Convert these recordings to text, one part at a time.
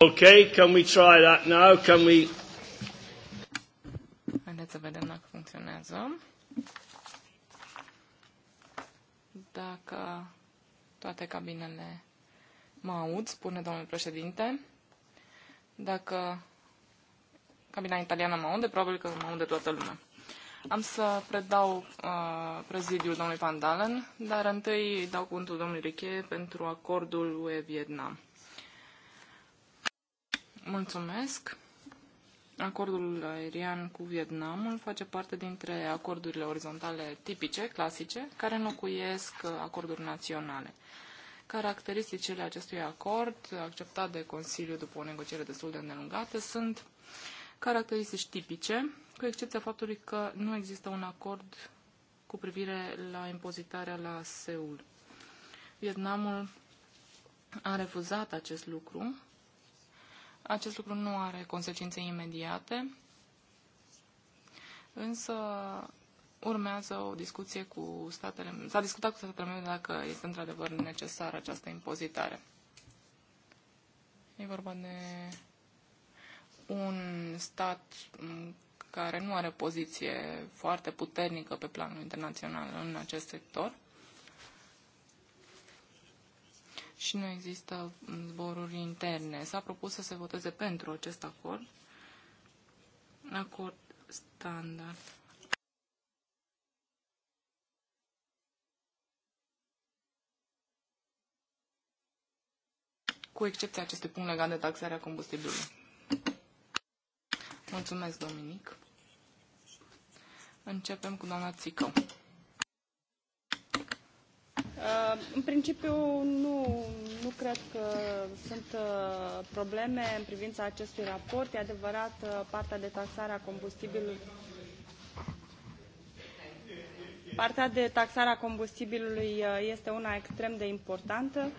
Okay, can we try that now? Can we... Haideți să vedem dacă funcționează. Dacă toate cabinele mă aud, spune domnul președinte. Dacă cabina italiană mă aude, probabil că mă aude toată lumea. Am să predau uh, prezidiul domnului Van Dalen, dar întâi dau cuvântul domnului Riche pentru acordul UE-Vietnam. Mulțumesc. Acordul aerian cu Vietnamul face parte dintre acordurile orizontale tipice, clasice, care înlocuiesc acorduri naționale. Caracteristicile acestui acord, acceptat de Consiliu după o negociere destul de îndelungată, sunt caracteristici tipice, cu excepția faptului că nu există un acord cu privire la impozitarea la Seul. Vietnamul a refuzat acest lucru acest lucru nu are consecințe imediate, însă urmează o discuție cu statele... S-a discutat cu statele membre dacă este într-adevăr necesară această impozitare. E vorba de un stat care nu are poziție foarte puternică pe planul internațional în acest sector și nu există zboruri interne. S-a propus să se voteze pentru acest acord, acord standard. cu excepția acestui punct legat de taxarea combustibilului. Mulțumesc, Dominic. Începem cu doamna Țicău. Uh, în principiu, nu, nu cred că sunt uh, probleme în privința acestui raport. E adevărat, uh, partea de taxare a combustibilului Partea de taxare a combustibilului este una extrem de importantă.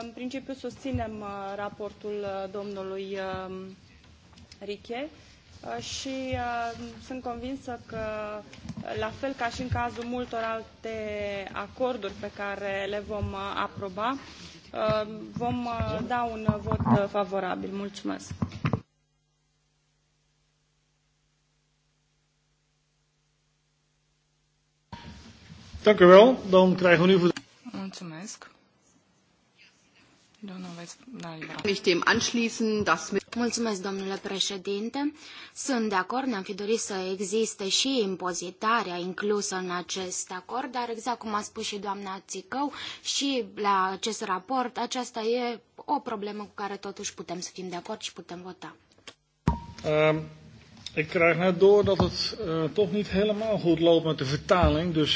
În principiu susținem raportul domnului Riche. Uh, și uh, sunt convinsă că, uh, la fel ca și în cazul multor alte acorduri pe care le vom aproba, vom da un vot favorabil. Mulțumesc! Mulțumesc. Da, Mulțumesc, domnule președinte. Sunt de acord, ne-am fi dorit să existe și impozitarea inclusă în acest acord, dar exact cum a spus și doamna Țicău, și la acest raport, aceasta e o problemă cu care totuși putem să fim de acord și putem vota. Um. Ik krijg net door dat het uh, toch niet helemaal goed loopt met de vertaling, dus...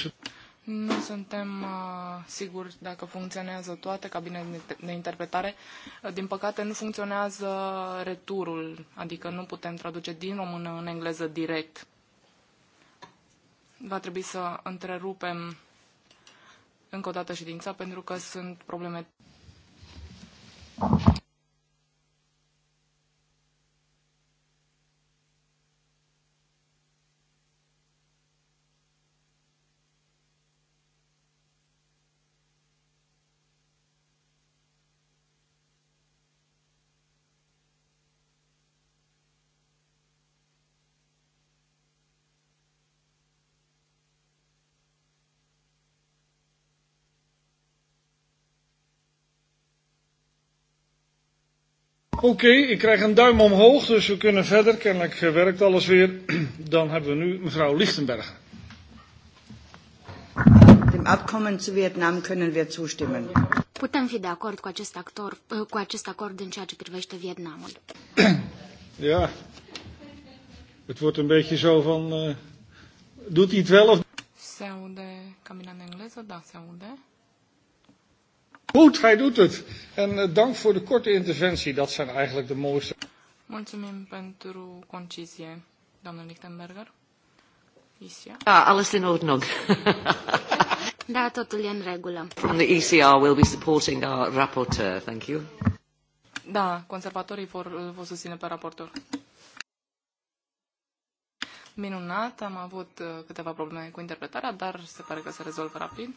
Nu suntem uh, siguri dacă funcționează toate cabinele de interpretare. Uh, din păcate, nu funcționează returul, adică nu putem traduce din română în engleză direct. Va trebui să întrerupem încă o dată ședința pentru că sunt probleme. Oké, okay, ik krijg een duim omhoog, dus we kunnen verder. Kennelijk werkt alles weer. Dan hebben we nu mevrouw Lichtenberger. Dem Abkommen zu Vietnam kunnen wir zustimmen. Putem fi de acord cu acest, actor, eh, cu acest acord în ceea ce privește Vietnamul. ja, het wordt een beetje zo van... Uh, doet hij het wel of... Se aude, cam in engleză, da, se aude. Goed, hij doet het. En uh, dank voor de korte interventie. Dat zijn eigenlijk de mooiste. Mulțumim pentru concizie, doamnă Lichtenberger. Isia? Da, alles în ordine. da, totul e în regulă. From the ECR will be supporting our rapporteur. Thank you. Da, conservatorii vor, vor susține pe raportor. Minunat, am avut eh, câteva probleme cu interpretarea, dar se pare că se rezolvă rapid.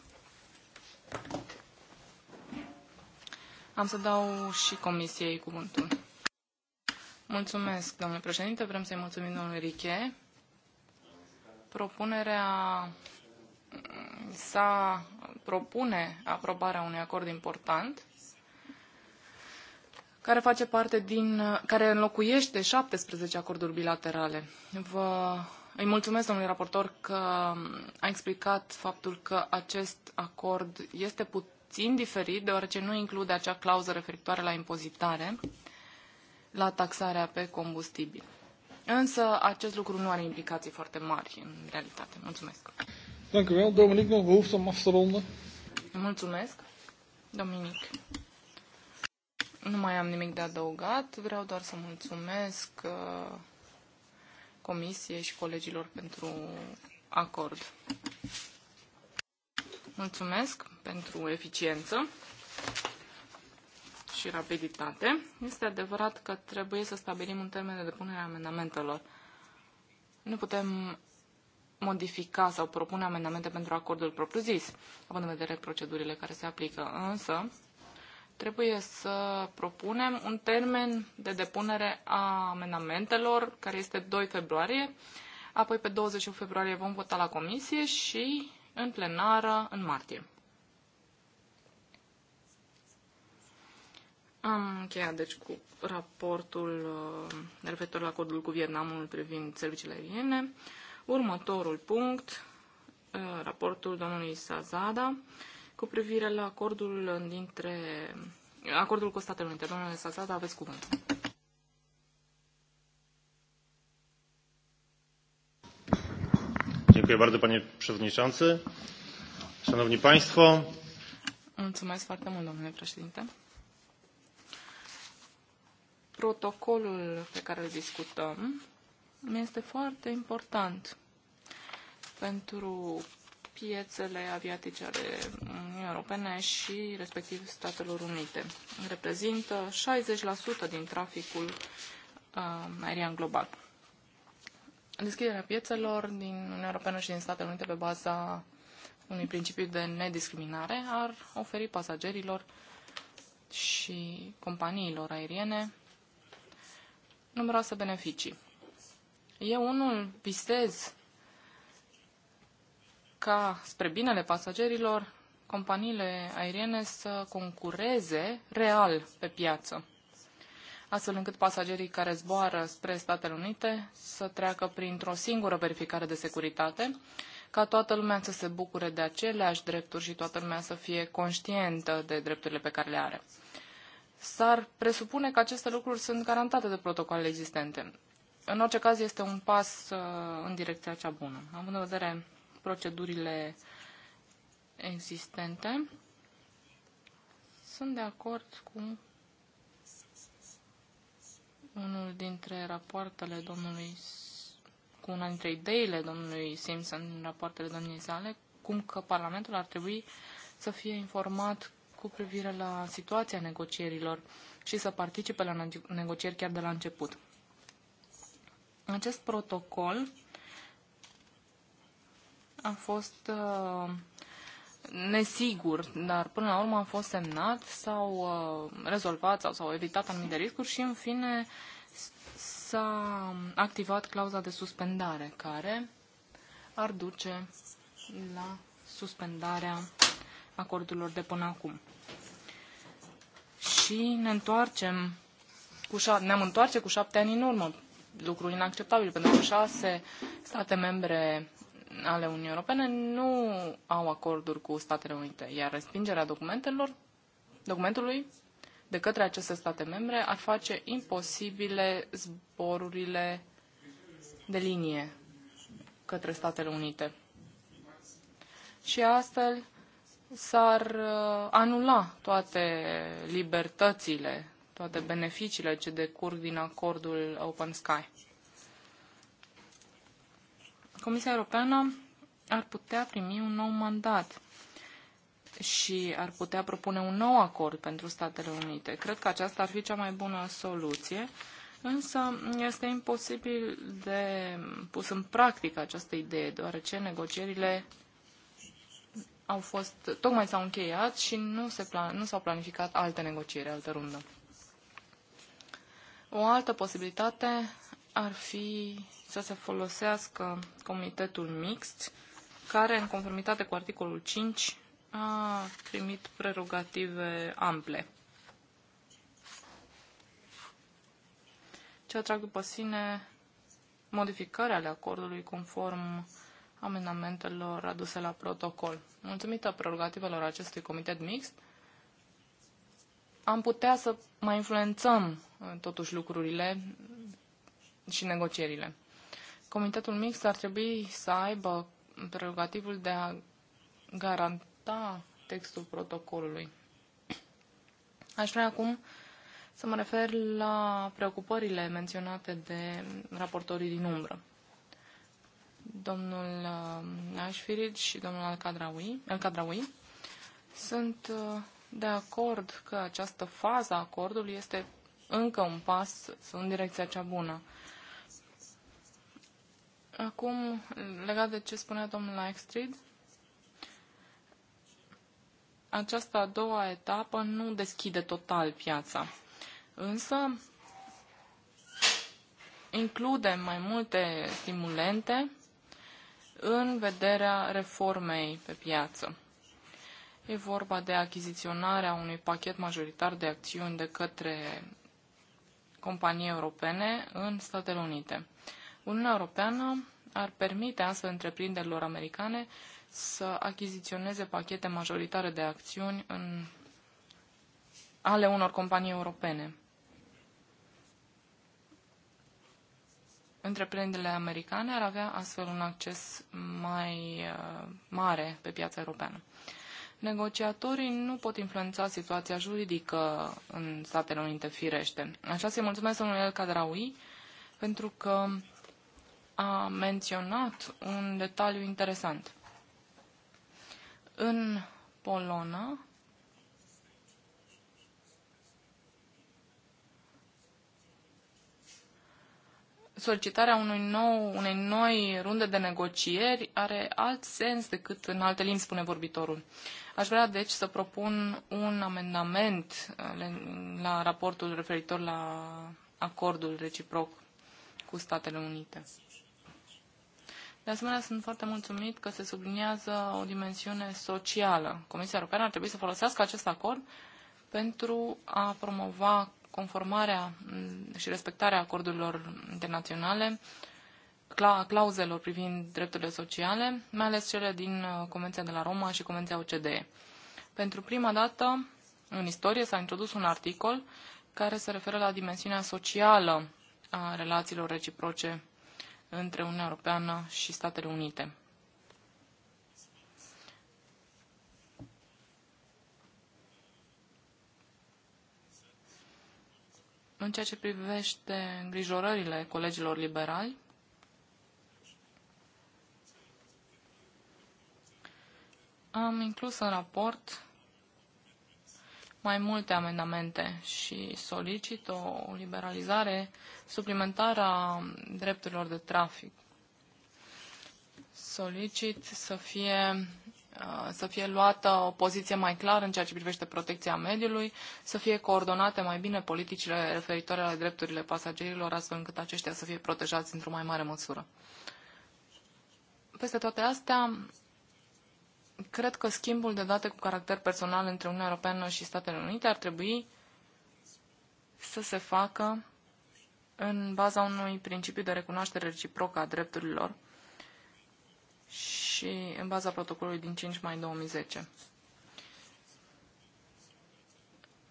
Am să dau și comisiei cuvântul. Mulțumesc, domnule președinte. Vrem să-i mulțumim domnului Riche. Propunerea s-a propune aprobarea unui acord important care face parte din, care înlocuiește 17 acorduri bilaterale. Vă îi mulțumesc, domnului raportor, că a explicat faptul că acest acord este puternic puțin diferit, deoarece nu include acea clauză referitoare la impozitare, la taxarea pe combustibil. Însă acest lucru nu are implicații foarte mari în realitate. Mulțumesc. nog behoefte om af te ronden? Mulțumesc. Dominic. Nu mai am nimic de adăugat. Vreau doar să mulțumesc uh, comisiei și colegilor pentru acord. Mulțumesc pentru eficiență și rapiditate. Este adevărat că trebuie să stabilim un termen de depunere a amendamentelor. Nu putem modifica sau propune amendamente pentru acordul propriu-zis, având în vedere procedurile care se aplică. Însă, trebuie să propunem un termen de depunere a amendamentelor, care este 2 februarie, apoi pe 21 februarie vom vota la comisie și în plenară în martie. Am încheiat, deci, cu raportul uh, referitor la acordul cu Vietnamul privind serviciile aeriene. Următorul punct, uh, raportul domnului Sazada, cu privire la acordul dintre acordul cu Statele Unite. Domnule Sazada, aveți cuvântul. Dziękuję bardzo, panie przewodniczący. Szanowni państwo. Mulțumesc foarte mult, domnule președinte. Protocolul pe care îl discutăm este foarte important pentru piețele aviatice ale Uniunii Europene și respectiv Statelor Unite. Reprezintă 60% din traficul uh, aerian global deschiderea piețelor din Uniunea Europeană și din Statele Unite pe baza unui principiu de nediscriminare ar oferi pasagerilor și companiilor aeriene numeroase beneficii. Eu unul visez ca, spre binele pasagerilor, companiile aeriene să concureze real pe piață astfel încât pasagerii care zboară spre Statele Unite să treacă printr-o singură verificare de securitate, ca toată lumea să se bucure de aceleași drepturi și toată lumea să fie conștientă de drepturile pe care le are. S-ar presupune că aceste lucruri sunt garantate de protocoalele existente. În orice caz, este un pas uh, în direcția cea bună. Am în vedere procedurile existente, sunt de acord cu unul dintre rapoartele domnului, cu una dintre ideile domnului Simpson în rapoartele domniei sale, cum că Parlamentul ar trebui să fie informat cu privire la situația negocierilor și să participe la negocieri chiar de la început. Acest protocol a fost uh, nesigur, dar până la urmă a fost semnat, s-au uh, rezolvat sau s-au evitat anumite riscuri și, în fine, s-a activat clauza de suspendare, care ar duce la suspendarea acordurilor de până acum. Și ne întoarcem cu șa- ne-am întoarce cu șapte ani în urmă, lucru inacceptabil, pentru că șase state membre ale Uniunii Europene nu au acorduri cu Statele Unite, iar respingerea documentelor, documentului de către aceste state membre ar face imposibile zborurile de linie către Statele Unite. Și astfel s-ar uh, anula toate libertățile, toate beneficiile ce decurg din acordul Open Sky. Comisia Europeană ar putea primi un nou mandat și ar putea propune un nou acord pentru Statele Unite. Cred că aceasta ar fi cea mai bună soluție, însă este imposibil de pus în practică această idee, deoarece negocierile au fost, tocmai s-au încheiat și nu, se plan, nu s-au planificat alte negocieri, altă rundă. O altă posibilitate ar fi să se folosească comitetul mixt, care, în conformitate cu articolul 5, a primit prerogative ample. Ce atrag după sine modificări ale acordului conform amendamentelor aduse la protocol. Mulțumită prerogativelor acestui comitet mixt, am putea să mai influențăm totuși lucrurile și negocierile. Comitetul Mix ar trebui să aibă prerogativul de a garanta textul protocolului. Aș vrea acum să mă refer la preocupările menționate de raportorii din umbră. Domnul uh, Ashfirid și domnul Al-Kadrawi Al sunt uh, de acord că această fază a acordului este încă un pas în direcția cea bună. Acum, legat de ce spunea domnul Lightstreet, această a doua etapă nu deschide total piața, însă include mai multe stimulente în vederea reformei pe piață. E vorba de achiziționarea unui pachet majoritar de acțiuni de către companii europene în Statele Unite. Uniunea Europeană ar permite astfel întreprinderilor americane să achiziționeze pachete majoritare de acțiuni în ale unor companii europene. Întreprinderile americane ar avea astfel un acces mai uh, mare pe piața europeană. Negociatorii nu pot influența situația juridică în Statele Unite, firește. Așa se mulțumesc domnului El Cadraui pentru că a menționat un detaliu interesant. În Polona, solicitarea unui nou, unei noi runde de negocieri are alt sens decât în alte limbi, spune vorbitorul. Aș vrea, deci, să propun un amendament uh, la raportul referitor la acordul reciproc cu Statele Unite. De asemenea, sunt foarte mulțumit că se subliniază o dimensiune socială. Comisia Europeană ar trebui să folosească acest acord pentru a promova conformarea și respectarea acordurilor internaționale, clauzelor privind drepturile sociale, mai ales cele din uh, Convenția de la Roma și Convenția OCDE. Pentru prima dată în istorie s-a introdus un articol care se referă la dimensiunea socială a relațiilor reciproce între Uniunea Europeană și Statele Unite. În ceea ce privește îngrijorările colegilor liberali, am inclus în raport mai multe amendamente și solicit o liberalizare suplimentară a drepturilor de trafic. Solicit să fie, uh, să fie luată o poziție mai clară în ceea ce privește protecția mediului, să fie coordonate mai bine politicile referitoare la drepturile pasagerilor, astfel încât aceștia să fie protejați într-o mai mare măsură. Peste toate astea, cred că schimbul de date cu caracter personal între Uniunea Europeană și Statele Unite ar trebui să se facă în baza unui principiu de recunoaștere reciprocă a drepturilor și în baza protocolului din 5 mai 2010.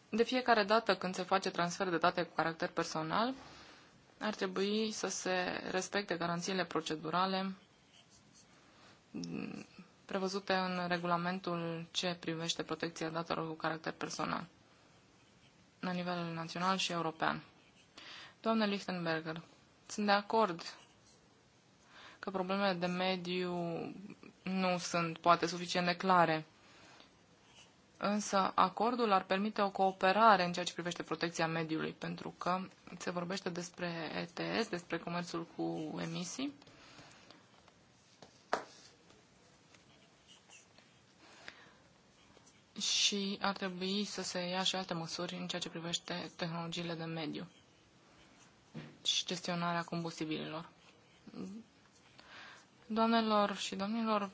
De fiecare dată când se face transfer de date cu caracter personal, ar trebui să se respecte garanțiile procedurale prevăzute în regulamentul ce privește protecția datelor cu caracter personal la nivel național și european. Doamne Lichtenberger, sunt de acord că problemele de mediu nu sunt poate suficient de clare, însă acordul ar permite o cooperare în ceea ce privește protecția mediului, pentru că se vorbește despre ETS, despre comerțul cu emisii, și ar trebui să se ia și alte măsuri în ceea ce privește tehnologiile de mediu și gestionarea combustibililor. Doamnelor și domnilor,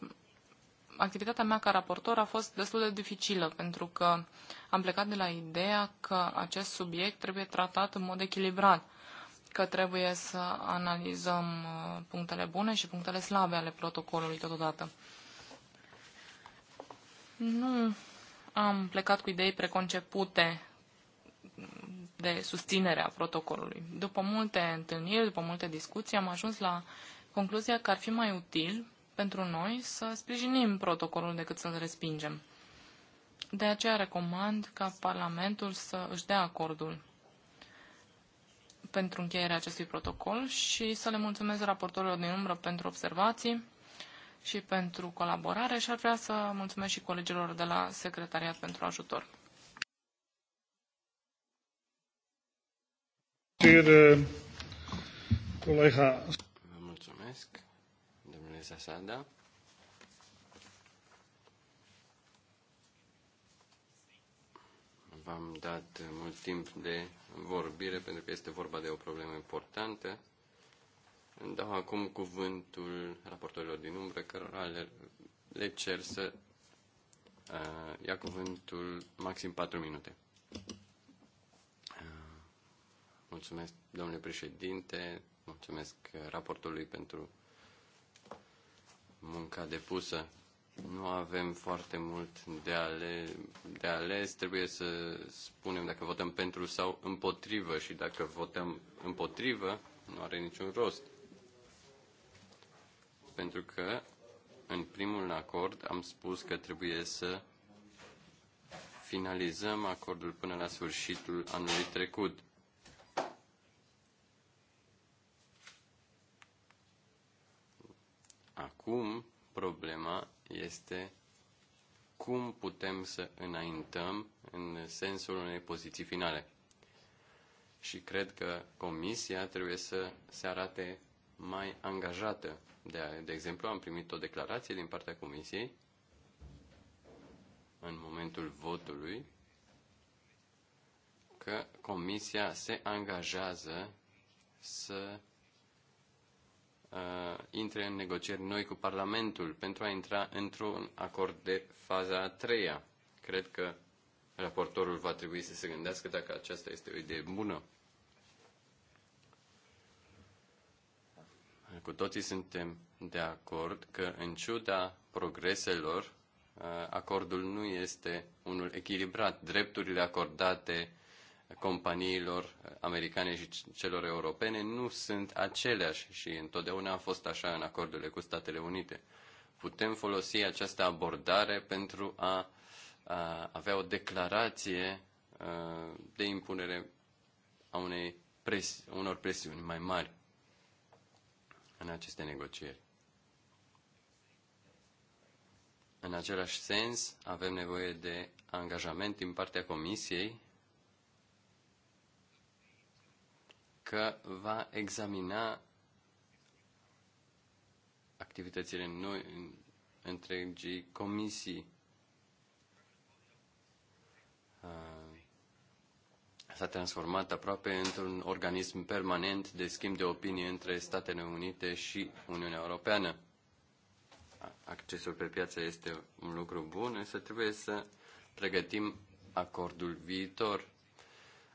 activitatea mea ca raportor a fost destul de dificilă pentru că am plecat de la ideea că acest subiect trebuie tratat în mod echilibrat, că trebuie să analizăm uh, punctele bune și punctele slabe ale protocolului totodată. Nu am plecat cu idei preconcepute de susținere a protocolului. După multe întâlniri, după multe discuții, am ajuns la concluzia că ar fi mai util pentru noi să sprijinim protocolul decât să-l respingem. De aceea recomand ca Parlamentul să își dea acordul pentru încheierea acestui protocol și să le mulțumesc raportorilor din umbră pentru observații și pentru colaborare și ar vrea să mulțumesc și colegilor de la secretariat pentru ajutor. Uh, Vă mulțumesc, domnule Sasada. V-am dat mult timp de vorbire pentru că este vorba de o problemă importantă. Dau acum cuvântul raportorilor din umbră, cărora le, le cer să uh, ia cuvântul maxim 4 minute. Uh, mulțumesc, domnule președinte, mulțumesc raportului pentru munca depusă. Nu avem foarte mult de, ale, de ales. Trebuie să spunem dacă votăm pentru sau împotrivă și dacă votăm împotrivă, nu are niciun rost pentru că în primul acord am spus că trebuie să finalizăm acordul până la sfârșitul anului trecut. Acum problema este cum putem să înaintăm în sensul unei poziții finale. Și cred că comisia trebuie să se arate mai angajată. De, de exemplu, am primit o declarație din partea Comisiei în momentul votului că Comisia se angajează să uh, intre în negocieri noi cu Parlamentul pentru a intra într-un acord de faza a treia. Cred că raportorul va trebui să se gândească dacă aceasta este o idee bună. cu toții suntem de acord că, în ciuda progreselor, uh, acordul nu este unul echilibrat. Drepturile acordate companiilor americane și celor europene nu sunt aceleași și întotdeauna a fost așa în acordurile cu Statele Unite. Putem folosi această abordare pentru a, a avea o declarație a, uh, de impunere a unei presi, unor presiuni mai mari în aceste negocieri. În același sens, avem nevoie de angajament din partea Comisiei că va examina activitățile noi, întregii comisii uh, s-a transformat aproape într-un organism permanent de schimb de opinie între Statele Unite și Uniunea Europeană. Accesul pe piață este un lucru bun, însă trebuie să pregătim acordul viitor.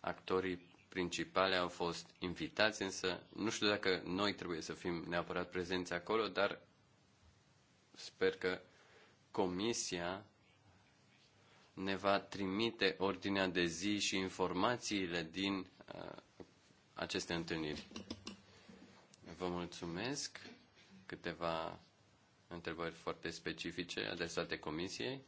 Actorii principale au fost invitați, însă nu știu dacă noi trebuie să fim neapărat prezenți acolo, dar sper că Comisia ne va trimite ordinea de zi și informațiile din uh, aceste întâlniri. Vă mulțumesc. Câteva întrebări foarte specifice adresate Comisiei.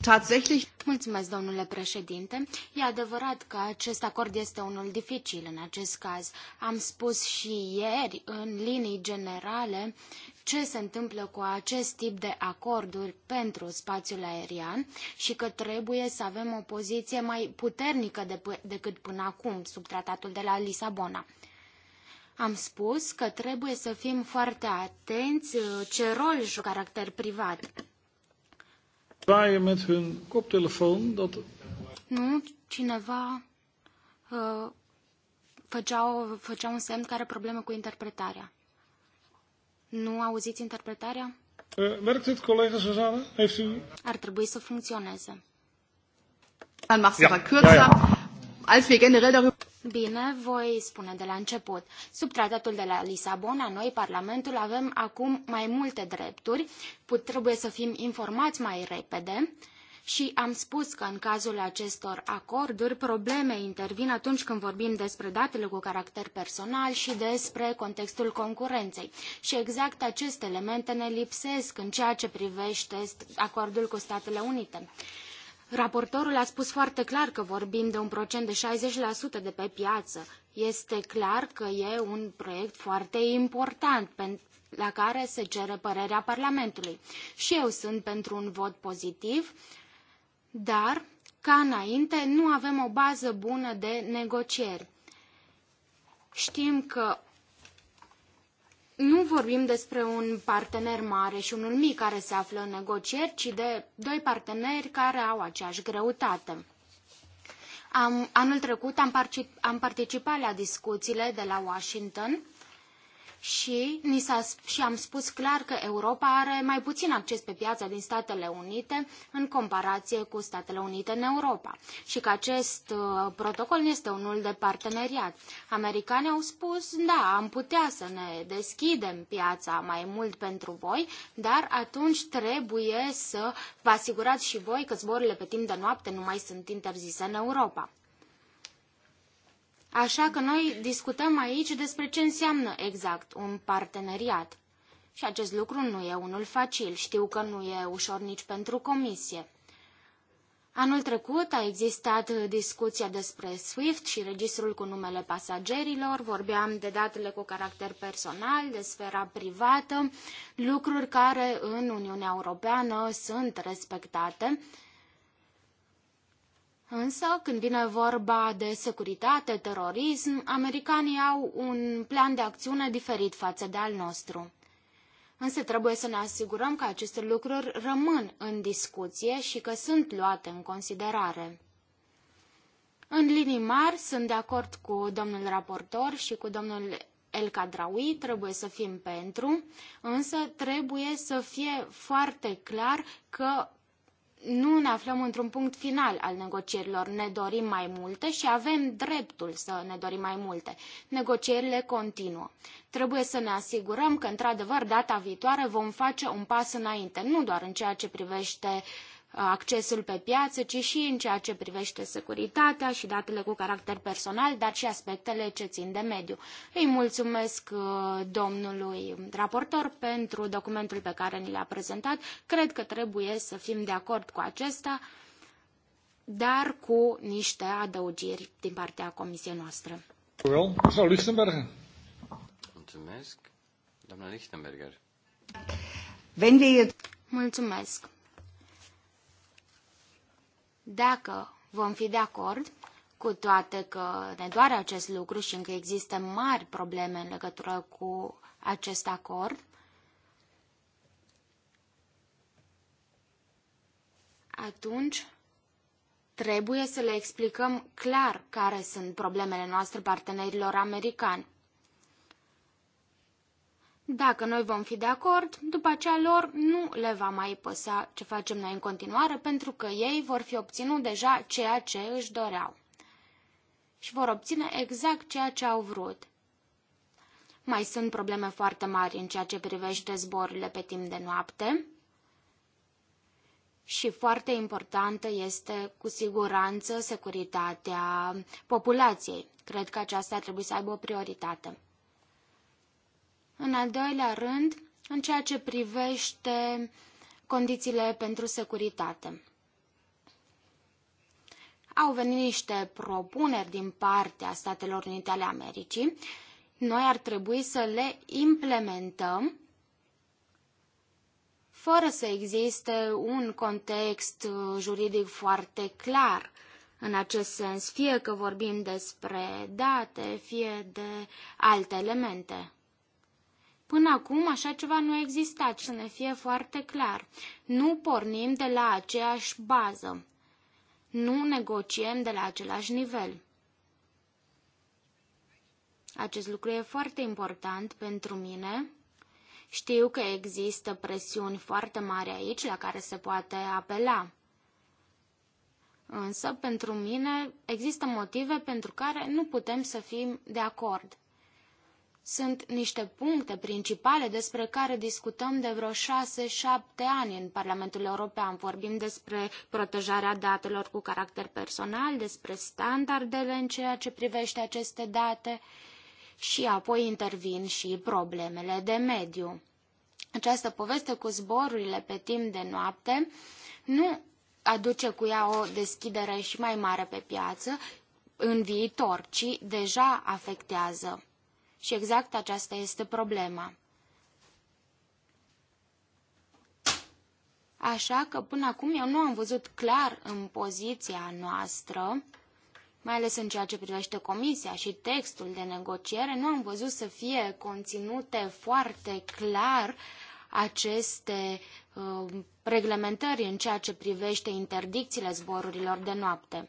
Tatsächlich. Mulțumesc, domnule președinte. E adevărat că acest acord este unul dificil în acest caz. Am spus și ieri, în linii generale, ce se întâmplă cu acest tip de acorduri pentru spațiul aerian și că trebuie să avem o poziție mai puternică decât până acum sub tratatul de la Lisabona. Am spus că trebuie să fim foarte atenți uh, ce rol și caracter privat zwaaien met hun koptelefoon. Dat... Nu, cineva uh, făcea, o, făcea un semn care are probleme cu interpretarea. Nu auziți interpretarea? Uh, werkt dit, collega Susanne? Heeft u... Ar trebui să funcționeze. Dan mag ze ja. kürzer, ja, ja. als wir generell darüber... Bine, voi spune de la început. Sub tratatul de la Lisabona, noi, Parlamentul, avem acum mai multe drepturi, Put, trebuie să fim informați mai repede și am spus că în cazul acestor acorduri probleme intervin atunci când vorbim despre datele cu caracter personal și despre contextul concurenței. Și exact aceste elemente ne lipsesc în ceea ce privește acordul cu Statele Unite. Raportorul a spus foarte clar că vorbim de un procent de 60% de pe piață. Este clar că e un proiect foarte important la care se cere părerea Parlamentului. Și eu sunt pentru un vot pozitiv, dar, ca înainte, nu avem o bază bună de negocieri. Știm că nu vorbim despre un partener mare și unul mic care se află în negocieri, ci de doi parteneri care au aceeași greutate. Am, anul trecut am, am participat la discuțiile de la Washington și, ni s-a, și am spus clar că Europa are mai puțin acces pe piața din Statele Unite în comparație cu Statele Unite în Europa și că acest uh, protocol este unul de parteneriat. Americanii au spus, da, am putea să ne deschidem piața mai mult pentru voi, dar atunci trebuie să vă asigurați și voi că zborurile pe timp de noapte nu mai sunt interzise în Europa. Așa că noi discutăm aici despre ce înseamnă exact un parteneriat. Și acest lucru nu e unul facil, știu că nu e ușor nici pentru comisie. Anul trecut a existat discuția despre SWIFT și registrul cu numele pasagerilor, vorbeam de datele cu caracter personal, de sfera privată, lucruri care în Uniunea Europeană sunt respectate Însă, când vine vorba de securitate, terorism, americanii au un plan de acțiune diferit față de al nostru. Însă trebuie să ne asigurăm că aceste lucruri rămân în discuție și că sunt luate în considerare. În linii mari, sunt de acord cu domnul raportor și cu domnul El Cadraui, trebuie să fim pentru, însă trebuie să fie foarte clar că nu ne aflăm într-un punct final al negocierilor. Ne dorim mai multe și avem dreptul să ne dorim mai multe. Negocierile continuă. Trebuie să ne asigurăm că, într-adevăr, data viitoare vom face un pas înainte, nu doar în ceea ce privește uh, accesul pe piață, ci și în ceea ce privește securitatea și datele cu caracter personal, dar și aspectele ce țin de mediu. Îi mulțumesc uh, domnului raportor pentru documentul pe care ni l-a prezentat. Cred că trebuie să fim de acord cu acesta, dar cu niște adăugiri din partea comisiei noastre. Mulțumesc. Mulțumesc. Dacă vom fi de acord, cu toate că ne doare acest lucru și încă există mari probleme în legătură cu acest acord, atunci trebuie să le explicăm clar care sunt problemele noastre partenerilor americani. Dacă noi vom fi de acord, după aceea lor nu le va mai păsa ce facem noi în continuare, pentru că ei vor fi obținut deja ceea ce își doreau. Și vor obține exact ceea ce au vrut. Mai sunt probleme foarte mari în ceea ce privește zborurile pe timp de noapte. Și foarte importantă este, cu siguranță, securitatea populației. Cred că aceasta trebuie să aibă o prioritate. În al doilea rând, în ceea ce privește condițiile pentru securitate. Au venit niște propuneri din partea Statelor Unite ale Americii. Noi ar trebui să le implementăm fără să existe un context juridic foarte clar în acest sens, fie că vorbim despre date, fie de alte elemente. Până acum așa ceva nu exista, să ne fie foarte clar. Nu pornim de la aceeași bază. Nu negociem de la același nivel. Acest lucru e foarte important pentru mine. Știu că există presiuni foarte mari aici la care se poate apela. Însă, pentru mine, există motive pentru care nu putem să fim de acord. Sunt niște puncte principale despre care discutăm de vreo șase-șapte ani în Parlamentul European. Vorbim despre protejarea datelor cu caracter personal, despre standardele în ceea ce privește aceste date și apoi intervin și problemele de mediu. Această poveste cu zborurile pe timp de noapte nu aduce cu ea o deschidere și mai mare pe piață în viitor, ci deja afectează și exact aceasta este problema. Așa că până acum eu nu am văzut clar în poziția noastră, mai ales în ceea ce privește comisia și textul de negociere, nu am văzut să fie conținute foarte clar aceste uh, reglementări în ceea ce privește interdicțiile zborurilor de noapte.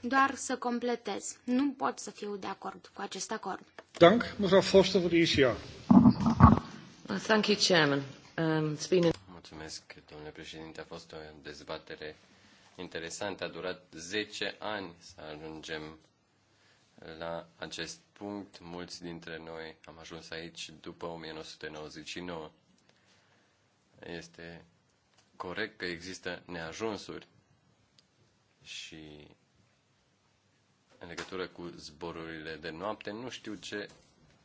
Doar să completez. Nu pot să fiu de acord cu acest acord. Dank, mevrouw voor de uh, Thank you, Chairman. Um, it's been... Mulțumesc, domnule președinte. A fost o dezbatere interesantă. A durat 10 ani să ajungem la acest punct. Mulți dintre noi am ajuns aici după 1999. Este corect că există neajunsuri, și în legătură cu zborurile de noapte, nu știu ce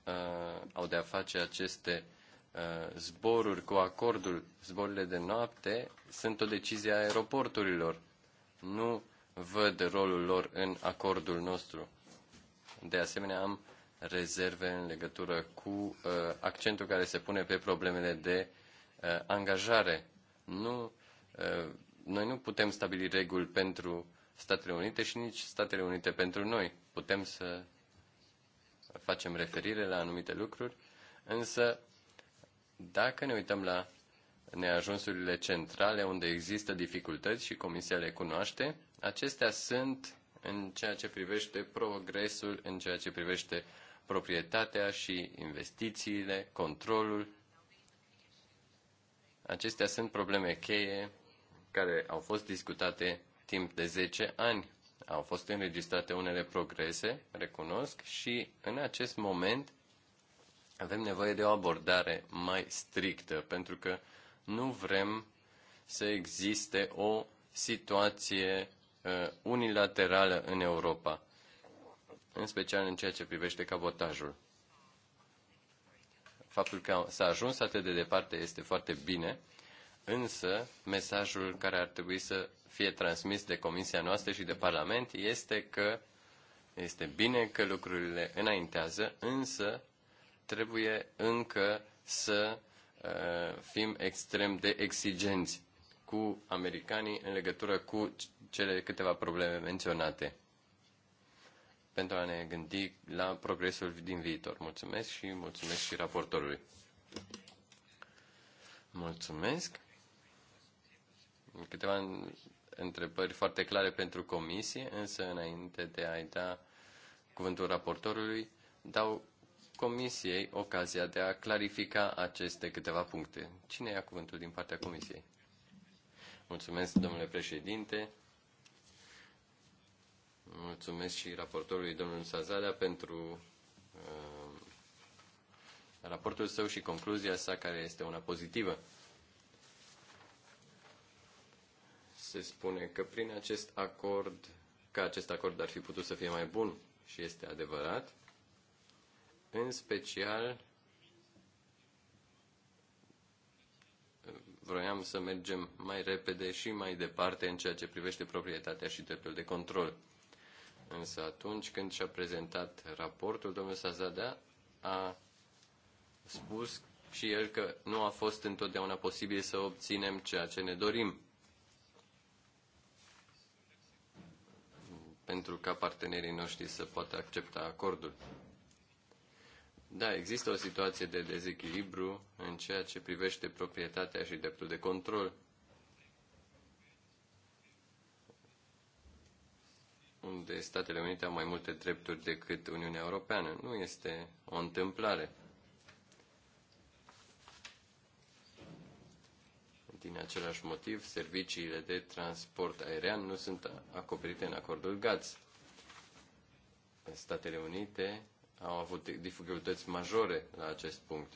uh, au de a face aceste uh, zboruri cu acordul. Zborurile de noapte sunt o decizie a aeroporturilor. Nu văd rolul lor în acordul nostru. De asemenea, am rezerve în legătură cu uh, accentul care se pune pe problemele de uh, angajare. Nu uh, noi nu putem stabili reguli pentru Statele Unite și nici Statele Unite pentru noi. Putem să facem referire la anumite lucruri, însă dacă ne uităm la neajunsurile centrale unde există dificultăți și Comisia le cunoaște, acestea sunt în ceea ce privește progresul, în ceea ce privește proprietatea și investițiile, controlul. Acestea sunt probleme cheie care au fost discutate timp de 10 ani. Au fost înregistrate unele progrese, recunosc, și în acest moment avem nevoie de o abordare mai strictă, pentru că nu vrem să existe o situație uh, unilaterală în Europa, în special în ceea ce privește cabotajul. Faptul că s-a ajuns atât de departe este foarte bine, Însă, mesajul care ar trebui să fie transmis de Comisia noastră și de Parlament este că este bine că lucrurile înaintează, însă trebuie încă să uh, fim extrem de exigenți cu americanii în legătură cu cele câteva probleme menționate pentru a ne gândi la progresul din viitor. Mulțumesc și mulțumesc și raportorului. Mulțumesc câteva întrebări foarte clare pentru comisie, însă înainte de a-i da cuvântul raportorului, dau comisiei ocazia de a clarifica aceste câteva puncte. Cine ia cuvântul din partea comisiei? Mulțumesc, domnule președinte. Mulțumesc și raportorului domnul Sazalea, pentru uh, raportul său și concluzia sa, care este una pozitivă. se spune că prin acest acord, că acest acord ar fi putut să fie mai bun și este adevărat, în special vroiam să mergem mai repede și mai departe în ceea ce privește proprietatea și dreptul de control. Însă atunci când și-a prezentat raportul, domnul Sazada a spus și el că nu a fost întotdeauna posibil să obținem ceea ce ne dorim. pentru ca partenerii noștri să poată accepta acordul. Da, există o situație de dezechilibru în ceea ce privește proprietatea și dreptul de control. unde Statele Unite au mai multe drepturi decât Uniunea Europeană. Nu este o întâmplare. Din același motiv, serviciile de transport aerian nu sunt acoperite în acordul GATS. Statele Unite au avut dificultăți majore la acest punct.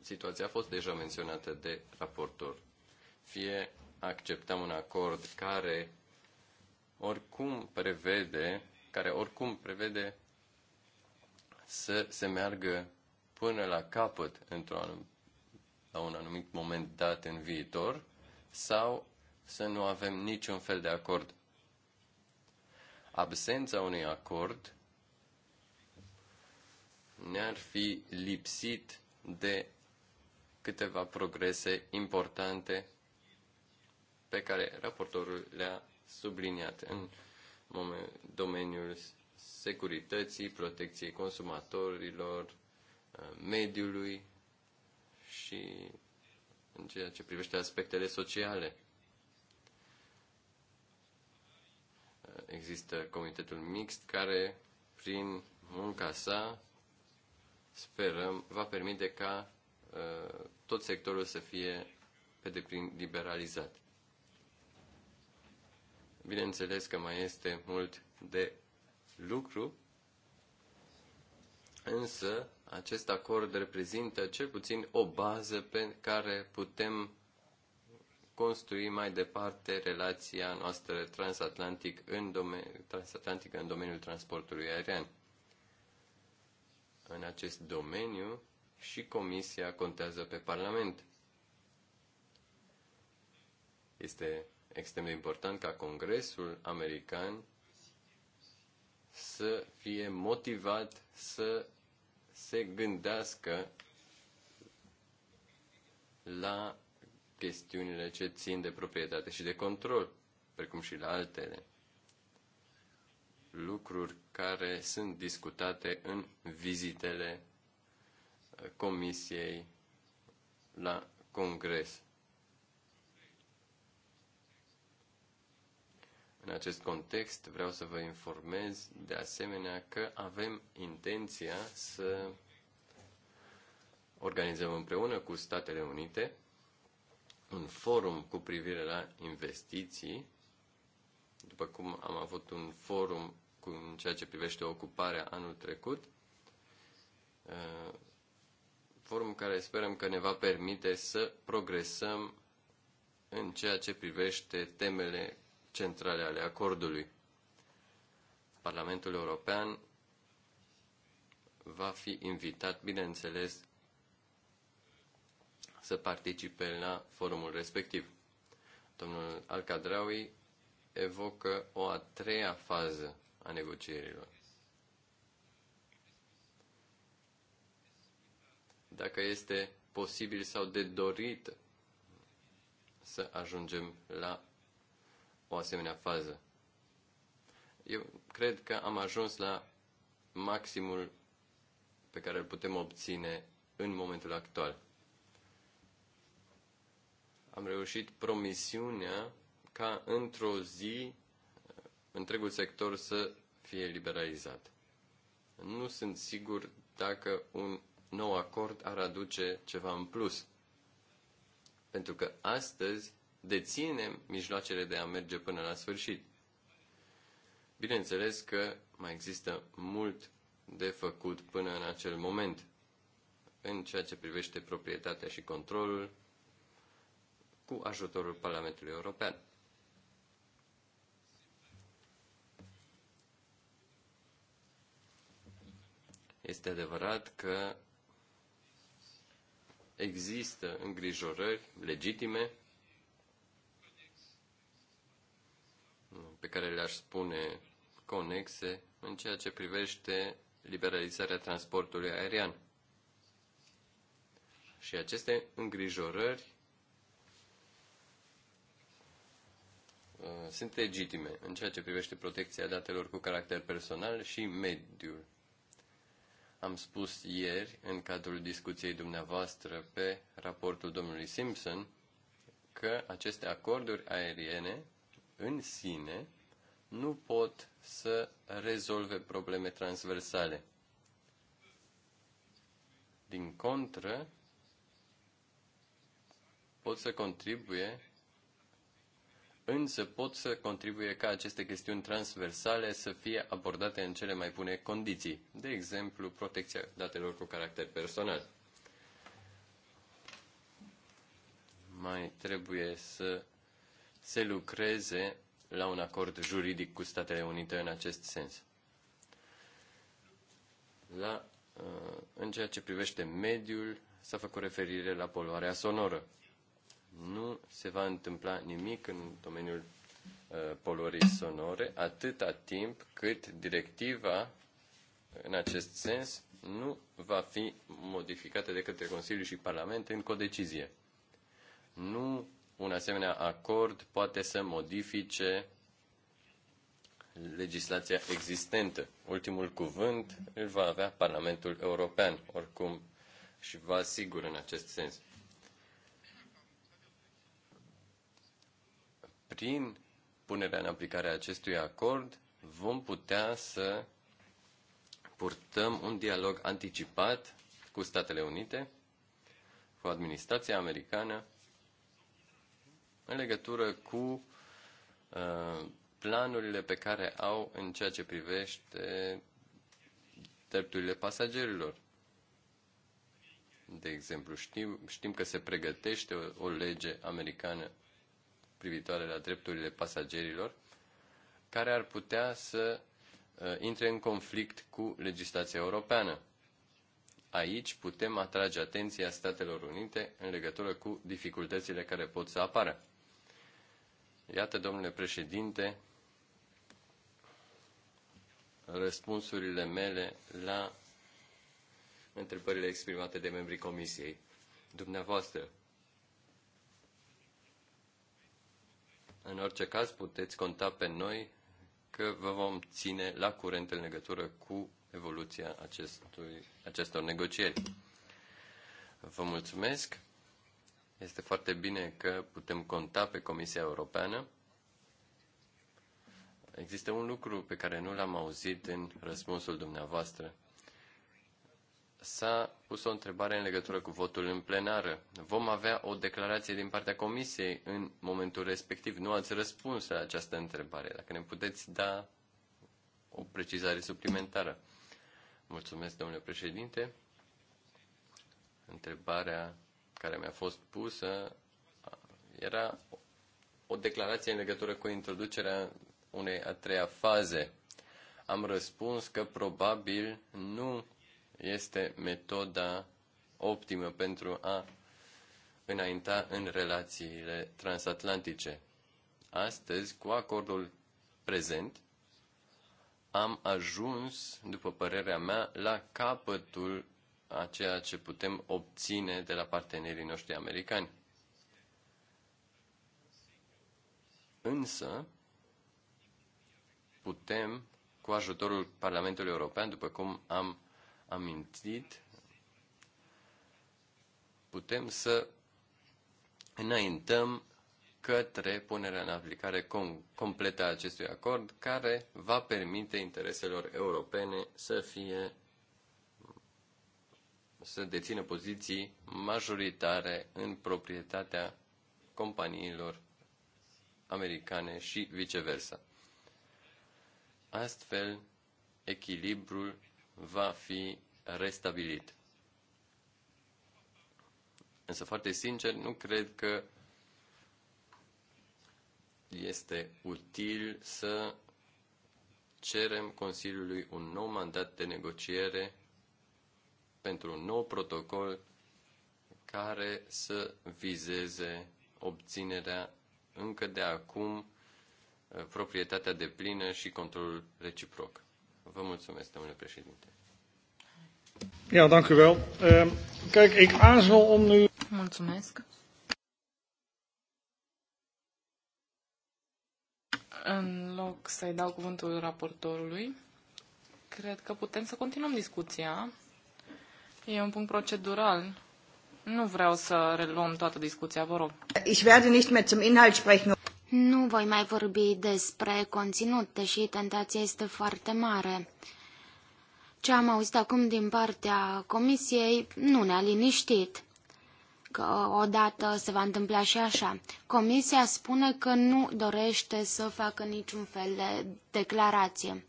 Situația a fost deja menționată de raportor. Fie acceptăm un acord care oricum prevede, care oricum prevede să se meargă până la capăt într-o la un anumit moment dat în viitor sau să nu avem niciun fel de acord. Absența unui acord ne-ar fi lipsit de câteva progrese importante pe care raportorul le-a subliniat în domeniul securității, protecției consumatorilor, mediului și în ceea ce privește aspectele sociale. Există comitetul mixt care, prin munca sa, sperăm, va permite ca ă, tot sectorul să fie pe deplin liberalizat. Bineînțeles că mai este mult de lucru, însă acest acord reprezintă cel puțin o bază pe care putem construi mai departe relația noastră transatlantic în domen- transatlantică în domeniul transportului aerian. În acest domeniu și Comisia contează pe Parlament. Este extrem de important ca Congresul american să fie motivat să se gândească la chestiunile ce țin de proprietate și de control, precum și la altele. Lucruri care sunt discutate în vizitele uh, Comisiei la Congres. În acest context vreau să vă informez de asemenea că avem intenția să organizăm împreună cu Statele Unite un forum cu privire la investiții, după cum am avut un forum cu, în ceea ce privește ocuparea anul trecut, uh, forum care sperăm că ne va permite să progresăm în ceea ce privește temele centrale ale acordului. Parlamentul European va fi invitat, bineînțeles, să participe la forumul respectiv. Domnul Alcadraui evocă o a treia fază a negocierilor. Dacă este posibil sau de dorit să ajungem la o asemenea fază. Eu cred că am ajuns la maximul pe care îl putem obține în momentul actual. Am reușit promisiunea ca într-o zi uh, întregul sector să fie liberalizat. Nu sunt sigur dacă un nou acord ar aduce ceva în plus. Pentru că astăzi deținem mijloacele de a merge până la sfârșit. Bineînțeles că mai există mult de făcut până în acel moment în ceea ce privește proprietatea și controlul cu ajutorul Parlamentului European. Este adevărat că există îngrijorări legitime pe care le-aș spune conexe în ceea ce privește liberalizarea transportului aerian. Și aceste îngrijorări uh, sunt legitime în ceea ce privește protecția datelor cu caracter personal și mediul. Am spus ieri, în cadrul discuției dumneavoastră pe raportul domnului Simpson, că aceste acorduri aeriene în sine nu pot să rezolve probleme transversale. Din contră, pot să contribuie, însă pot să contribuie ca aceste chestiuni transversale să fie abordate în cele mai bune condiții, de exemplu, protecția datelor cu caracter personal. Mai trebuie să se lucreze la un acord juridic cu Statele Unite în acest sens. La, uh, în ceea ce privește mediul, s-a făcut referire la poluarea sonoră. Nu se va întâmpla nimic în domeniul uh, poluării sonore atâta timp cât directiva în acest sens nu va fi modificată de către Consiliu și Parlament în codecizie. Nu un asemenea acord poate să modifice legislația existentă. Ultimul cuvânt îl va avea Parlamentul European, oricum, și vă asigur în acest sens. Prin punerea în aplicare a acestui acord, vom putea să purtăm un dialog anticipat cu Statele Unite, cu administrația americană în legătură cu uh, planurile pe care au în ceea ce privește drepturile pasagerilor. De exemplu, știm, știm că se pregătește o, o lege americană privitoare la drepturile pasagerilor care ar putea să uh, intre în conflict cu legislația europeană. Aici putem atrage atenția Statelor Unite în legătură cu dificultățile care pot să apară. Iată, domnule președinte, răspunsurile mele la întrebările exprimate de membrii comisiei. Dumneavoastră, în orice caz, puteți conta pe noi că vă vom ține la curent în legătură cu evoluția acestui, acestor negocieri. Vă mulțumesc. Este foarte bine că putem conta pe Comisia Europeană. Există un lucru pe care nu l-am auzit în răspunsul dumneavoastră. S-a pus o întrebare în legătură cu votul în plenară. Vom avea o declarație din partea Comisiei în momentul respectiv. Nu ați răspuns la această întrebare. Dacă ne puteți da o precizare suplimentară. Mulțumesc, domnule președinte. Întrebarea care mi-a fost pusă era o declarație în legătură cu introducerea unei a treia faze. Am răspuns că probabil nu este metoda optimă pentru a înainta în relațiile transatlantice. Astăzi, cu acordul prezent, am ajuns, după părerea mea, la capătul a ceea ce putem obține de la partenerii noștri americani. Însă, putem, cu ajutorul Parlamentului European, după cum am amintit, putem să înaintăm către punerea în aplicare com- completă a acestui acord, care va permite intereselor europene să fie să dețină poziții majoritare în proprietatea companiilor americane și viceversa. Astfel, echilibrul va fi restabilit. Însă, foarte sincer, nu cred că este util să cerem Consiliului un nou mandat de negociere pentru un nou protocol care să vizeze obținerea încă de acum uh, proprietatea de plină și controlul reciproc. Vă mulțumesc, domnule președinte. Ja, dank u wel. Uh, kijk, ik aarzel om nu... Mulțumesc. În loc să-i dau cuvântul raportorului, cred că putem să continuăm discuția E un punct procedural. Nu vreau să reluăm toată discuția, vă rog. Ich werde nicht mehr zum Inhalt sprechen. Nu voi mai vorbi despre conținut, deși tentația este foarte mare. Ce am auzit acum din partea comisiei nu ne-a liniștit că odată se va întâmpla și așa. Comisia spune că nu dorește să facă niciun fel de declarație.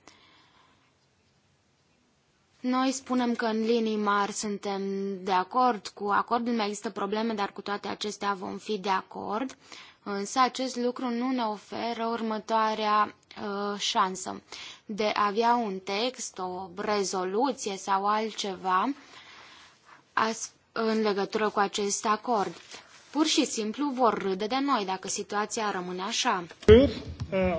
Noi spunem că în linii mari suntem de acord cu acordul, mai există probleme, dar cu toate acestea vom fi de acord. Însă acest lucru nu ne oferă următoarea uh, șansă de a avea un text, o rezoluție sau altceva în legătură cu acest acord. Pur și simplu vor râde de noi dacă situația rămâne așa. Păi,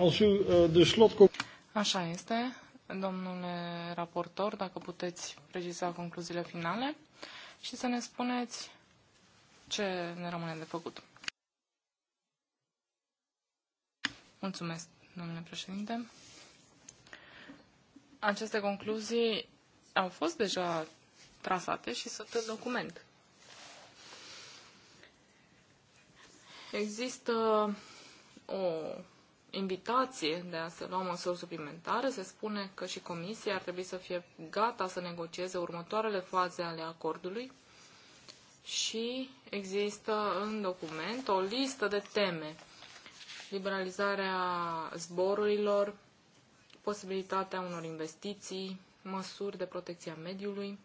uh, uh, așa este domnule raportor, dacă puteți preciza concluziile finale și să ne spuneți ce ne rămâne de făcut. Mulțumesc, domnule președinte. Aceste concluzii au fost deja trasate și sunt în document. Există o invitație de a se lua măsuri suplimentare, se spune că și Comisia ar trebui să fie gata să negocieze următoarele faze ale acordului și există în document o listă de teme. Liberalizarea zborurilor, posibilitatea unor investiții, măsuri de protecție a mediului,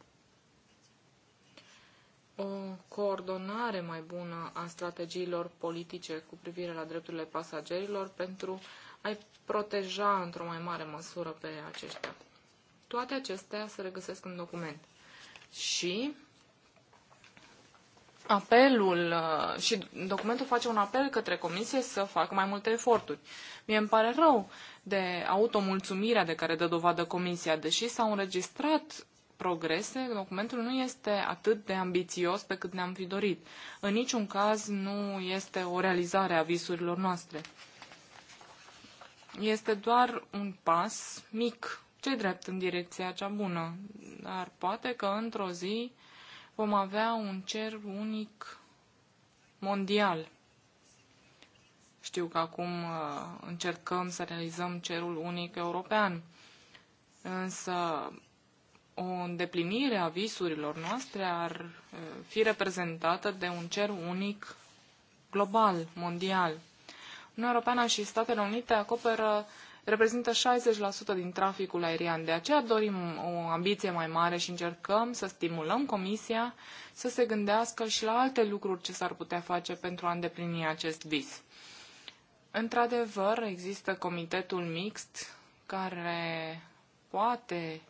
o coordonare mai bună a strategiilor politice cu privire la drepturile pasagerilor pentru a-i proteja într-o mai mare măsură pe aceștia. Toate acestea se regăsesc în document. Și apelul uh, și documentul face un apel către comisie să facă mai multe eforturi. Mie îmi pare rău de automulțumirea de care dă dovadă comisia, deși s-au înregistrat progrese, documentul nu este atât de ambițios pe cât ne-am fi dorit. În niciun caz nu este o realizare a visurilor noastre. Este doar un pas mic, ce drept în direcția cea bună, dar poate că într-o zi vom avea un cer unic mondial. Știu că acum uh, încercăm să realizăm cerul unic european, însă o îndeplinire a visurilor noastre ar uh, fi reprezentată de un cer unic global, mondial. Uniunea Europeană și Statele Unite acoperă reprezintă 60% din traficul aerian. De aceea dorim o ambiție mai mare și încercăm să stimulăm Comisia să se gândească și la alte lucruri ce s-ar putea face pentru a îndeplini acest vis. Într-adevăr, există comitetul mixt care poate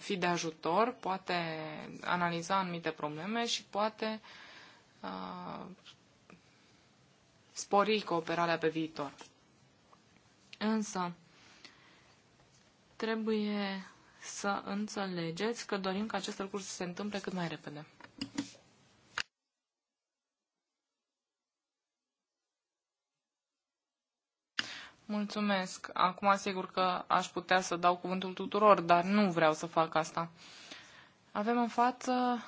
fi de ajutor, poate analiza anumite probleme și poate uh, spori cooperarea pe viitor. Însă, trebuie să înțelegeți că dorim ca acest lucru să se întâmple cât mai repede. Mulțumesc. Acum sigur că aș putea să dau cuvântul tuturor, dar nu vreau să fac asta. Avem în față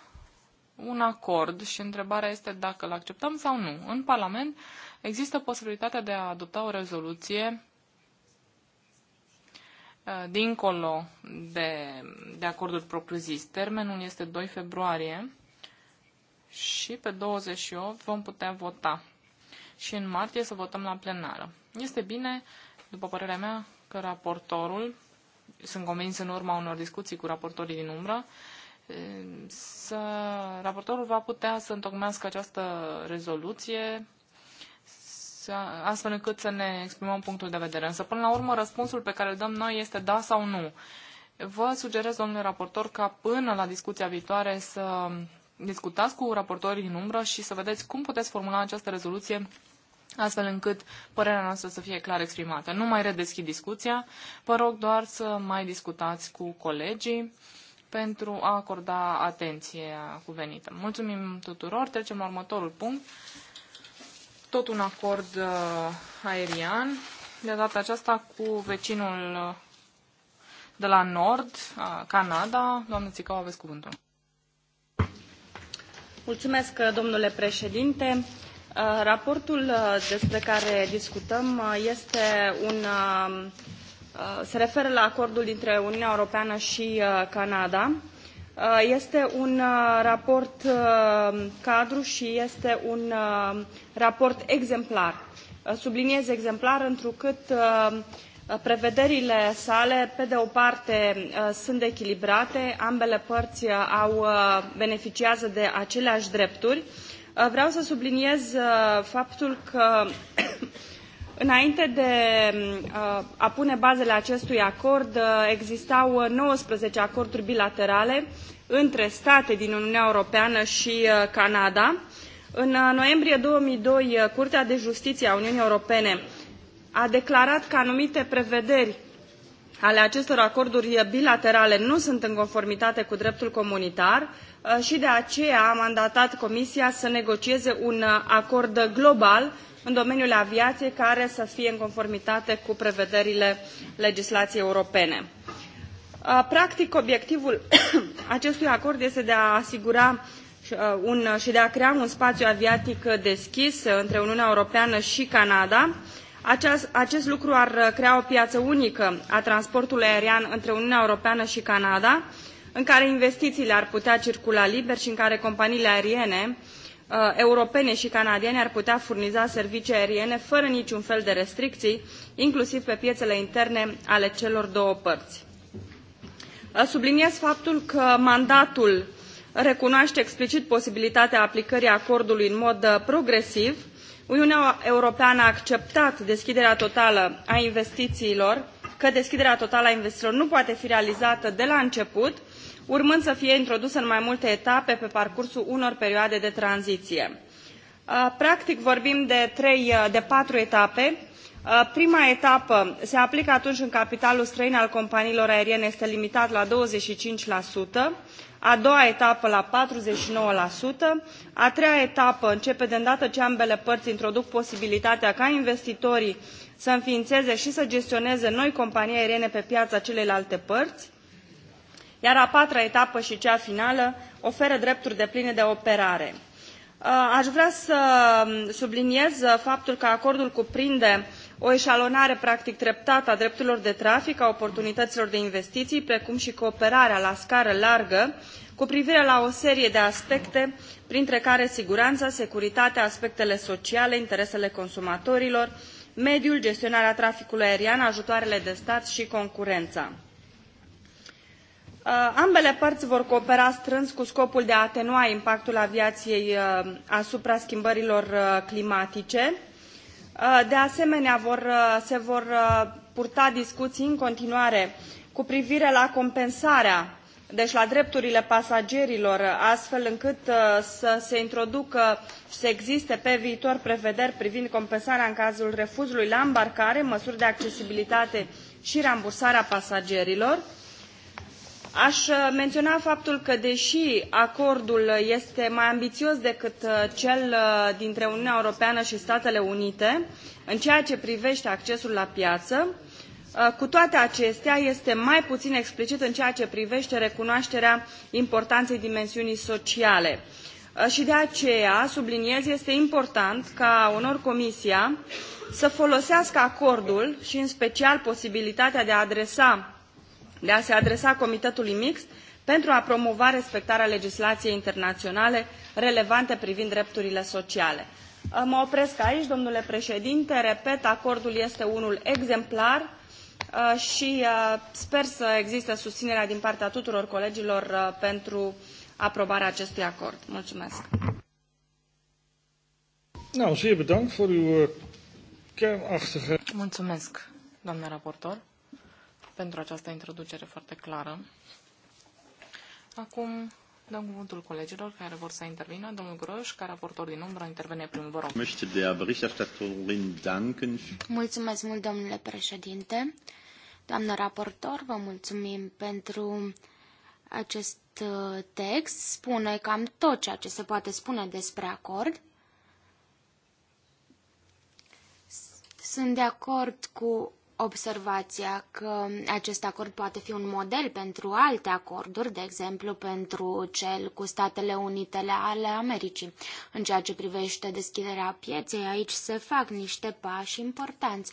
un acord și întrebarea este dacă îl acceptăm sau nu. În Parlament există posibilitatea de a adopta o rezoluție eh, dincolo de, de acordul propriu-zis. Termenul este 2 februarie și pe 28 vom putea vota și în martie să votăm la plenară. Este bine, după părerea mea, că raportorul, sunt convins în urma unor discuții cu raportorii din umbră, să, raportorul va putea să întocmească această rezoluție astfel încât să ne exprimăm punctul de vedere. Însă, până la urmă, răspunsul pe care îl dăm noi este da sau nu. Vă sugerez, domnule raportor, ca până la discuția viitoare să discutați cu raportorii din umbră și să vedeți cum puteți formula această rezoluție astfel încât părerea noastră să fie clar exprimată. Nu mai redeschid discuția, vă rog doar să mai discutați cu colegii pentru a acorda atenție cuvenită. Mulțumim tuturor, trecem la următorul punct, tot un acord uh, aerian, de data aceasta cu vecinul uh, de la Nord, uh, Canada. Doamne Țicău, aveți cuvântul. Mulțumesc, domnule președinte. Uh, raportul uh, despre care discutăm uh, este un, se referă la acordul dintre Uniunea Europeană și Canada. Este un raport cadru și este un raport exemplar. Subliniez exemplar întrucât Prevederile sale, pe de o parte, uh, sunt echilibrate, ambele părți uh, au, uh, beneficiază de aceleași drepturi. Vreau să subliniez faptul că Înainte de um, a pune bazele acestui acord, existau 19 acorduri bilaterale între state din Uniunea Europeană și Canada. În noiembrie 2002, Curtea de Justiție a Uniunii Europene a declarat că anumite prevederi ale acestor acorduri bilaterale nu sunt în conformitate cu dreptul comunitar uh, și de aceea a mandatat Comisia să negocieze un uh, acord global în domeniul aviației care să fie în conformitate cu prevederile legislației europene. Uh, practic, obiectivul acestui acord este de a asigura un, și de a crea un spațiu aviatic deschis între Uniunea Europeană și Canada, acest, lucru ar uh, crea o piață unică a transportului aerian între Uniunea Europeană și Canada, în care investițiile ar putea circula liber și în care companiile aeriene uh, europene și canadiene ar putea furniza servicii aeriene fără niciun fel de restricții, inclusiv pe piețele interne ale celor două părți. Uh, subliniez faptul că mandatul recunoaște explicit posibilitatea aplicării acordului în mod progresiv, Uniunea Europeană a acceptat deschiderea totală a investițiilor, că deschiderea totală a investițiilor nu poate fi realizată de la început, urmând să fie introdusă în mai multe etape pe parcursul unor perioade de tranziție. Uh, practic vorbim de, trei, uh, de patru etape. Uh, prima etapă se aplică atunci când capitalul străin al companiilor aeriene este limitat la 25%, a doua etapă la 49%, a treia etapă începe de îndată ce ambele părți introduc posibilitatea ca investitorii să înființeze și să gestioneze noi companii aeriene pe piața celelalte părți, iar a patra etapă și cea finală oferă drepturi depline de operare. Uh, aș vrea să subliniez faptul că acordul cuprinde o eșalonare practic treptată a drepturilor de trafic, a oportunităților de investiții, precum și cooperarea la scară largă cu privire la o serie de aspecte, printre care siguranța, securitatea, aspectele sociale, interesele consumatorilor, mediul, gestionarea traficului aerian, ajutoarele de stat și concurența. Uh, ambele părți vor coopera strâns cu scopul de a atenua impactul aviației uh, asupra schimbărilor uh, climatice, Uh, de asemenea, vor, uh, se vor uh, purta discuții în continuare cu privire la compensarea, deci la drepturile pasagerilor, astfel încât să se introducă și să existe pe viitor prevederi privind compensarea în cazul refuzului la îmbarcare, măsuri de accesibilitate și rambursarea pasagerilor. Aș uh, menționa faptul că, deși acordul este mai ambițios decât uh, cel uh, dintre Uniunea Europeană și Statele Unite în ceea ce privește accesul la piață, cu toate acestea, este mai puțin explicit în ceea ce privește recunoașterea importanței dimensiunii sociale. Și de aceea, subliniez, este important ca unor comisia să folosească acordul și în special posibilitatea de a adresa de a se adresa Comitetului Mixt pentru a promova respectarea legislației internaționale relevante privind drepturile sociale. Ă, mă opresc aici, domnule președinte. Repet, acordul este unul exemplar ă, și ă, sper să existe susținerea din partea tuturor colegilor pentru aprobarea acestui acord. Mulțumesc! Eh, Mulțumesc, doamnă raportor pentru această introducere foarte clară. Acum dăm cuvântul colegilor care vor să intervină. Domnul Groș, ca raportor din umbră, intervene primul, vă rog. Mulțumesc mult, domnule președinte. Doamnă raportor, vă mulțumim pentru acest uh, text. Spune cam tot ceea ce se poate spune despre acord. Sunt de acord cu observația că acest acord poate fi un model pentru alte acorduri, de exemplu pentru cel cu Statele Unite ale Americii. În ceea ce privește deschiderea pieței, aici se fac niște pași importanți.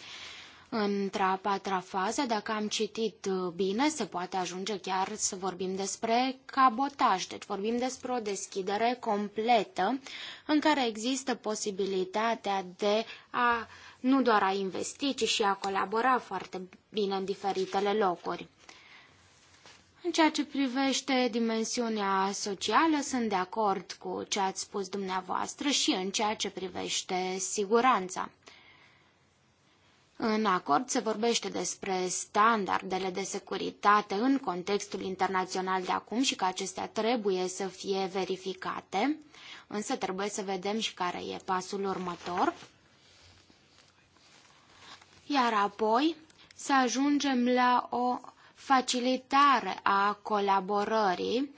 Într-a patra fază, dacă am citit bine, se poate ajunge chiar să vorbim despre cabotaj. Deci vorbim despre o deschidere completă în care există posibilitatea de a uh, nu doar a investi, ci și a colabora foarte bine în diferitele locuri. În ceea ce privește dimensiunea socială, sunt de acord cu ce ați spus dumneavoastră și în ceea ce privește siguranța. În acord se vorbește despre standardele de securitate în contextul internațional de acum și că acestea trebuie să fie verificate, însă trebuie să vedem și care e pasul următor iar apoi să ajungem la o facilitare a colaborării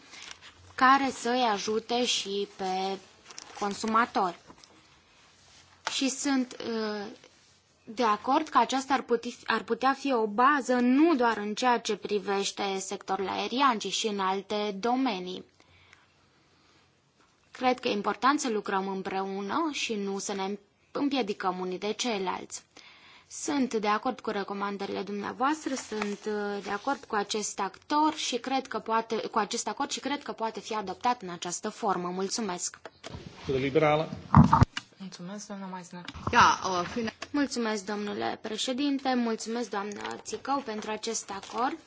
care să-i ajute și pe consumatori. Și sunt uh, de acord că aceasta ar putea, ar putea fi o bază nu doar în ceea ce privește sectorul aerian, ci și în alte domenii. Cred că e important să lucrăm împreună și nu să ne împiedicăm unii de ceilalți. Sunt de acord cu recomandările dumneavoastră, sunt uh, de acord cu acest actor și cred că poate, cu acest acord și cred că poate fi adoptat în această formă. Mulțumesc. Liberală. Mulțumesc, doamna Meisner. Da, Mulțumesc, domnule președinte, mulțumesc, doamnă Țicău, pentru acest acord.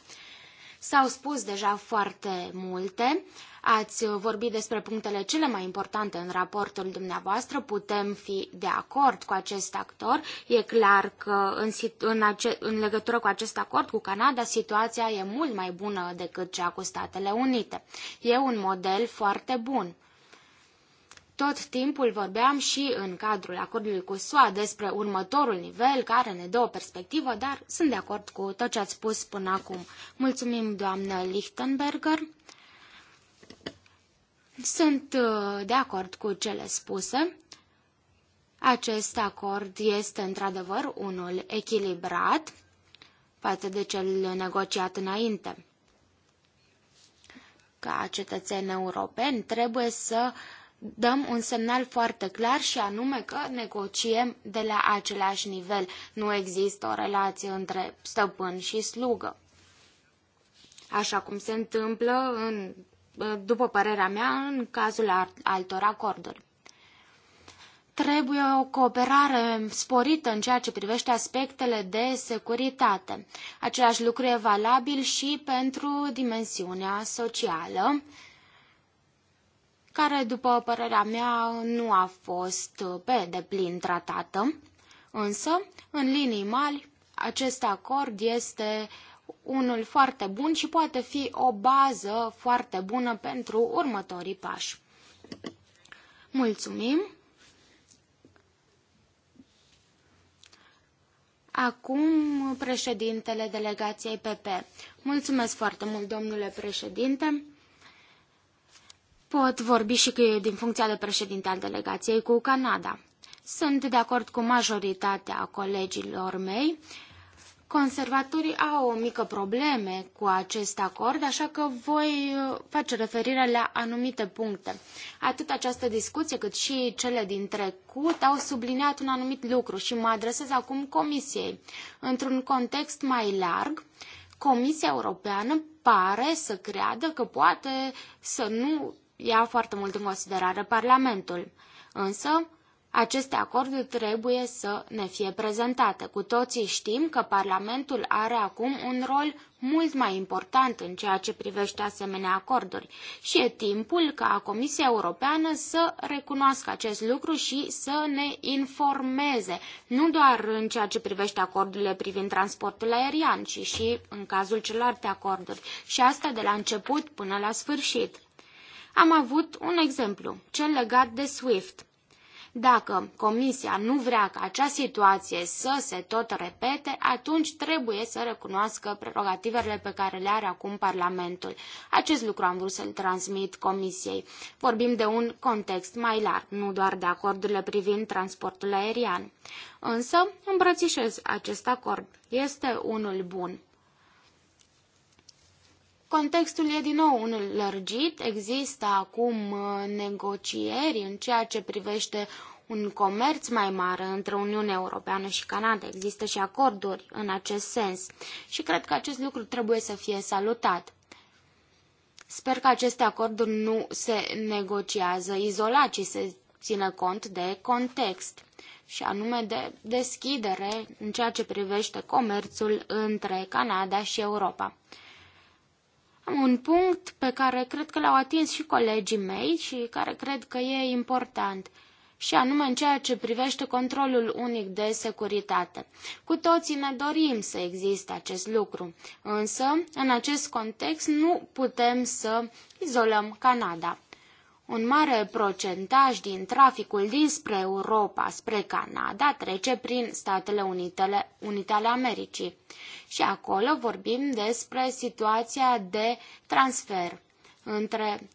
S-au spus deja foarte multe. Uh, Ați vorbit despre punctele cele mai importante în raportul dumneavoastră, putem fi de acord cu acest actor. E clar că în, în, ace, în legătură cu acest acord cu Canada, situația e mult mai bună decât cea cu Statele Unite. E un model foarte bun. Tot timpul vorbeam și în cadrul acordului cu SUA despre următorul nivel care ne dă o perspectivă, dar sunt de acord cu tot ce ați spus până acum. Mulțumim, doamnă Lichtenberger. Sunt uh, de acord cu cele spuse. Acest acord este într-adevăr unul echilibrat față de cel negociat înainte. Ca cetățeni europeni trebuie să dăm un semnal foarte clar și anume că negociem de la același nivel. Nu există o relație între stăpân și slugă. Așa cum se întâmplă în Uh, după părerea mea, în cazul altor acorduri. Trebuie o cooperare sporită în ceea ce privește aspectele de securitate. Același lucru e valabil și pentru dimensiunea socială, care, după părerea mea, nu a fost pe deplin tratată. Însă, în linii mari, acest acord este uh, unul foarte bun și poate fi o bază foarte bună pentru următorii pași. Mulțumim! Acum președintele delegației PP. Mulțumesc foarte mult, domnule președinte. Pot vorbi și că eu din funcția de președinte al delegației cu Canada. Sunt de acord cu majoritatea colegilor mei Conservatorii au o mică probleme cu acest acord, așa că voi uh, face referire la anumite puncte. Atât această discuție cât și cele din trecut au subliniat un anumit lucru și mă adresez acum Comisiei. Într-un context mai larg, Comisia Europeană pare să creadă că poate să nu ia foarte mult în considerare Parlamentul. Însă, aceste acorduri trebuie să ne fie prezentate. Cu toții știm că Parlamentul are acum un rol mult mai important în ceea ce privește asemenea acorduri și e timpul ca Comisia Europeană să recunoască acest lucru și să ne informeze, nu doar în ceea ce privește acordurile privind transportul aerian, ci și în cazul celorlalte acorduri și asta de la început până la sfârșit. Am avut un exemplu, cel legat de SWIFT. Dacă Comisia nu vrea ca acea situație să se tot repete, atunci trebuie să recunoască prerogativele pe care le are acum Parlamentul. Acest lucru am vrut să-l transmit Comisiei. Vorbim de un context mai larg, nu doar de acordurile privind transportul aerian. Însă îmbrățișez acest acord. Este unul bun. Contextul e din nou unul lărgit, există acum uh, negocieri în ceea ce privește un comerț mai mare între Uniunea Europeană și Canada. Există și acorduri în acest sens și cred că acest lucru trebuie să fie salutat. Sper că aceste acorduri nu se negociază izolat, ci se țină cont de context și anume de deschidere în ceea ce privește comerțul între Canada și Europa un punct pe care cred că l-au atins și colegii mei și care cred că e important și anume în ceea ce privește controlul unic de securitate. Cu toții ne dorim să existe acest lucru, însă în acest context nu putem să izolăm Canada. Un mare procentaj din traficul dinspre Europa spre Canada trece prin Statele Unitele, Unite ale Americii. Și acolo vorbim despre situația de transfer între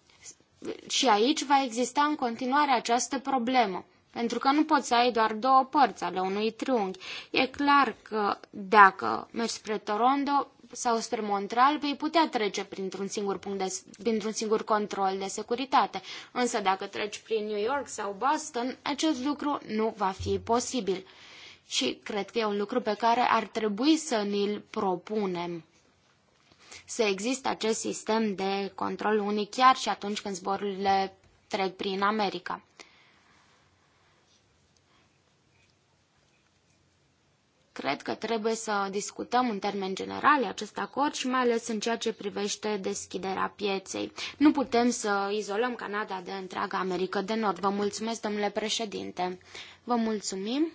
și aici va exista în continuare această problemă. Pentru că nu poți să ai doar două părți ale unui triunghi. E clar că dacă mergi spre Toronto, sau spre Montreal vei putea trece printr-un singur, punct de, printr-un singur control de securitate. Însă dacă treci prin New York sau Boston, acest lucru nu va fi posibil. Și cred că e un lucru pe care ar trebui să ni-l propunem. Să există acest sistem de control unic chiar și atunci când zborurile trec prin America. Cred că trebuie să discutăm în termen general acest acord și mai ales în ceea ce privește deschiderea pieței. Nu putem să izolăm Canada de întreaga America de Nord. Vă mulțumesc, domnule președinte. Vă mulțumim.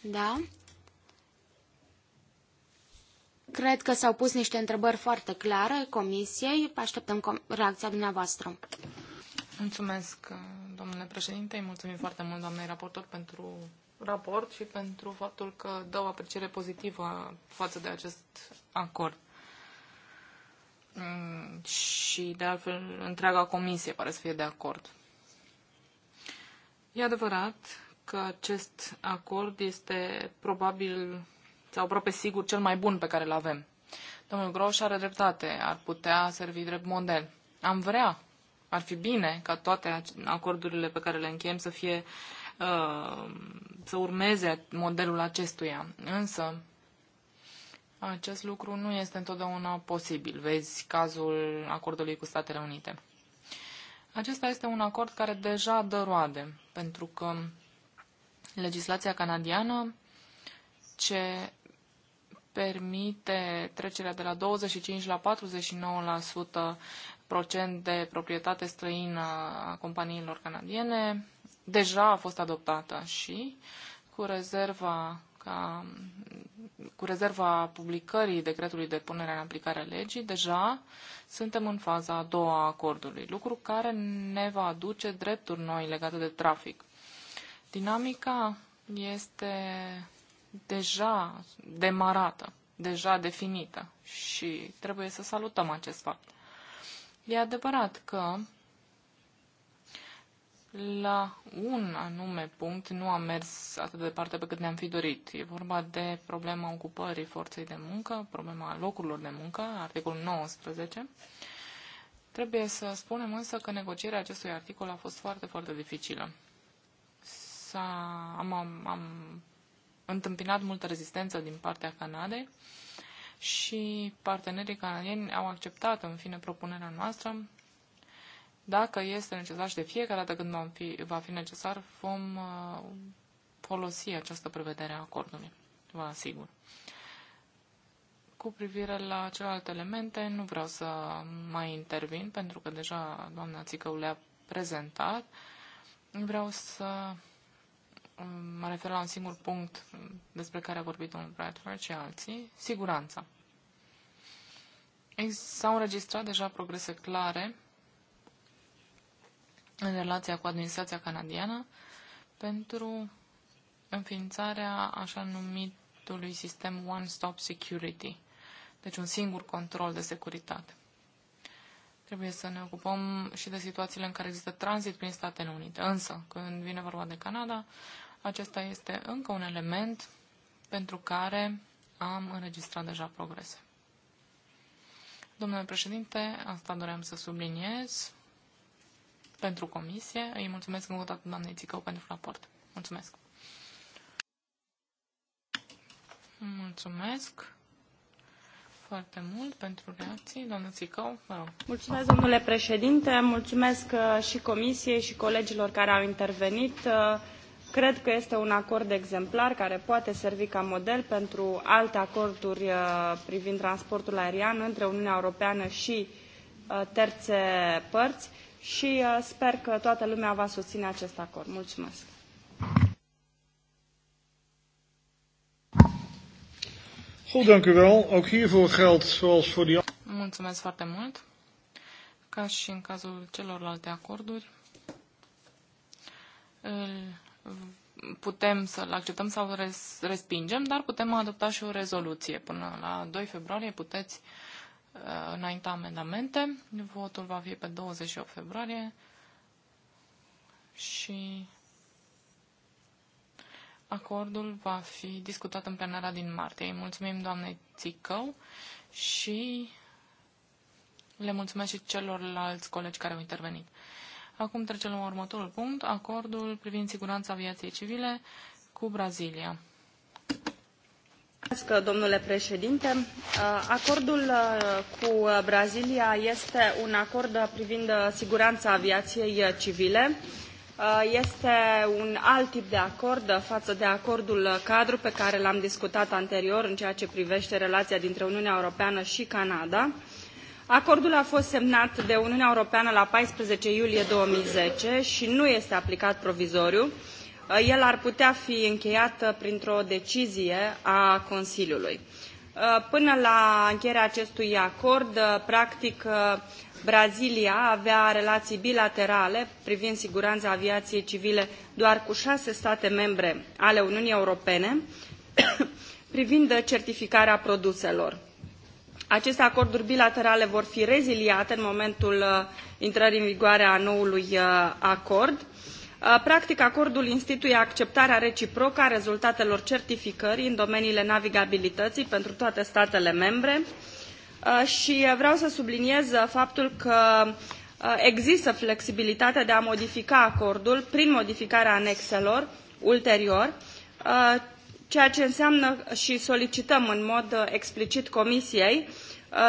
Da. Cred că s-au pus niște întrebări foarte clare comisiei. Așteptăm com reacția dumneavoastră. Mulțumesc, domnule președinte. Mulțumim foarte mult, doamnei raportor, pentru raport și pentru faptul că dă o apreciere pozitivă față de acest acord. Mm, și, de altfel, întreaga comisie pare să fie de acord. E adevărat că acest acord este probabil sau aproape sigur cel mai bun pe care îl avem. Domnul Groș are dreptate, ar putea servi drept model. Am vrea, ar fi bine ca toate acordurile pe care le încheiem să fie uh, Uh, să urmeze modelul acestuia. Însă, acest lucru nu este întotdeauna posibil. Vezi cazul acordului cu Statele Unite. Acesta este un acord care deja dă roade, pentru că legislația canadiană ce permite trecerea de la 25 la 49% procent de proprietate străină a companiilor canadiene deja a fost adoptată și cu rezerva ca, cu rezerva publicării decretului de punere în aplicare a legii, deja suntem în faza a doua a acordului, lucru care ne va aduce drepturi noi legate de trafic. Dinamica este deja demarată, deja definită și trebuie să salutăm acest fapt. E adevărat că la un anume punct nu a mers atât de departe pe cât ne-am fi dorit. E vorba de problema ocupării forței de muncă, problema locurilor de muncă, articolul 19. Trebuie să spunem însă că negocierea acestui articol a fost foarte, foarte dificilă. S-a, am, am, am întâmpinat multă rezistență din partea Canadei și partenerii canadieni au acceptat în fine propunerea noastră dacă este necesar și de fiecare dată când fi, va fi necesar, vom uh, folosi această prevedere a acordului, vă asigur. Cu privire la celelalte elemente, nu vreau să mai intervin, pentru că deja doamna Țicău le-a prezentat. Vreau să uh, mă refer la un singur punct despre care a vorbit domnul Bradford și alții, siguranța. S-au înregistrat deja progrese clare în relația cu administrația canadiană pentru înființarea așa numitului sistem One Stop Security, deci un singur control de securitate. Trebuie să ne ocupăm și de situațiile în care există tranzit prin Statele Unite. Însă, când vine vorba de Canada, acesta este încă un element pentru care am înregistrat deja progrese. Domnule președinte, asta doream să subliniez pentru comisie. Îi mulțumesc încă o dată doamnei Țicău pentru raport. Mulțumesc! Mulțumesc foarte mult pentru reacții. Doamna Țicău, vă rog. Mulțumesc, domnule președinte, mulțumesc uh, și comisiei și colegilor care au intervenit. Uh, cred că este un acord exemplar care poate servi ca model pentru alte acorduri uh, privind transportul aerian între Uniunea Europeană și terțe părți și uh, sper că toată lumea va susține acest acord. Mulțumesc! Goed, dank u wel. Ook hiervoor geldt, zoals voor die... Mulțumesc foarte mult. Ca și în cazul celorlalte acorduri, putem să-l acceptăm sau respingem, dar putem adopta și o rezoluție. Până la 2 februarie puteți Uh, înainta amendamente. Votul va fi pe 28 februarie și acordul va fi discutat în plenara din martie. Îi mulțumim doamnei Țicău și le mulțumesc și celorlalți colegi care au intervenit. Acum trecem la următorul punct, acordul privind siguranța aviației civile cu Brazilia. Domnule președinte, uh, acordul uh, cu Brazilia este un acord privind uh, siguranța aviației civile. Este un alt tip de acord față de acordul cadru pe care l-am discutat anterior în ceea ce privește relația dintre Uniunea Europeană și Canada. Acordul a fost semnat de Uniunea Europeană la 14 iulie 2010 și nu este aplicat provizoriu, Uh, el ar putea fi încheiat printr-o decizie a Consiliului. Uh, până la încheierea acestui acord, uh, practic, Brazilia avea relații bilaterale privind siguranța aviației civile doar cu șase state membre ale Uniunii Europene, privind certificarea produselor. Aceste acorduri bilaterale vor fi reziliate în momentul intrării în vigoare a noului acord. Uh, practic, acordul instituie acceptarea reciprocă a rezultatelor certificării în domeniile navigabilității pentru toate statele membre uh, și vreau să subliniez uh, faptul că există flexibilitatea de a modifica acordul prin modificarea anexelor ulterior, ceea ce înseamnă și solicităm în mod explicit Comisiei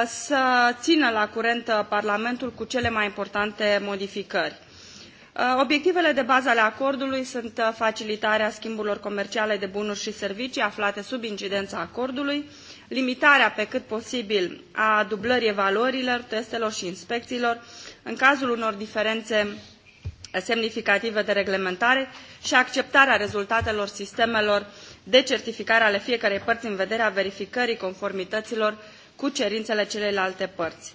să țină la curent Parlamentul cu cele mai importante modificări. Uh, obiectivele de bază ale acordului sunt uh, facilitarea schimburilor comerciale de bunuri și servicii aflate sub incidența acordului, limitarea pe cât posibil a dublării evaluărilor, testelor și inspecțiilor în cazul unor diferențe semnificative de reglementare și acceptarea rezultatelor sistemelor de certificare ale fiecărei părți în vederea verificării conformităților cu cerințele celeilalte părți.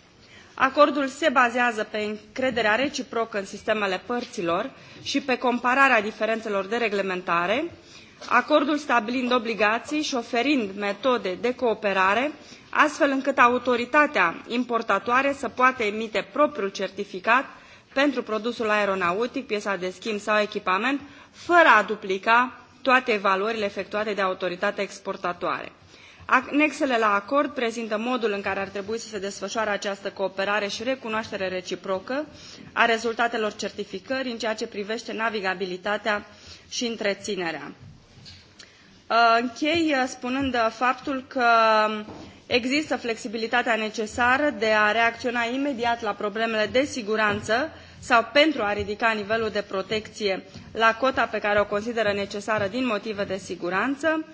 Acordul se bazează pe încrederea reciprocă în sistemele părților și pe compararea diferențelor de reglementare, acordul stabilind obligații și oferind metode de cooperare, astfel încât autoritatea importatoare să poată emite propriul certificat pentru produsul aeronautic, piesa de schimb sau echipament, fără a duplica toate evaluările efectuate de autoritatea exportatoare. Anexele la acord prezintă modul în care ar trebui să se desfășoare această cooperare și recunoaștere reciprocă a rezultatelor certificării în ceea ce privește navigabilitatea și întreținerea. Uh, închei uh, spunând uh, faptul că um, există flexibilitatea necesară de a reacționa imediat la problemele de siguranță sau pentru a ridica nivelul de protecție la cota pe care o consideră necesară din motive de siguranță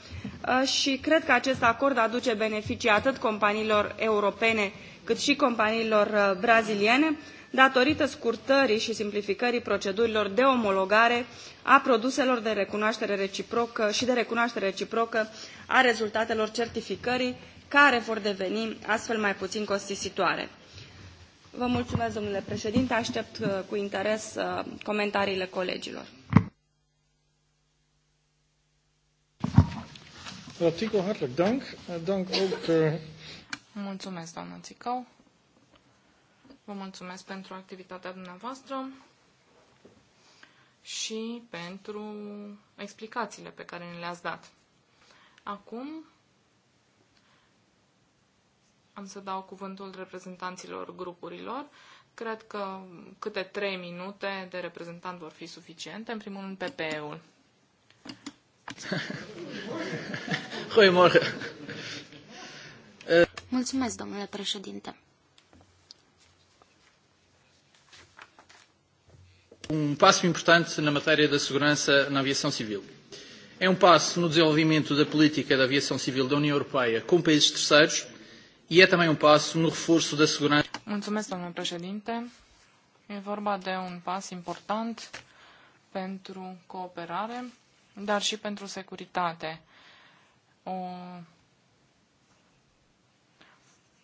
ă, și cred că acest acord aduce beneficii atât companiilor europene cât și companiilor ă, braziliene datorită scurtării și simplificării procedurilor de omologare a produselor de recunoaștere reciprocă și de recunoaștere reciprocă a rezultatelor certificării, care vor deveni astfel mai puțin costisitoare. Vă mulțumesc, domnule președinte. Aștept uh, cu interes uh, comentariile colegilor. Tico, hartelijk dank. Dank ook... Uh, mulțumesc, doamnă Țicău. Vă mulțumesc pentru activitatea dumneavoastră și pentru explicațiile pe care ne le-ați dat. Acum am să dau cuvântul reprezentanților grupurilor. Cred că câte trei minute de reprezentant vor fi suficiente. În primul rând, PPE-ul. Mulțumesc, domnule președinte. Um passo importante na matéria da segurança na aviação civil. É um passo no desenvolvimento da política da aviação civil da União Europeia com países terceiros e também um passo no reforço da segurança. Mulțumesc, domnule președinte. E vorba de un pas important pentru cooperare, dar și pentru securitate. O...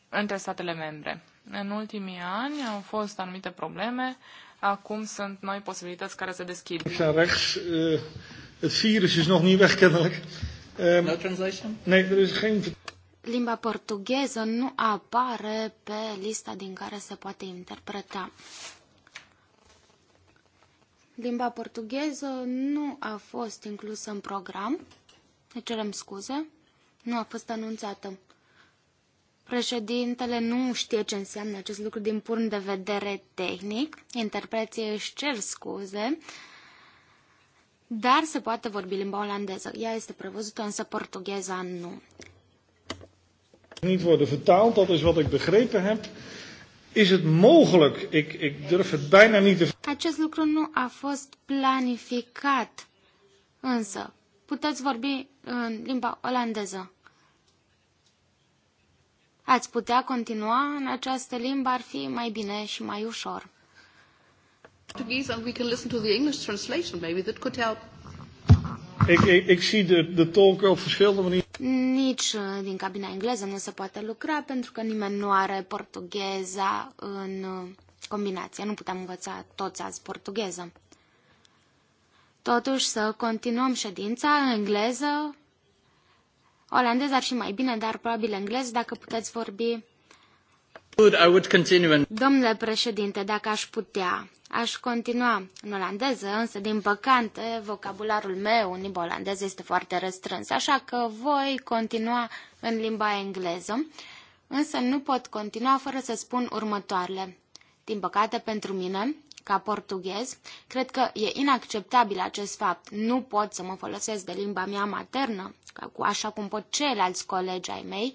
între statele membre. În ultimii ani au fost anumite probleme, acum sunt noi posibilități care se deschid. Er rechts, uh, het virus is nog niet weg kennelijk. Um, no translation? Nee, er is geen limba portugheză nu apare pe lista din care se poate interpreta. Limba portugheză nu a fost inclusă în program. Ne cerem scuze. Nu a fost anunțată. Președintele nu știe ce înseamnă acest lucru din punct de vedere tehnic. Interpreție își cer scuze, dar se poate vorbi limba olandeză. Ea este prevăzută, însă portugheza nu niet worden vertaald, dat is wat ik begrepen heb. Is het mogelijk? Ik, ik durf het bijna niet te... Acest lucru nu a fost planificat, însă puteți vorbi în limba olandeză. Ați putea continua în această limbă, ar fi mai bine și mai ușor. Portuguese and we can listen to the English translation maybe that could help. Ik, ik, ik zie de, de tolken op verschillende manieren. Nici uh, din cabina engleză nu se poate lucra pentru că nimeni nu are portugheza în uh, combinație. Nu putem învăța toți azi portugheză. Totuși să continuăm ședința în engleză. Olandez ar fi mai bine, dar probabil engleză dacă puteți vorbi Domnule președinte, dacă aș putea, aș continua în olandeză, însă, din păcate, vocabularul meu în limba olandeză este foarte restrâns, așa că voi continua în limba engleză, însă nu pot continua fără să spun următoarele. Din păcate pentru mine, ca portughez, cred că e inacceptabil acest fapt. Nu pot să mă folosesc de limba mea maternă, așa cum pot ceilalți colegi ai mei,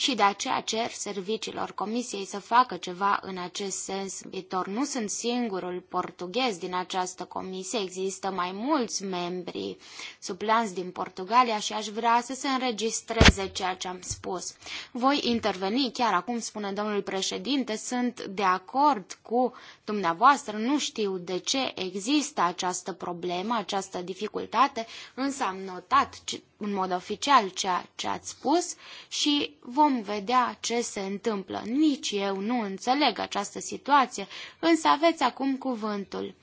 și de aceea cer serviciilor Comisiei să facă ceva în acest sens viitor. Nu sunt singurul portughez din această comisie, există mai mulți membri suplanți din Portugalia și aș vrea să se înregistreze ceea ce am spus. Voi interveni chiar acum, spune domnul președinte, sunt de acord cu dumneavoastră, nu știu de ce există această problemă, această dificultate, însă am notat în mod oficial ceea ce ați spus și vom vedea ce se întâmplă. Nici eu nu înțeleg această situație, însă aveți acum cuvântul.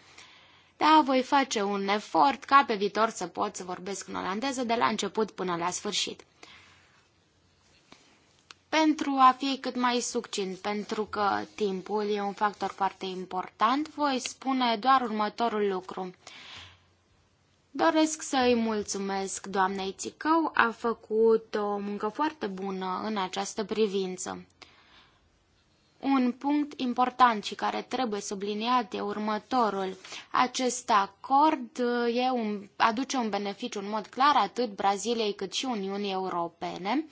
Da, voi face un efort ca pe viitor să pot să vorbesc în olandeză de la început până la sfârșit. Pentru a fi cât mai succint, pentru că timpul e un factor foarte important, voi spune doar următorul lucru. Doresc să-i mulțumesc doamnei Țicău, a făcut o muncă foarte bună în această privință. Un punct important și care trebuie subliniat e următorul. Acest acord e un, aduce un beneficiu în mod clar atât Braziliei cât și Uniunii Europene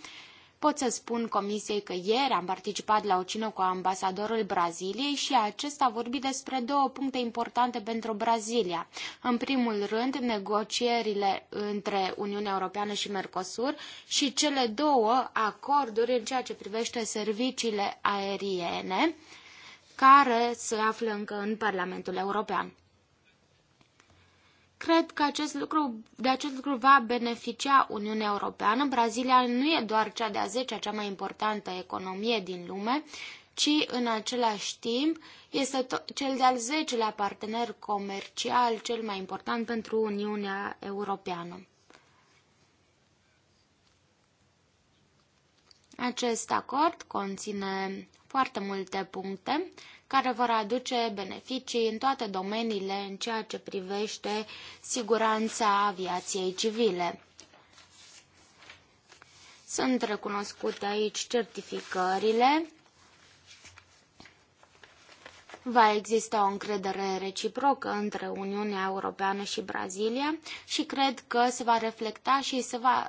Pot să spun comisiei că ieri am participat la o cină cu ambasadorul Braziliei și acesta a vorbit despre două puncte importante pentru Brazilia. În primul rând, negocierile între Uniunea Europeană și Mercosur și cele două acorduri în ceea ce privește serviciile aeriene care se află încă în Parlamentul European. Cred că acest lucru, de acest lucru va beneficia Uniunea Europeană. Brazilia nu e doar cea de-a 10 cea mai importantă economie din lume, ci în același timp este cel de-al 10-lea partener comercial cel mai important pentru Uniunea Europeană. Acest acord conține foarte multe puncte care vor aduce beneficii în toate domeniile în ceea ce privește siguranța aviației civile. Sunt recunoscute aici certificările. Va exista o încredere reciprocă între Uniunea Europeană și Brazilia și cred că se va reflecta și se va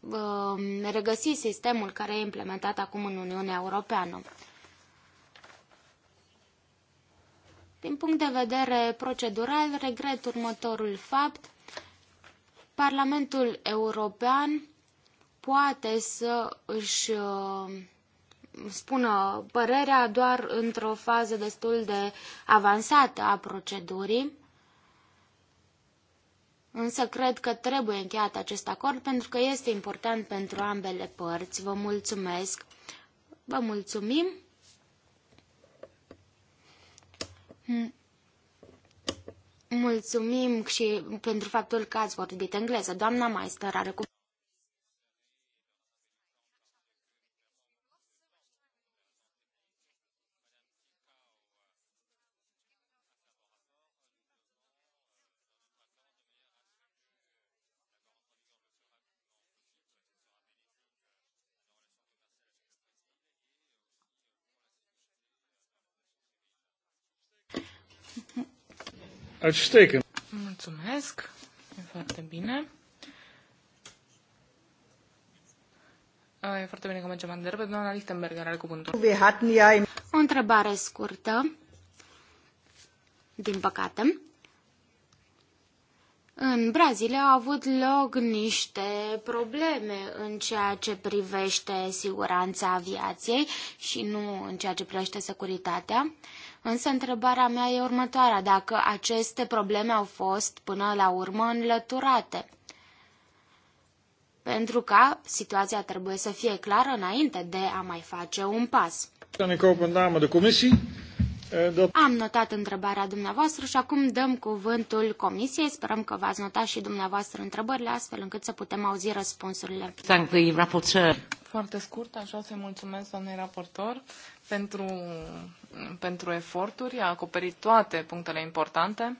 um, regăsi sistemul care e implementat acum în Uniunea Europeană. Din punct de vedere procedural, regret următorul fapt. Parlamentul European poate să își uh, spună părerea doar într-o fază destul de avansată a procedurii. Însă cred că trebuie încheiat acest acord pentru că este important pentru ambele părți. Vă mulțumesc! Vă mulțumim! Mm. Mulțumim și pentru faptul că ați vorbit engleză. Doamna Meister are cuvântul. Uitstekend. Mulțumesc. E foarte bine. Ah, e foarte bine că mergem mai repede. Doamna Lichtenberger are cuvântul. O întrebare scurtă, din păcate. În Brazilia au avut loc niște probleme în ceea ce privește siguranța aviației și nu în ceea ce privește securitatea. Uh, Însă întrebarea mea e următoarea, dacă aceste probleme au fost până la urmă înlăturate. Pentru că situația trebuie să fie clară înainte de a mai face un pas. Am notat întrebarea dumneavoastră și acum dăm cuvântul comisiei. Sperăm că v-ați notat și dumneavoastră întrebările, astfel încât să putem auzi răspunsurile. Foarte scurt, aș vrea să-i mulțumesc, doamnei raportor pentru, pentru eforturi, a acoperit toate punctele importante.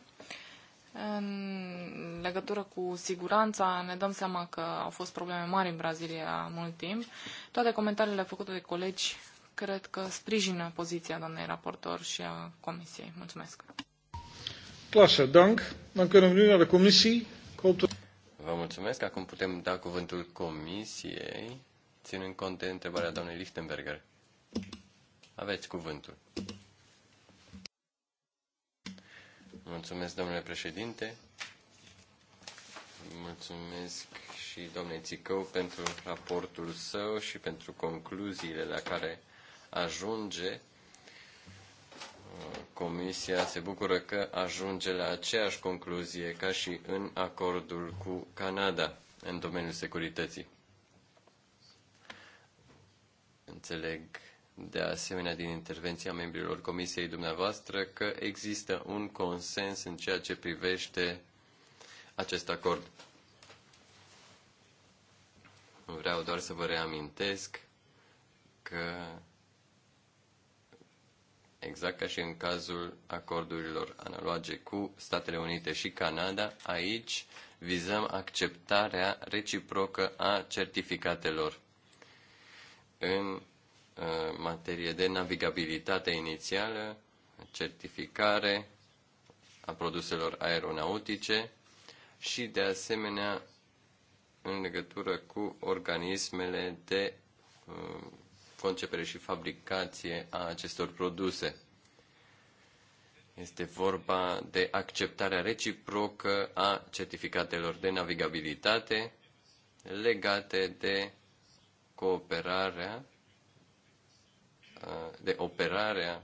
În legătură cu siguranța, ne dăm seama că au fost probleme mari în Brazilia mult timp. Toate comentariile făcute de colegi cred că sprijină poziția doamnei raportor și a Comisiei. Mulțumesc. Clasă, dank. Dan kunnen we nu naar de commissie. Vă mulțumesc. Acum putem da cuvântul Comisiei, ținând cont de întrebarea doamnei Lichtenberger. Aveți cuvântul. Mulțumesc, domnule președinte. Mulțumesc și domnului Țicău pentru raportul său și pentru concluziile la care ajunge. Comisia se bucură că ajunge la aceeași concluzie ca și în acordul cu Canada în domeniul securității. Înțeleg de asemenea din intervenția membrilor comisiei dumneavoastră că există un consens în ceea ce privește acest acord. Vreau doar să vă reamintesc că exact ca și în cazul acordurilor analoage cu Statele Unite și Canada, aici vizăm acceptarea reciprocă a certificatelor. În Uh, materie de navigabilitate inițială, certificare a produselor aeronautice și, de asemenea, în legătură cu organismele de uh, concepere și fabricație a acestor produse. Este vorba de acceptarea reciprocă a certificatelor de navigabilitate legate de cooperarea de operarea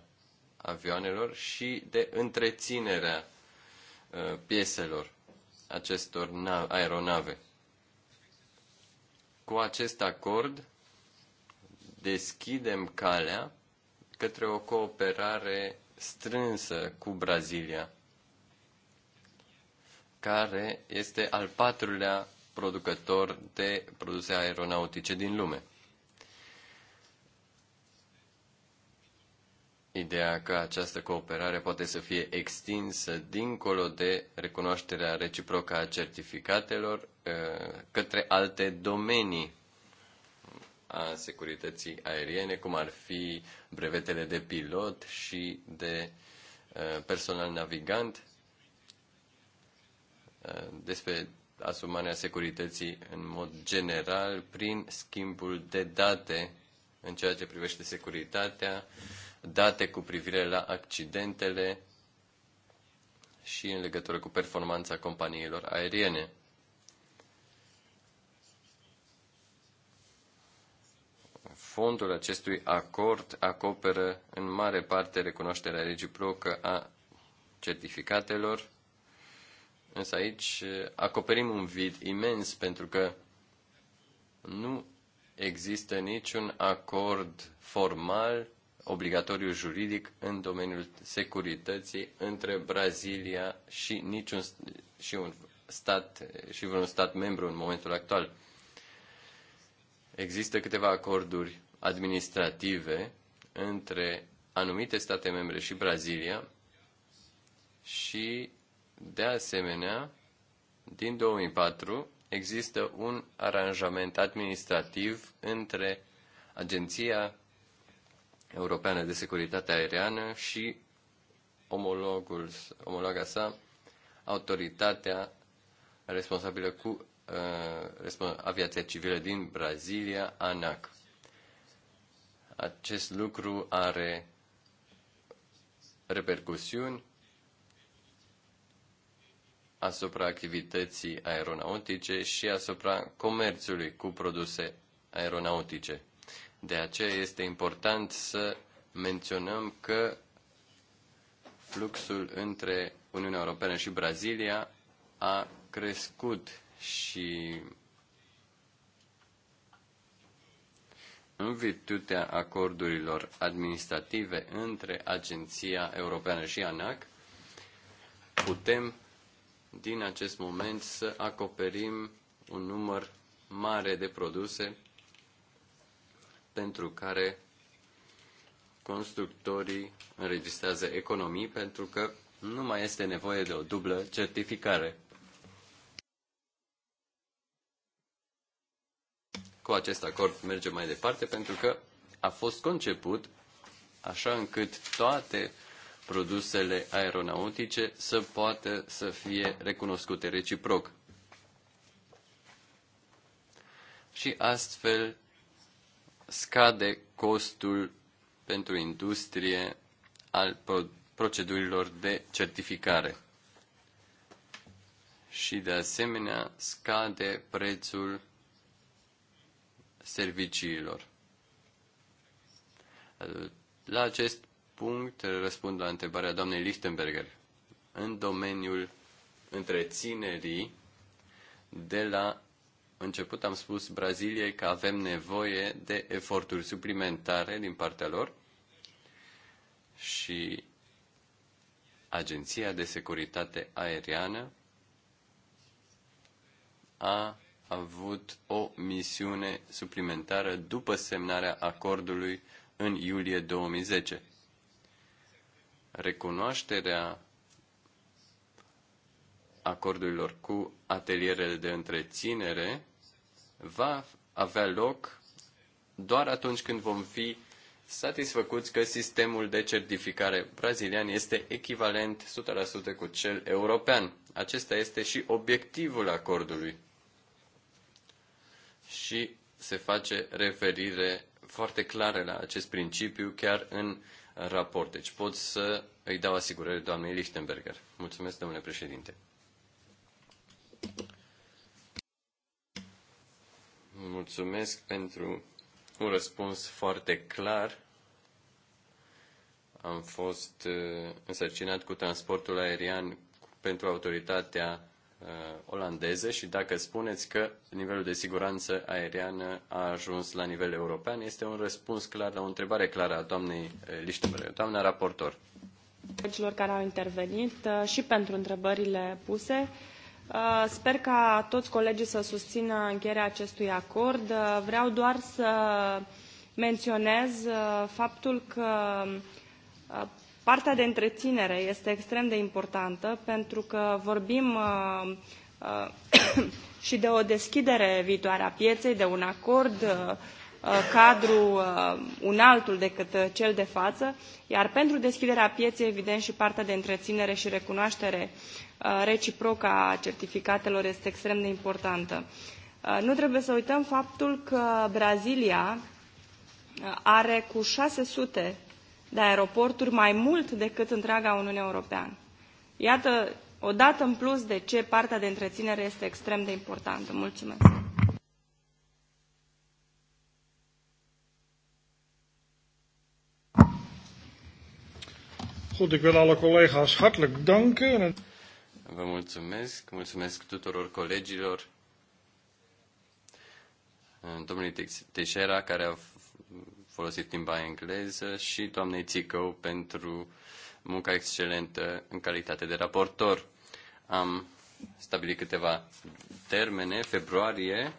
avioanelor și de întreținerea pieselor acestor aeronave. Cu acest acord deschidem calea către o cooperare strânsă cu Brazilia, care este al patrulea producător de produse aeronautice din lume. ideea că această cooperare poate să fie extinsă dincolo de recunoașterea reciprocă a certificatelor uh, către alte domenii a securității aeriene, cum ar fi brevetele de pilot și de uh, personal navigant uh, despre asumarea securității în mod general prin schimbul de date în ceea ce privește securitatea, date cu privire la accidentele și în legătură cu performanța companiilor aeriene. Fondul acestui acord acoperă în mare parte recunoașterea reciprocă a certificatelor, însă aici eh, acoperim un vid imens pentru că nu există niciun acord formal obligatoriu juridic în domeniul securității între Brazilia și niciun și un stat și vreun stat membru în momentul actual. Există câteva acorduri administrative între anumite state membre și Brazilia și de asemenea din 2004 există un aranjament administrativ între Agenția Europeană de Securitate Aeriană și omologul, omologa sa, autoritatea responsabilă cu uh, aviația civilă din Brazilia, ANAC. Acest lucru are repercusiuni asupra activității aeronautice și asupra comerțului cu produse aeronautice. De aceea este important să menționăm că fluxul între Uniunea Europeană și Brazilia a crescut și în virtutea acordurilor administrative între Agenția Europeană și ANAC, putem din acest moment să acoperim un număr mare de produse pentru care constructorii înregistrează economii pentru că nu mai este nevoie de o dublă certificare. Cu acest acord mergem mai departe pentru că a fost conceput așa încât toate produsele aeronautice să poată să fie recunoscute reciproc. Și astfel scade costul pentru industrie al procedurilor de certificare. Și de asemenea scade prețul serviciilor. La acest punct răspund la întrebarea doamnei Lichtenberger. În domeniul întreținerii de la început am spus Braziliei că avem nevoie de eforturi suplimentare din partea lor și Agenția de Securitate Aeriană a avut o misiune suplimentară după semnarea acordului în iulie 2010. Recunoașterea acordurilor cu atelierele de întreținere va avea loc doar atunci când vom fi satisfăcuți că sistemul de certificare brazilian este echivalent 100% cu cel european. Acesta este și obiectivul acordului. Și se face referire foarte clară la acest principiu chiar în raport. Deci pot să îi dau asigurări doamnei Lichtenberger. Mulțumesc, domnule președinte mulțumesc pentru un răspuns foarte clar. Am fost uh, însărcinat cu transportul aerian pentru autoritatea uh, olandeză și dacă spuneți că nivelul de siguranță aeriană a ajuns la nivel european, este un răspuns clar la o întrebare clară a doamnei uh, Lichtenberg, doamna raportor. Celor care au intervenit și pentru întrebările puse. Uh, sper ca toți colegii să susțină încheierea acestui acord. Uh, vreau doar să menționez uh, faptul că partea de întreținere este extrem de importantă pentru că vorbim și de o deschidere viitoare a pieței, de un acord Uh, cadru uh, un altul decât uh, cel de față, iar pentru deschiderea pieței, evident, și partea de întreținere și recunoaștere reciprocă a certificatelor este extrem de importantă. Nu trebuie să uităm faptul că Brazilia are cu 600 de aeroporturi mai mult decât întreaga Uniune Europeană. Iată, o dată în plus de ce partea de întreținere este extrem de importantă. Mulțumesc! Goed, ik wil alle collega's hartelijk danken. Vă mulțumesc, mulțumesc tuturor colegilor. Domnului Teixeira, care a folosit limba engleză, și doamnei Țicău pentru munca excelentă în calitate de raportor. Am stabilit câteva termene, februarie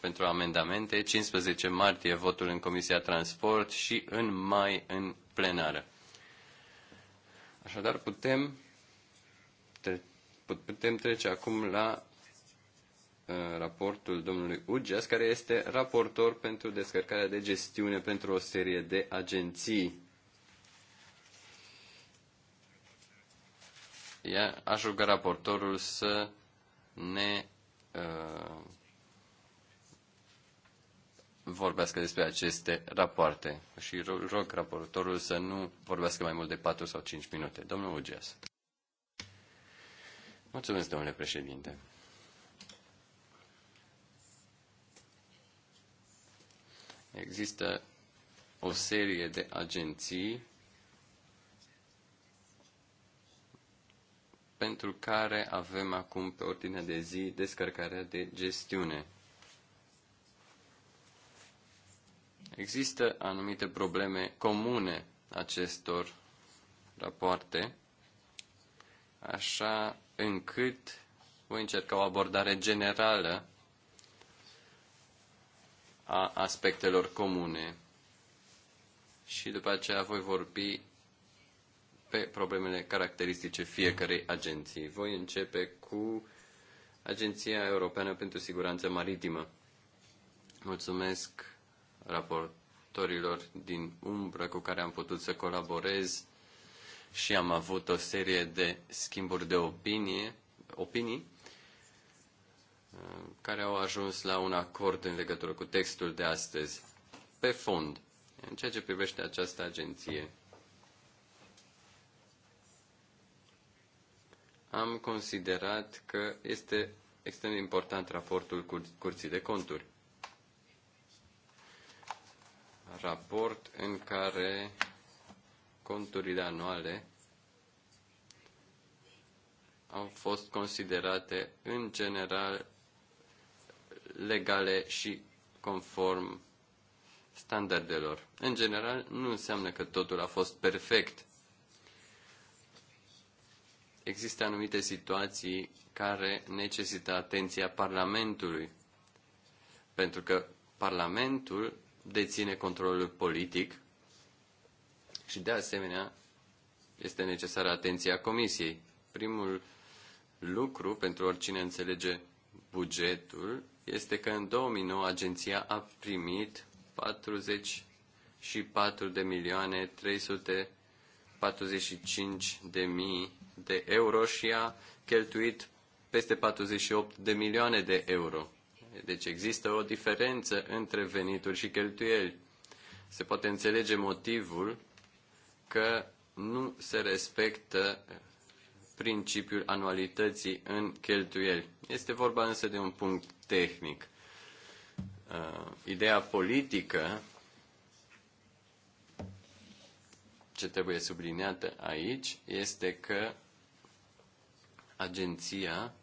pentru amendamente, 15 martie votul în Comisia Transport și în mai în plenară. Așadar, putem, tre- putem trece acum la uh, raportul domnului Ugeas, care este raportor pentru descărcarea de gestiune pentru o serie de agenții. Ia, aș ruga raportorul să ne uh, vorbească despre aceste rapoarte și rog raportorul să nu vorbească mai mult de 4 sau 5 minute. Domnul Ugeas. Mulțumesc, domnule președinte. Există o serie de agenții pentru care avem acum pe ordinea de zi descărcarea de gestiune. Există anumite probleme comune acestor rapoarte, așa încât voi încerca o abordare generală a aspectelor comune și după aceea voi vorbi pe problemele caracteristice fiecarei agenții. Voi începe cu Agenția Europeană pentru Siguranță Maritimă. Mulțumesc raportorilor din umbră cu care am putut să colaborez și am avut o serie de schimburi de opinie, opinii uh, care au ajuns la un acord în legătură cu textul de astăzi, pe fond, în ceea ce privește această agenție. Am considerat că este extrem de important raportul cu Curții de Conturi raport în care conturile anuale au fost considerate în general legale și conform standardelor. În general, nu înseamnă că totul a fost perfect. Există anumite situații care necesită atenția Parlamentului, pentru că Parlamentul deține controlul politic și, de asemenea, este necesară atenția Comisiei. Primul lucru pentru oricine înțelege bugetul este că în 2009 agenția a primit 44 de milioane 345 de mii de euro și a cheltuit peste 48 de milioane de euro. Deci există o diferență între venituri și cheltuieli. Se poate înțelege motivul că nu se respectă principiul anualității în cheltuieli. Este vorba însă de un punct tehnic. Uh, ideea politică ce trebuie subliniată aici este că agenția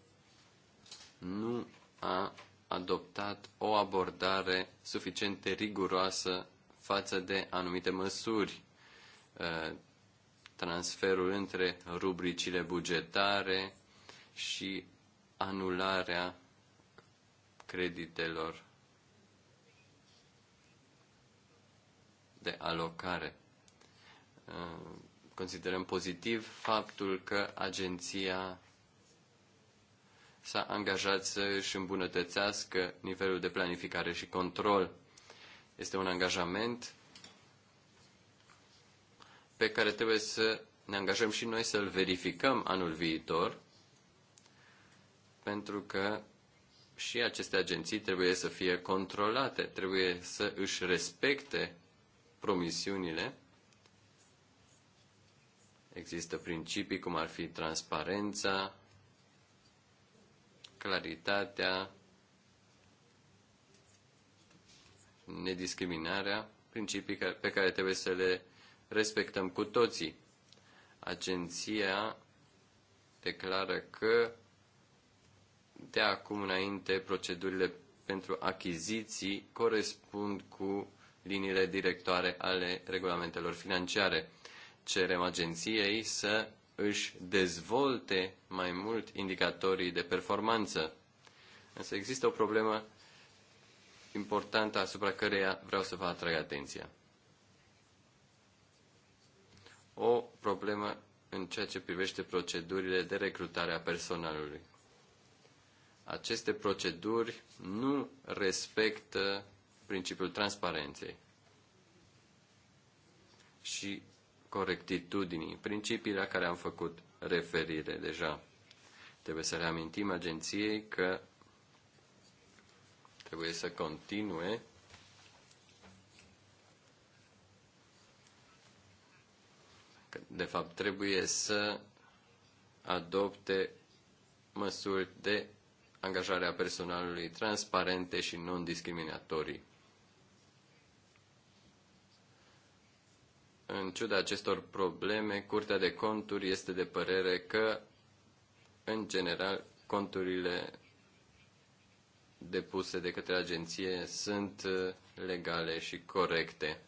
nu a adoptat o abordare suficient de riguroasă față de anumite măsuri. Uh, transferul între rubricile bugetare și anularea creditelor de alocare. Uh, considerăm pozitiv faptul că agenția s-a angajat să își îmbunătățească nivelul de planificare și control. Este un angajament pe care trebuie să ne angajăm și noi să-l verificăm anul viitor, pentru că și aceste agenții trebuie să fie controlate, trebuie să își respecte promisiunile. Există principii cum ar fi transparența, claritatea, nediscriminarea, principii pe care trebuie să le respectăm cu toții. Agenția declară că de acum înainte procedurile pentru achiziții corespund cu liniile directoare ale regulamentelor financiare. Cerem agenției să își dezvolte mai mult indicatorii de performanță. Însă există o problemă importantă asupra căreia vreau să vă atrag atenția. O problemă în ceea ce privește procedurile de recrutare a personalului. Aceste proceduri nu respectă principiul transparenței și corectitudinii, principii la care am făcut referire deja. Trebuie să reamintim agenției că trebuie să continue de fapt, trebuie să adopte măsuri de angajare a personalului transparente și non-discriminatorii. în ciuda acestor probleme, Curtea de Conturi este de părere că, în general, conturile depuse de către agenție sunt uh, legale și corecte.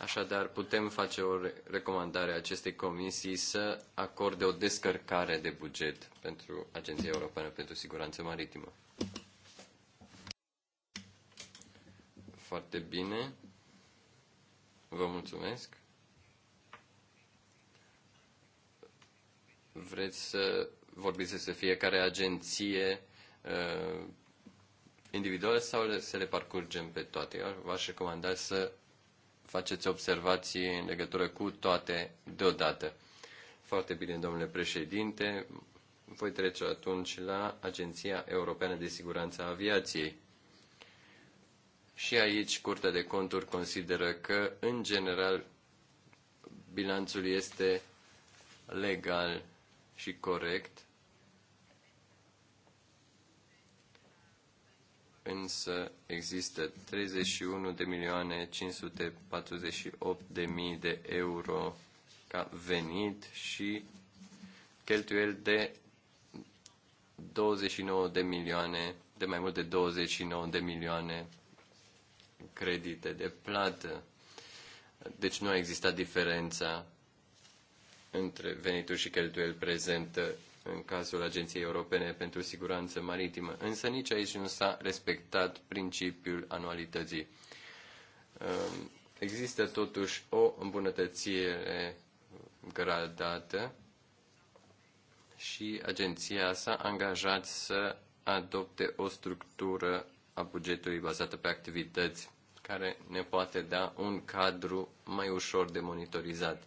Așadar, putem face o recomandare acestei comisii să acorde o descărcare de buget pentru Agenția Europeană pentru Siguranță Maritimă. Foarte bine. Vă mulțumesc. vreți să vorbiți despre fiecare agenție uh, individuală sau să le parcurgem pe toate? Eu v-aș recomanda să faceți observații în legătură cu toate deodată. Foarte bine, domnule președinte. Voi trece atunci la Agenția Europeană de Siguranță a Aviației. Și aici Curtea de Conturi consideră că, în general, bilanțul este legal și corect, însă există 31 de milioane 548 de mii de euro ca venit și cheltuiel de 29 de milioane, de mai mult de 29 de milioane credite de plată. Deci nu a existat diferența între venituri și cheltuieli prezentă în cazul Agenției Europene pentru Siguranță Maritimă, însă nici aici nu s-a respectat principiul anualității. Ehm, există totuși o îmbunătățire gradată și agenția s-a angajat să adopte o structură a bugetului bazată pe activități care ne poate da un cadru mai ușor de monitorizat.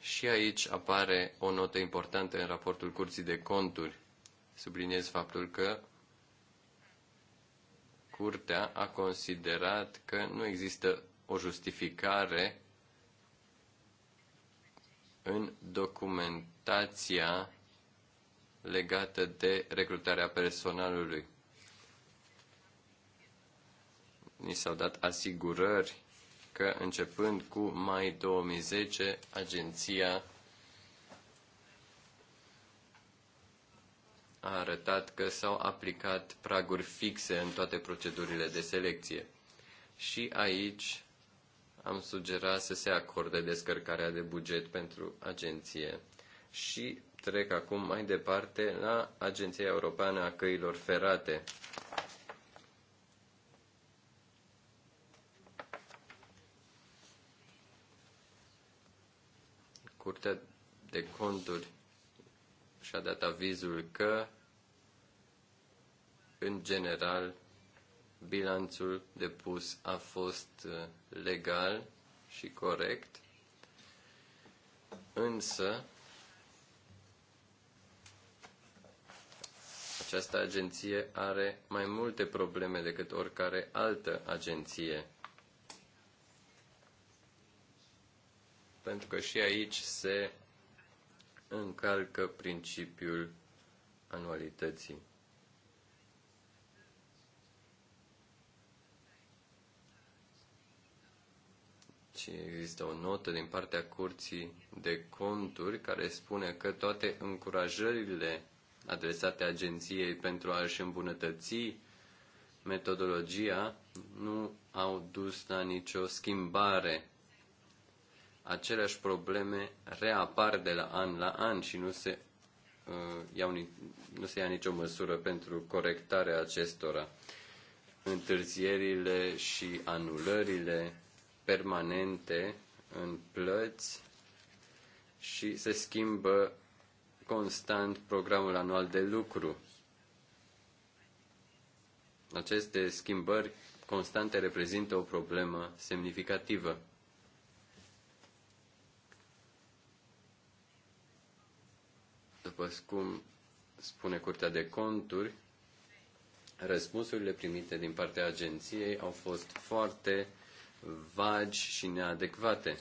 Și aici apare o notă importantă în raportul Curții de Conturi. Subliniez faptul că Curtea a considerat că nu există o justificare în documentația legată de recrutarea personalului. Ni s-au dat asigurări că începând cu mai 2010, agenția a arătat că s-au aplicat praguri fixe în toate procedurile de selecție. Și aici am sugerat să se acorde descărcarea de buget pentru agenție. Și trec acum mai departe la Agenția Europeană a Căilor Ferate, Curtea de Conturi și-a dat avizul că, în general, bilanțul depus a fost uh, legal și corect, însă această agenție are mai multe probleme decât oricare altă agenție pentru că și aici se încalcă principiul anualității. Și există o notă din partea Curții de Conturi care spune că toate încurajările adresate agenției pentru a-și îmbunătăți metodologia nu au dus la nicio schimbare aceleași probleme reapar de la an la an și nu se, uh, iau, nu se ia nicio măsură pentru corectarea acestora. Întârzierile și anulările permanente în plăți și se schimbă constant programul anual de lucru. Aceste schimbări constante reprezintă o problemă semnificativă. după cum spune Curtea de Conturi, răspunsurile primite din partea agenției au fost foarte vagi și neadecvate.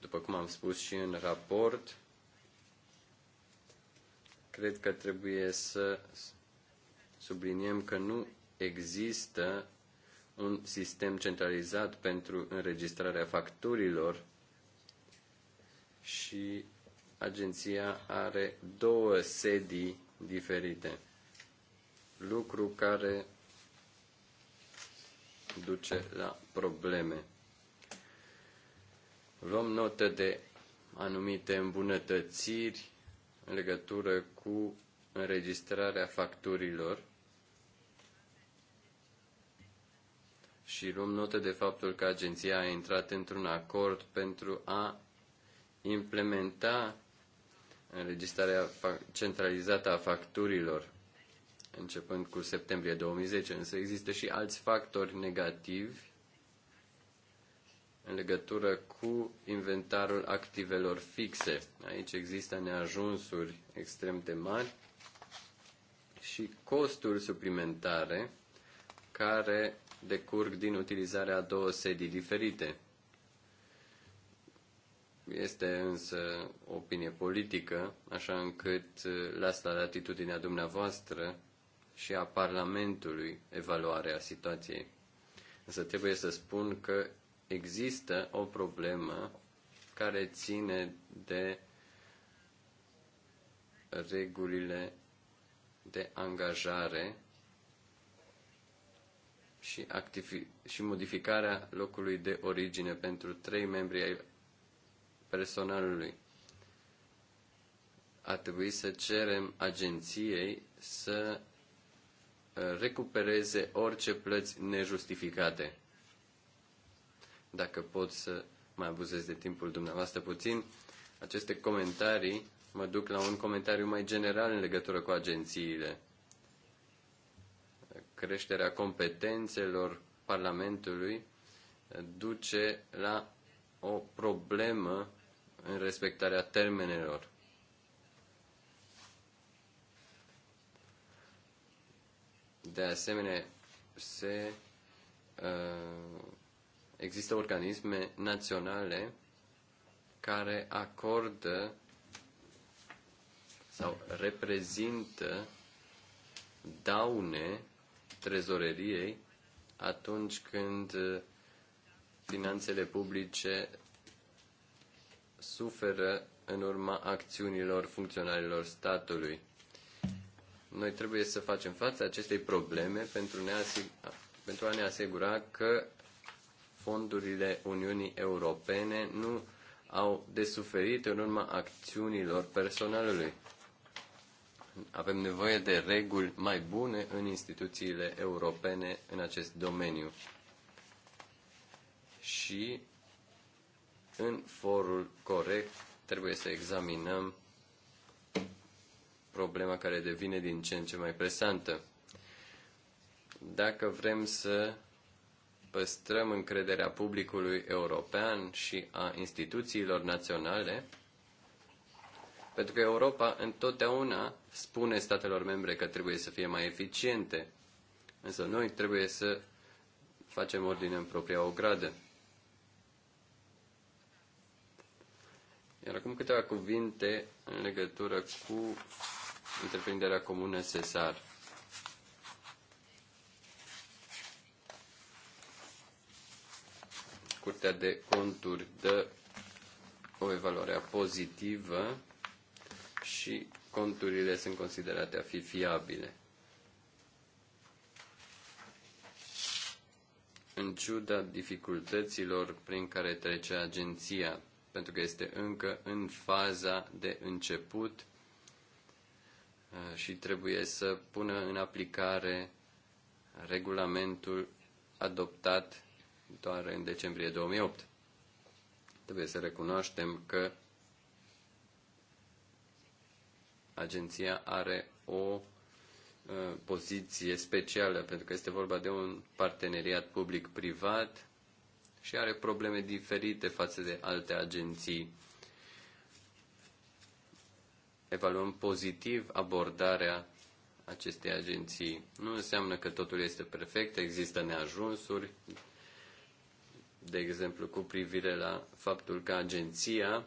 După cum am spus și în raport, cred că trebuie să subliniem că nu există un sistem centralizat pentru înregistrarea facturilor și agenția are două sedii diferite, lucru care duce la probleme. Luăm notă de anumite îmbunătățiri în legătură cu înregistrarea facturilor și luăm notă de faptul că agenția a intrat într-un acord pentru a implementa înregistrarea centralizată a facturilor începând cu septembrie 2010, însă există și alți factori negativi în legătură cu inventarul activelor fixe. Aici există neajunsuri extrem de mari și costuri suplimentare care decurg din utilizarea a două sedii diferite. Este însă o opinie politică, așa încât las uh, la latitudinea dumneavoastră și a Parlamentului evaluarea situației. Însă trebuie să spun că există o problemă care ține de regulile de angajare și, și modificarea locului de origine pentru trei membri ai personalului. A trebuit să cerem agenției să uh, recupereze orice plăți nejustificate. Dacă pot să mai abuzez de timpul dumneavoastră puțin, aceste comentarii mă duc la un comentariu mai general în legătură cu agențiile. Creșterea competențelor Parlamentului uh, duce la o problemă în respectarea termenelor. De asemenea, se, uh, există organisme naționale care acordă sau reprezintă daune trezoreriei atunci când uh, finanțele publice suferă în urma acțiunilor funcționarilor statului. Noi trebuie să facem față acestei probleme pentru, ne pentru a ne asigura că fondurile Uniunii Europene nu au de suferit în urma acțiunilor personalului. Avem nevoie de reguli mai bune în instituțiile europene în acest domeniu. Și în forul corect trebuie să examinăm problema care devine din ce în ce mai presantă. Dacă vrem să păstrăm încrederea publicului european și a instituțiilor naționale, pentru că Europa întotdeauna spune statelor membre că trebuie să fie mai eficiente, însă noi trebuie să facem ordine în propria ogradă. Iar acum câteva cuvinte în legătură cu întreprinderea comună SESAR. Curtea de conturi dă o evaluare pozitivă și conturile sunt considerate a fi fiabile. În ciuda dificultăților prin care trece agenția pentru că este încă în faza de început uh, și trebuie să pună în aplicare regulamentul adoptat doar în decembrie 2008. Trebuie să recunoaștem că agenția are o uh, poziție specială, pentru că este vorba de un parteneriat public-privat și are probleme diferite față de alte agenții. Evaluăm pozitiv abordarea acestei agenții. Nu înseamnă că totul este perfect, există neajunsuri, de exemplu cu privire la faptul că agenția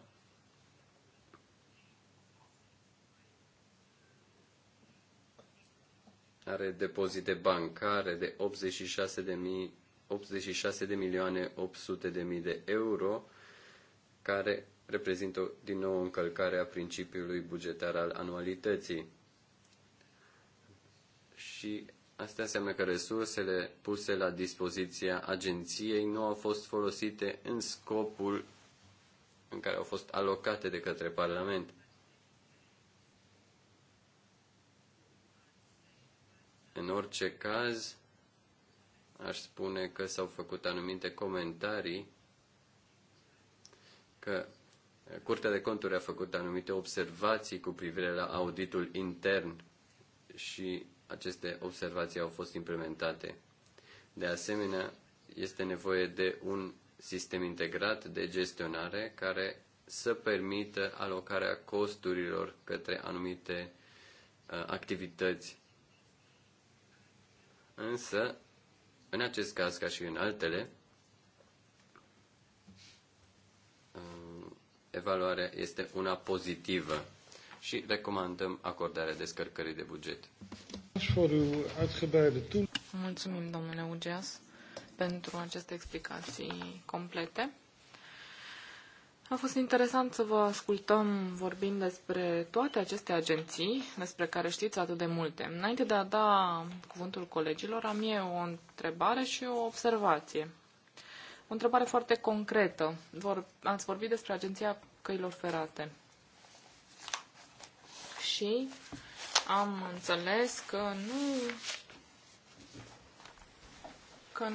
are depozite bancare de 86.000 86 de milioane 800 de mii de euro, care reprezintă din nou încălcarea principiului bugetar al anualității. Și asta înseamnă că resursele puse la dispoziția agenției nu au fost folosite în scopul în care au fost alocate de către Parlament. În orice caz, aș spune că s-au făcut anumite comentarii, că eh, Curtea de Conturi a făcut anumite observații cu privire la auditul intern și aceste observații au fost implementate. De asemenea, este nevoie de un sistem integrat de gestionare care să permită alocarea costurilor către anumite eh, activități. Însă, în acest caz, ca și în altele, uh, evaluarea este una pozitivă și recomandăm acordarea descărcării de buget. Deci, Mulțumim, domnule Ugeas, pentru aceste explicații complete. A fost interesant să vă ascultăm vorbind despre toate aceste agenții despre care știți atât de multe. Înainte de a da cuvântul colegilor, am eu o întrebare și o observație. O întrebare foarte concretă. Vor, ați vorbit despre Agenția Căilor Ferate. Și am înțeles că nu că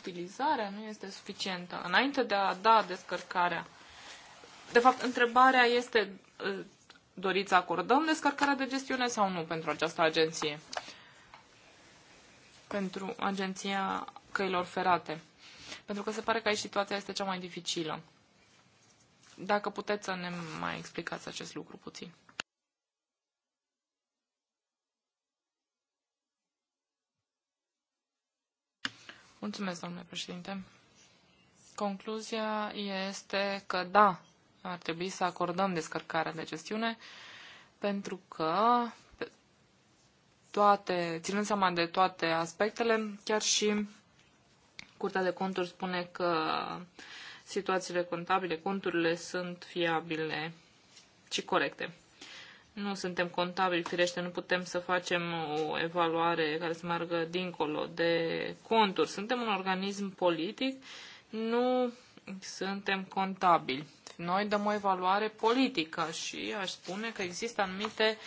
utilizarea nu este suficientă. Înainte de a da descărcarea de fapt, întrebarea este, ă, doriți să acordăm descărcarea de gestiune sau nu pentru această agenție? Pentru agenția căilor ferate. Pentru că se pare că aici situația este cea mai dificilă. Dacă puteți să ne mai explicați acest lucru puțin. Mulțumesc, domnule președinte. Concluzia este că da, ar trebui să acordăm descărcarea de gestiune pentru că toate, ținând seama de toate aspectele, chiar și Curtea de Conturi spune că situațiile contabile, conturile sunt fiabile și corecte. Nu suntem contabili, firește, nu putem să facem o evaluare care să meargă dincolo de conturi. Suntem un organism politic, nu suntem contabili. Noi dăm o evaluare politică și aș spune că există anumite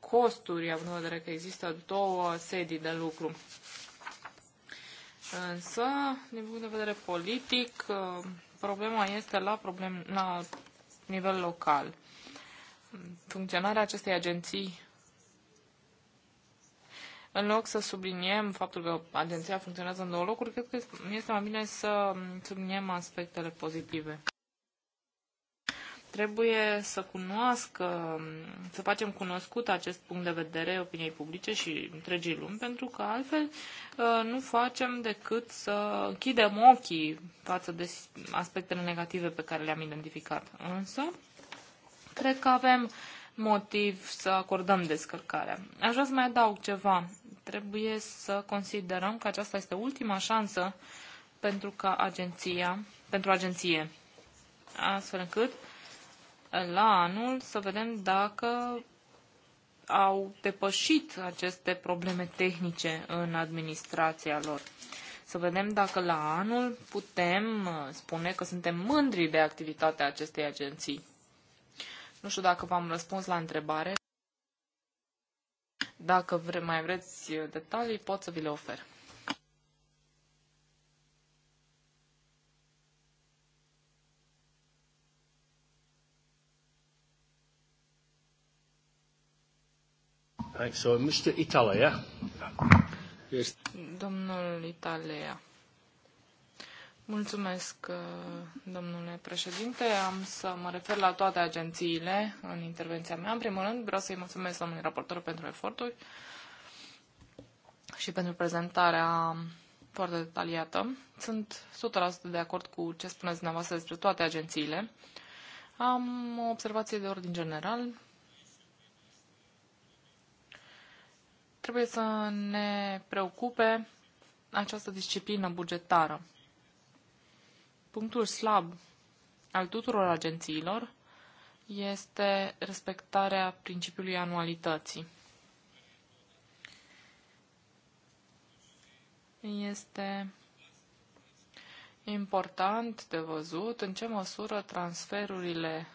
costuri, având în vedere că există două sedii de lucru. Însă, din punct de vedere politic, problema este la, problem, la nivel local. Funcționarea acestei agenții în loc să subliniem faptul că agenția funcționează în două locuri, cred că este mai bine să subliniem aspectele pozitive. Trebuie să cunoască, să facem cunoscut acest punct de vedere opiniei publice și întregii lumi, pentru că altfel ă, nu facem decât să închidem ochii față de aspectele negative pe care le-am identificat. Însă, cred că avem motiv să acordăm descărcarea. Aș vrea să mai adaug ceva. Trebuie să considerăm că aceasta este ultima șansă pentru ca agenția, pentru agenție, astfel încât la anul să vedem dacă au depășit aceste probleme tehnice în administrația lor. Să vedem dacă la anul putem uh, spune că suntem mândri de activitatea acestei agenții. Nu știu dacă v-am răspuns la întrebare. Dacă vre- mai vreți detalii, pot să vi le ofer. Right, so Mr. Italia. Yes. Domnul Italia. Mulțumesc, uh, domnule președinte. Am să mă refer la toate agențiile în intervenția mea. În primul rând, vreau să-i mulțumesc domnului raportor pentru eforturi și pentru prezentarea foarte detaliată. Sunt 100% de acord cu ce spuneți dumneavoastră despre toate agențiile. Am o observație de ordin general Trebuie să ne preocupe această disciplină bugetară. Punctul slab al tuturor agențiilor este respectarea principiului anualității. Este important de văzut în ce măsură transferurile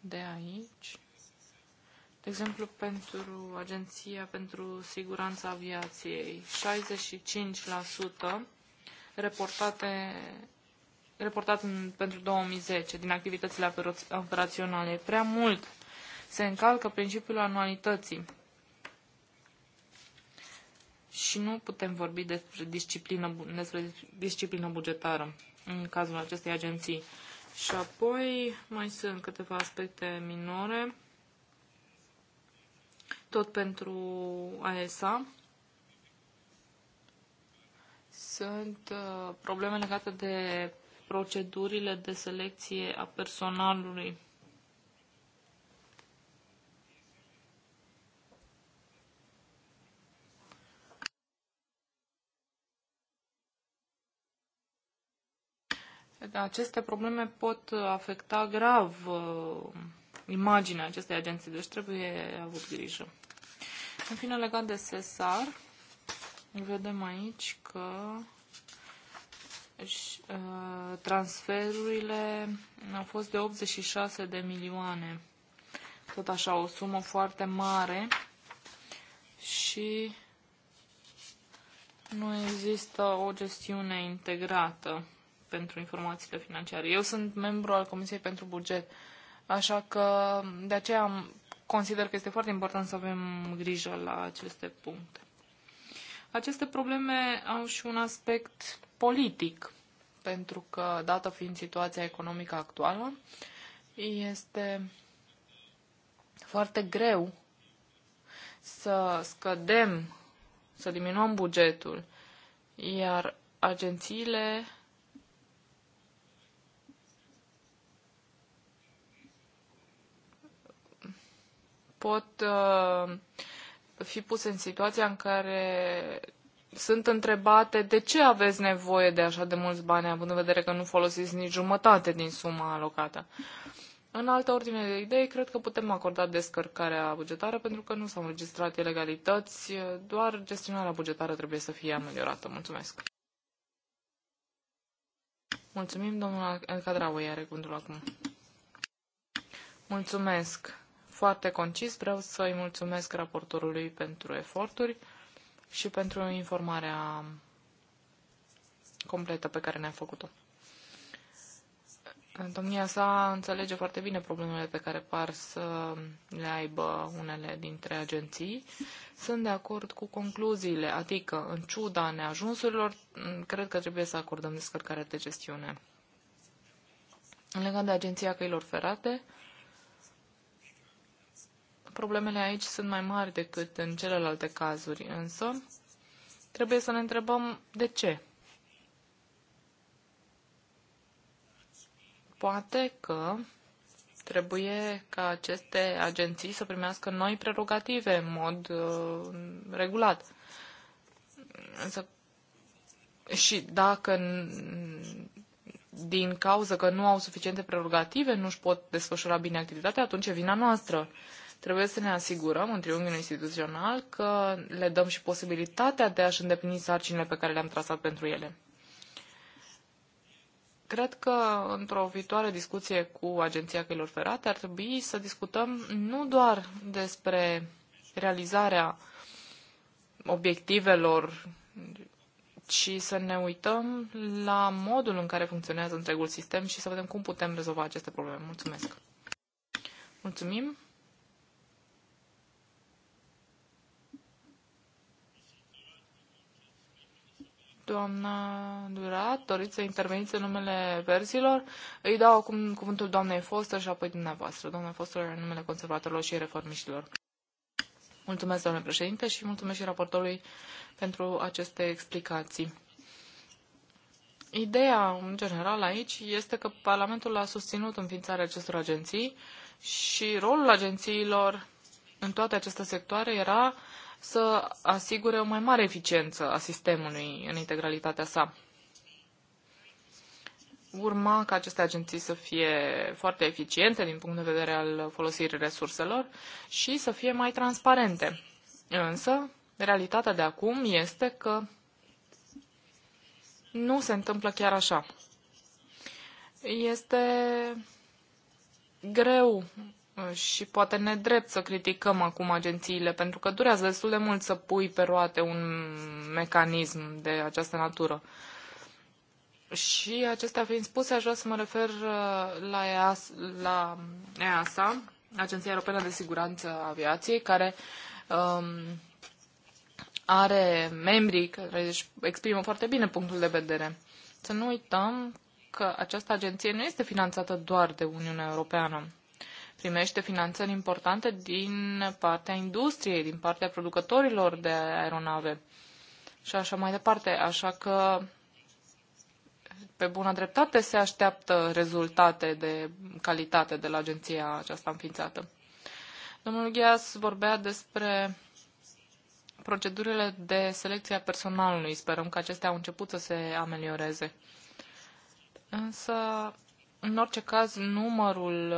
de aici de exemplu, pentru Agenția pentru Siguranța Aviației, 65% reportate reportat în, pentru 2010 din activitățile operaționale. Prea mult se încalcă principiul anualității și nu putem vorbi despre disciplină, despre disciplină bugetară în cazul acestei agenții. Și apoi mai sunt câteva aspecte minore tot pentru AESA. Sunt uh, probleme legate de procedurile de selecție a personalului. Aceste probleme pot afecta grav uh, imaginea acestei agenții, deci trebuie avut grijă. În fine, legat de sesar, vedem aici că uh, transferurile au fost de 86 de milioane. Tot așa, o sumă foarte mare și nu există o gestiune integrată pentru informațiile financiare. Eu sunt membru al Comisiei pentru Buget, așa că de aceea am consider că este foarte important să avem grijă la aceste puncte. Aceste probleme au și un aspect politic, pentru că, dată fiind situația economică actuală, este foarte greu să scădem, să diminuăm bugetul, iar agențiile pot uh, fi puse în situația în care sunt întrebate de ce aveți nevoie de așa de mulți bani, având în vedere că nu folosiți nici jumătate din suma alocată. În altă ordine de idei, cred că putem acorda descărcarea bugetară pentru că nu s-au înregistrat ilegalități, doar gestionarea bugetară trebuie să fie ameliorată. Mulțumesc! Mulțumim, domnul Elcadraui, are cuvântul acum. Mulțumesc! foarte concis. Vreau să-i mulțumesc raportorului pentru eforturi și pentru informarea completă pe care ne-a făcut-o. Domnia sa înțelege foarte bine problemele pe care par să le aibă unele dintre agenții. Sunt de acord cu concluziile, adică, în ciuda neajunsurilor, cred că trebuie să acordăm descărcare de gestiune. Legat de Agenția Căilor Ferate, Problemele aici sunt mai mari decât în celelalte cazuri, însă trebuie să ne întrebăm de ce. Poate că trebuie ca aceste agenții să primească noi prerogative în mod uh, regulat. Însă, și dacă din cauza că nu au suficiente prerogative, nu își pot desfășura bine activitatea, atunci e vina noastră. Uh, Trebuie să ne asigurăm în triunghiul instituțional că le dăm și posibilitatea de a-și îndeplini sarcinile pe care le-am trasat pentru ele. Cred că într-o viitoare discuție cu Agenția Căilor Ferate ar trebui să discutăm nu doar despre realizarea obiectivelor, ci să ne uităm la modul în care funcționează întregul sistem și să vedem cum putem rezolva aceste probleme. Mulțumesc! Mulțumim! Doamna Durat, doriți să interveniți în numele verzilor? Îi dau acum cuvântul doamnei Foster și apoi dumneavoastră. Doamna Foster, în numele conservatorilor și reformiștilor. Mulțumesc, doamne președinte, și mulțumesc și raportorului pentru aceste explicații. Ideea, în general, aici este că Parlamentul a susținut înființarea acestor agenții și rolul agențiilor în toate aceste sectoare era uh, să asigure o mai mare eficiență a sistemului în integralitatea sa. Urma ca aceste agenții să fie foarte eficiente din punct de vedere al folosirii resurselor și să fie mai transparente. Însă, realitatea de acum este că nu se întâmplă chiar așa. Este greu și poate nedrept să criticăm acum agențiile, pentru că durează destul de mult să pui pe roate un mecanism de această natură. Și acestea fiind spuse, aș vrea să mă refer uh, la, EAS, la EASA, Agenția Europeană de Siguranță a Aviației, care um, are membrii care își exprimă foarte bine punctul de vedere. Să nu uităm că această agenție nu este finanțată doar de Uniunea Europeană primește finanțări importante din partea industriei, din partea producătorilor de aeronave și așa mai departe. Așa că, pe bună dreptate, se așteaptă rezultate de calitate de la agenția aceasta înființată. Domnul Ghias vorbea despre procedurile de selecție a personalului. Sperăm că acestea au început să se amelioreze. Însă în orice caz, numărul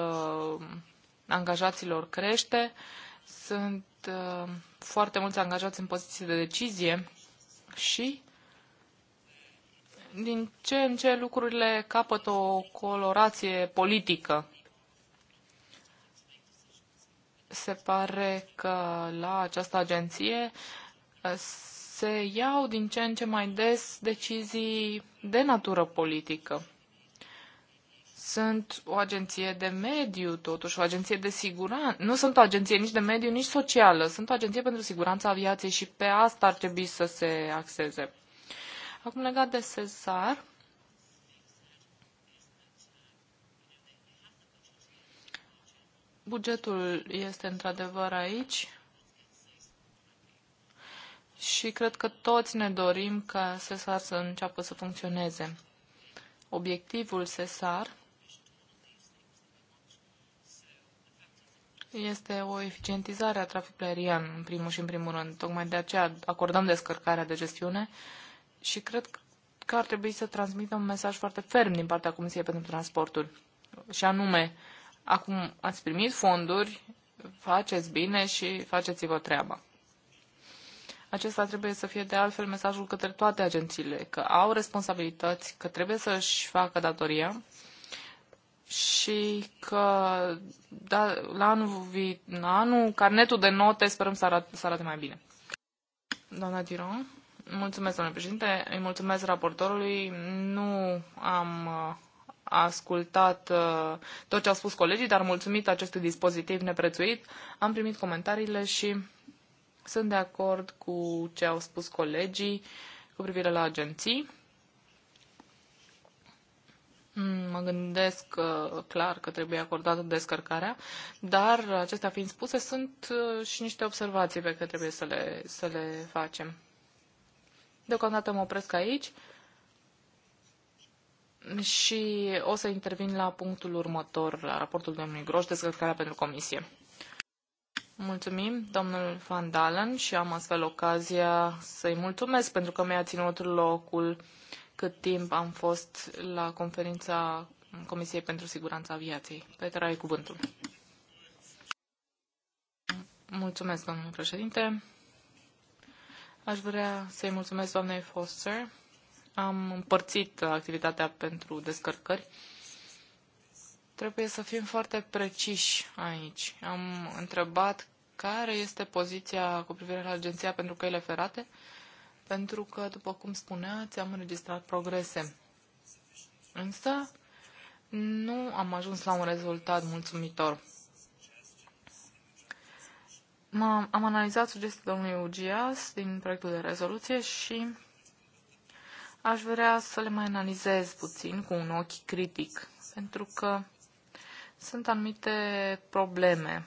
uh, angajaților crește. Sunt uh, foarte mulți angajați în poziții de decizie și din ce în ce lucrurile capătă o colorație politică. Se pare că la această agenție uh, se iau din ce în ce mai des decizii de natură politică sunt o agenție de mediu, totuși, o agenție de siguranță. Nu sunt o agenție nici de mediu, nici socială. Sunt o agenție pentru siguranța aviației și pe asta ar trebui să se axeze. Acum, legat de Sesar, bugetul este într-adevăr aici și cred că toți ne dorim ca Cesar să înceapă să funcționeze. Obiectivul Cesar este o eficientizare a traficului aerian, în primul și în primul rând. Tocmai de aceea acordăm descărcarea de gestiune și cred că ar trebui să transmită un mesaj foarte ferm din partea Comisiei pentru transportul. Și anume, acum ați primit fonduri, faceți bine și faceți-vă treaba. Acesta trebuie să fie de altfel mesajul către toate agențiile, că au responsabilități, că trebuie să-și facă datoria și că da, la anul, vi, la anul carnetul de note sperăm să arate, să arate mai bine. Doamna Giron, mulțumesc, domnule președinte, îi mulțumesc raportorului. Nu am uh, ascultat uh, tot ce au spus colegii, dar mulțumit acestui dispozitiv neprețuit, am primit comentariile și sunt de acord cu ce au spus colegii cu privire la agenții. Mm, mă gândesc uh, clar că trebuie acordată descărcarea, dar uh, acestea fiind spuse, sunt uh, și niște observații pe care trebuie să le, să le facem. Deocamdată mă opresc aici și o să intervin la punctul următor, la raportul domnului Groș, descărcarea pentru comisie. Mulțumim, domnul Van Dalen, și am astfel ocazia să-i mulțumesc pentru că mi-a ținut locul cât timp am fost la conferința Comisiei pentru Siguranța Aviației. Petra, ai cuvântul. Mulțumesc, domnule președinte. Aș vrea să-i mulțumesc doamnei Foster. Am împărțit activitatea pentru descărcări. Trebuie să fim foarte preciși aici. Am întrebat care este poziția cu privire la Agenția pentru Căile Ferate pentru că, după cum spuneați, am înregistrat progrese. Însă, nu am ajuns la un rezultat mulțumitor. M am analizat sugestia domnului Ugias din proiectul de rezoluție și aș vrea să le mai analizez puțin cu un ochi critic, pentru că sunt anumite probleme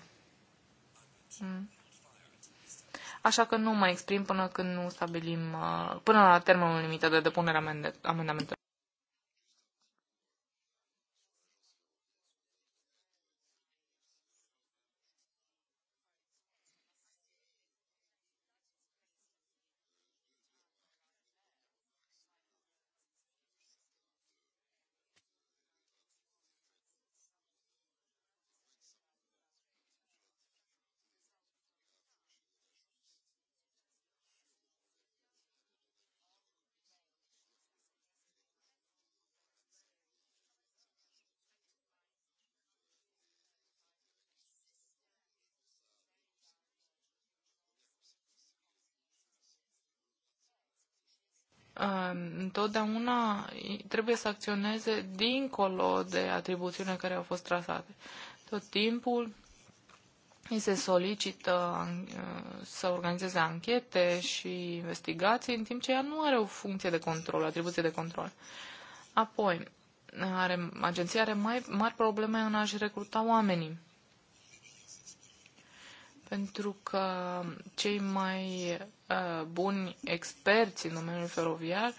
așa că nu mă exprim până când nu stabilim, uh, până la termenul limită de depunere amendamentelor. întotdeauna trebuie să acționeze dincolo de atribuțiunile care au fost trasate. Tot timpul îi se solicită uh, să organizeze anchete și investigații, în timp ce ea nu are o funcție de control, atribuție de control. Apoi, are, agenția are mai mari probleme în a-și recruta oamenii. Pentru că cei mai Uh, buni experți în domeniul feroviar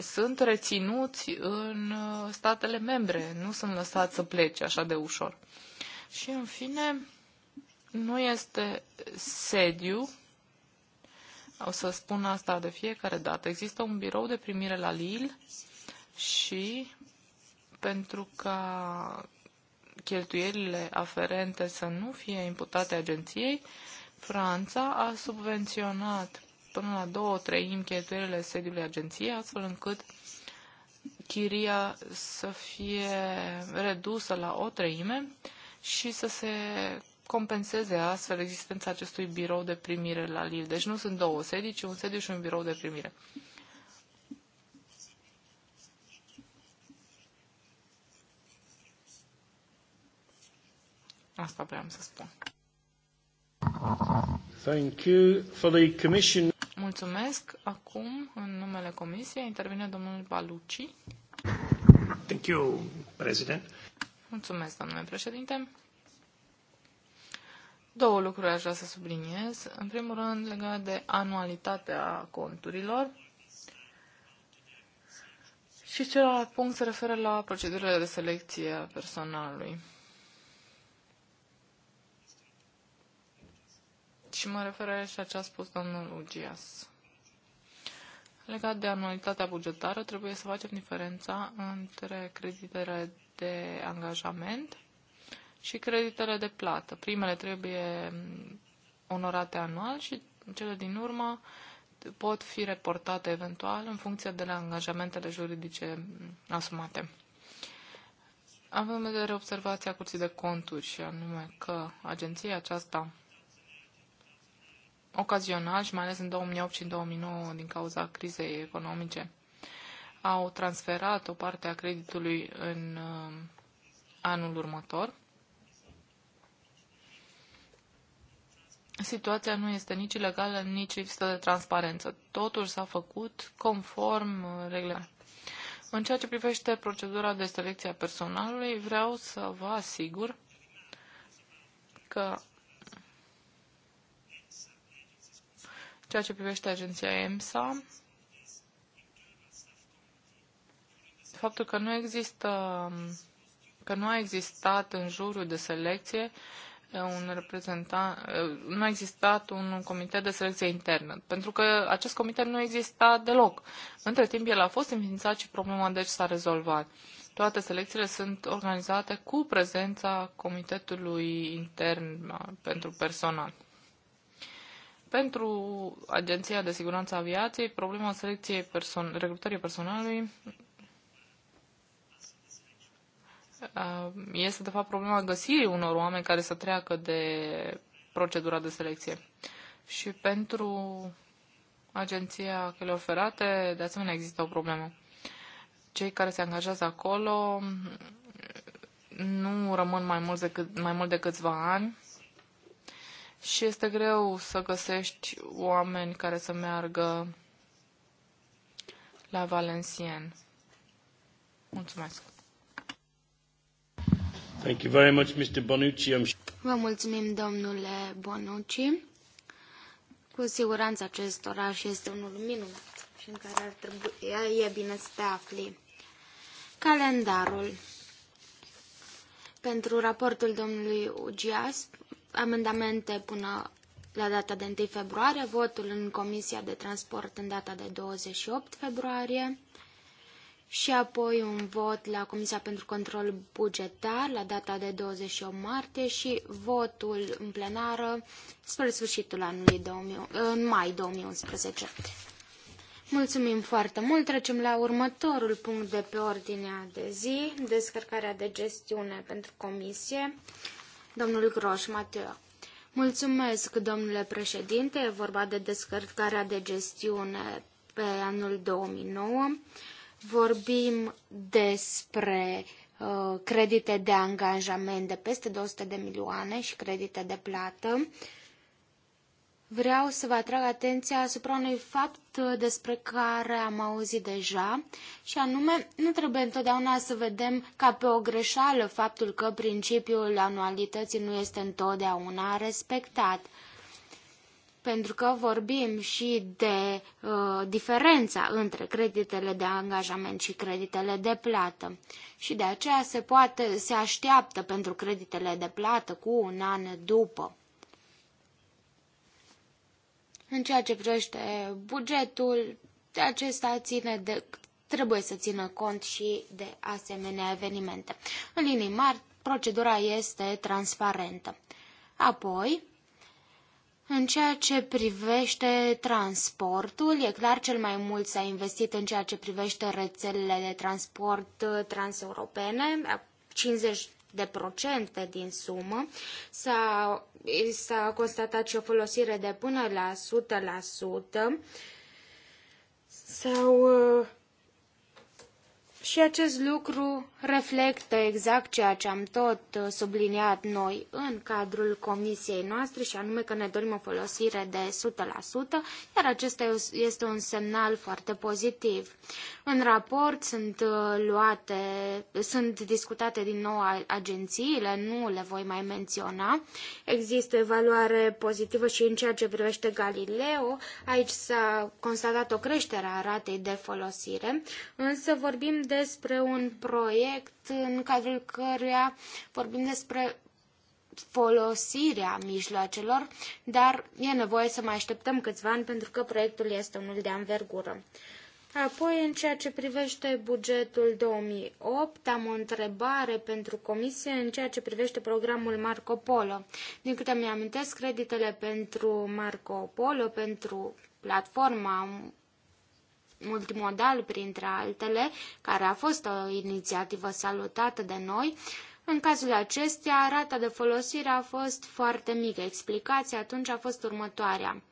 sunt reținuți în uh, statele membre, nu sunt lăsați să plece așa de ușor. Și în fine, nu este sediu, o să spun asta de fiecare dată, există un birou de primire la Lille și pentru ca cheltuielile aferente să nu fie imputate agenției, Franța a subvenționat până la două treimi cheltuielile sediului agenției, astfel încât chiria să fie redusă la o treime și să se compenseze astfel existența acestui birou de primire la Lille. Deci nu sunt două sedii, ci un sediu și un birou de primire. Asta vreau să spun. Thank you for the commission. Mulțumesc. Acum, în numele Comisiei, intervine domnul Baluci. Thank you, President. Mulțumesc, domnule președinte. Două lucruri aș vrea să subliniez. În primul rând, legat de anualitatea conturilor. Și celălalt punct se referă la procedurile de selecție a personalului. și mă refer și la ce a spus domnul Ugias. Legat de anualitatea bugetară, trebuie să facem diferența între creditele de angajament și creditele de plată. Primele trebuie onorate anual și cele din urmă pot fi reportate eventual în funcție de la angajamentele juridice asumate. Avem în vedere observația Curții de Conturi și anume că agenția aceasta ocazional și mai ales în 2008 și în 2009 din cauza crizei economice au transferat o parte a creditului în uh, anul următor. Situația nu este nici ilegală, nici lipsă de transparență. Totul s-a făcut conform uh, reglementului. În ceea ce privește procedura de selecție a personalului, vreau să vă asigur că ceea ce privește agenția EMSA, faptul că nu există, că nu a existat în jurul de selecție un reprezentant, nu a existat un comitet de selecție internă, pentru că acest comitet nu exista deloc. Între timp, el a fost înființat și problema deci s-a rezolvat. Toate selecțiile sunt organizate cu prezența comitetului intern pentru personal. Pentru Agenția de Siguranță Aviației, problema selecției perso- recrutării personalului uh, este, de fapt, problema găsirii unor oameni care să treacă de procedura de selecție. Și pentru Agenția Căilor Ferate, de asemenea, există o problemă. Cei care se angajează acolo nu rămân mai mult decât, mai mult de câțiva ani și este greu să găsești oameni care să meargă la Valencien. Mulțumesc. Thank you very much, Mr. Bonucci. Vă mulțumim, domnule Bonucci. Cu siguranță acest oraș este unul minunat și în care ar trebui, e bine să te afli. Calendarul. Pentru raportul domnului Ugias, amendamente până la data de 1 februarie, votul în Comisia de Transport în data de 28 februarie și apoi un vot la Comisia pentru Control Bugetar la data de 28 martie și votul în plenară spre sfârșitul anului 2000, în mai 2011. Mulțumim foarte mult. Trecem la următorul punct de pe ordinea de zi, descărcarea de gestiune pentru comisie. Domnul Groș, Mateo. Mulțumesc, domnule președinte. E vorba de descărcarea de gestiune pe anul 2009. Vorbim despre uh, credite de angajament de peste 200 de milioane și credite de plată. Uh, Vreau să vă atrag atenția asupra unui fapt uh, despre care am auzit deja și anume, nu trebuie întotdeauna să vedem ca pe o greșeală faptul că principiul anualității nu este întotdeauna respectat. Pentru că vorbim și de uh, diferența între creditele de angajament și creditele de plată. Și de aceea se, poate, se așteaptă pentru creditele de plată cu un an după în ceea ce privește bugetul, de acesta ține de, trebuie să țină cont și de asemenea evenimente. În linii mari, procedura este transparentă. Apoi, în ceea ce privește transportul, e clar cel mai mult s-a investit în ceea ce privește rețelele de transport uh, transeuropene, 50 uh, de procente din sumă. S-a, s-a constatat și o folosire de până la 100%. S-au uh, și acest lucru reflectă exact ceea ce am tot uh, subliniat noi în cadrul comisiei noastre și anume că ne dorim o folosire de 100%, iar acesta este un semnal foarte pozitiv. În raport sunt uh, luate, sunt discutate din nou agențiile, nu le voi mai menționa. Există evaluare pozitivă și în ceea ce privește Galileo, aici s-a constatat o creștere a ratei de folosire, însă vorbim de despre un proiect în cadrul căruia vorbim despre folosirea mijloacelor, dar e nevoie să mai așteptăm câțiva ani pentru că proiectul este unul de anvergură. Apoi, în ceea ce privește bugetul 2008, am o întrebare pentru comisie în ceea ce privește programul Marco Polo. Din câte mi amintesc, creditele pentru Marco Polo, pentru platforma multimodal, printre altele, care a fost o inițiativă salutată de noi, în cazul acesteia, rata de folosire a fost foarte mică. Explicația atunci a fost următoarea.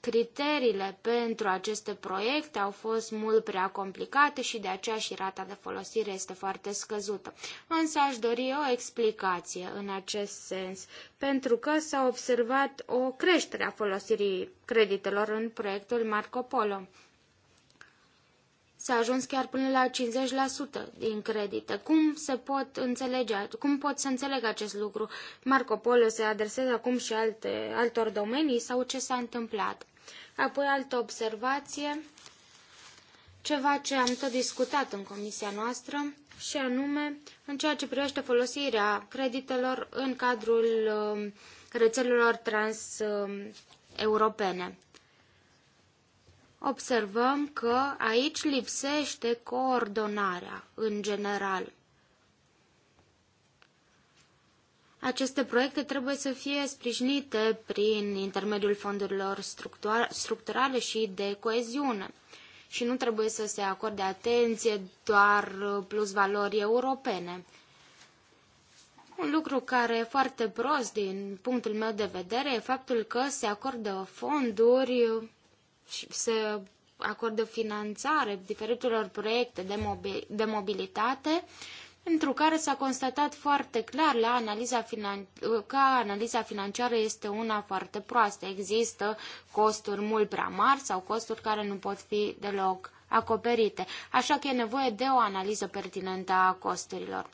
Criteriile pentru aceste proiecte au fost mult prea complicate și de aceea și rata de folosire este foarte scăzută. Însă aș dori o explicație în acest sens, pentru că s-a observat o creștere a folosirii creditelor în proiectul Marco Polo. S-a ajuns chiar până la 50% din credite. Cum se pot înțelege, cum pot să înțeleg acest lucru? Marco Polo se adresează acum și alte, altor domenii sau ce s-a întâmplat? Apoi altă observație, ceva ce am tot discutat în comisia noastră, și anume în ceea ce privește folosirea creditelor în cadrul um, rețelelor transeuropene. Um, observăm că aici lipsește coordonarea în general. Aceste proiecte trebuie să fie sprijinite prin intermediul fondurilor structurale și de coeziune și nu trebuie să se acorde atenție doar plus valori europene. Un lucru care e foarte prost din punctul meu de vedere e faptul că se acordă fonduri se acordă finanțare diferitelor proiecte de, mobi- de mobilitate, pentru care s-a constatat foarte clar la analiza finan- că analiza financiară este una foarte proastă. Există costuri mult prea mari sau costuri care nu pot fi deloc acoperite. Așa că e nevoie de o analiză pertinentă a costurilor.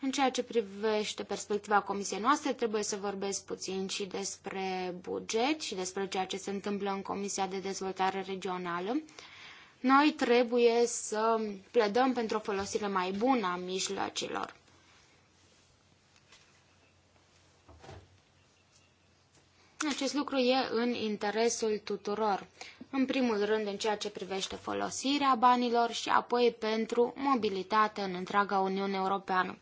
În ceea ce privește perspectiva comisiei noastre, trebuie să vorbesc puțin și despre buget și despre ceea ce se întâmplă în Comisia de Dezvoltare Regională. Noi trebuie să pledăm pentru o folosire mai bună a mijloacelor. Acest lucru e în interesul tuturor. În primul rând în ceea ce privește folosirea banilor și apoi pentru mobilitate în întreaga Uniune Europeană.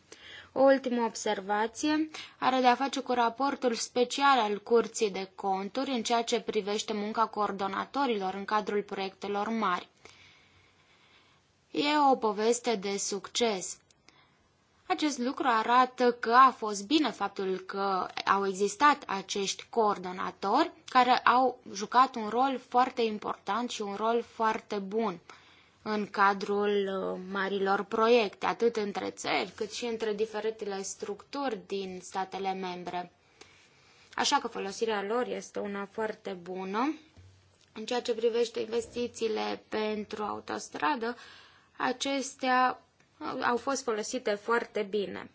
O ultimă observație are de a face cu raportul special al Curții de Conturi în ceea ce privește munca coordonatorilor în cadrul proiectelor mari. E o poveste de succes. Acest lucru arată că a fost bine faptul că au existat acești coordonatori care au jucat un rol foarte important și un rol foarte bun în cadrul uh, marilor proiecte, atât între țări, cât și între diferitele structuri din statele membre. Așa că folosirea lor este una foarte bună. În ceea ce privește investițiile pentru autostradă, acestea uh, au fost folosite foarte bine.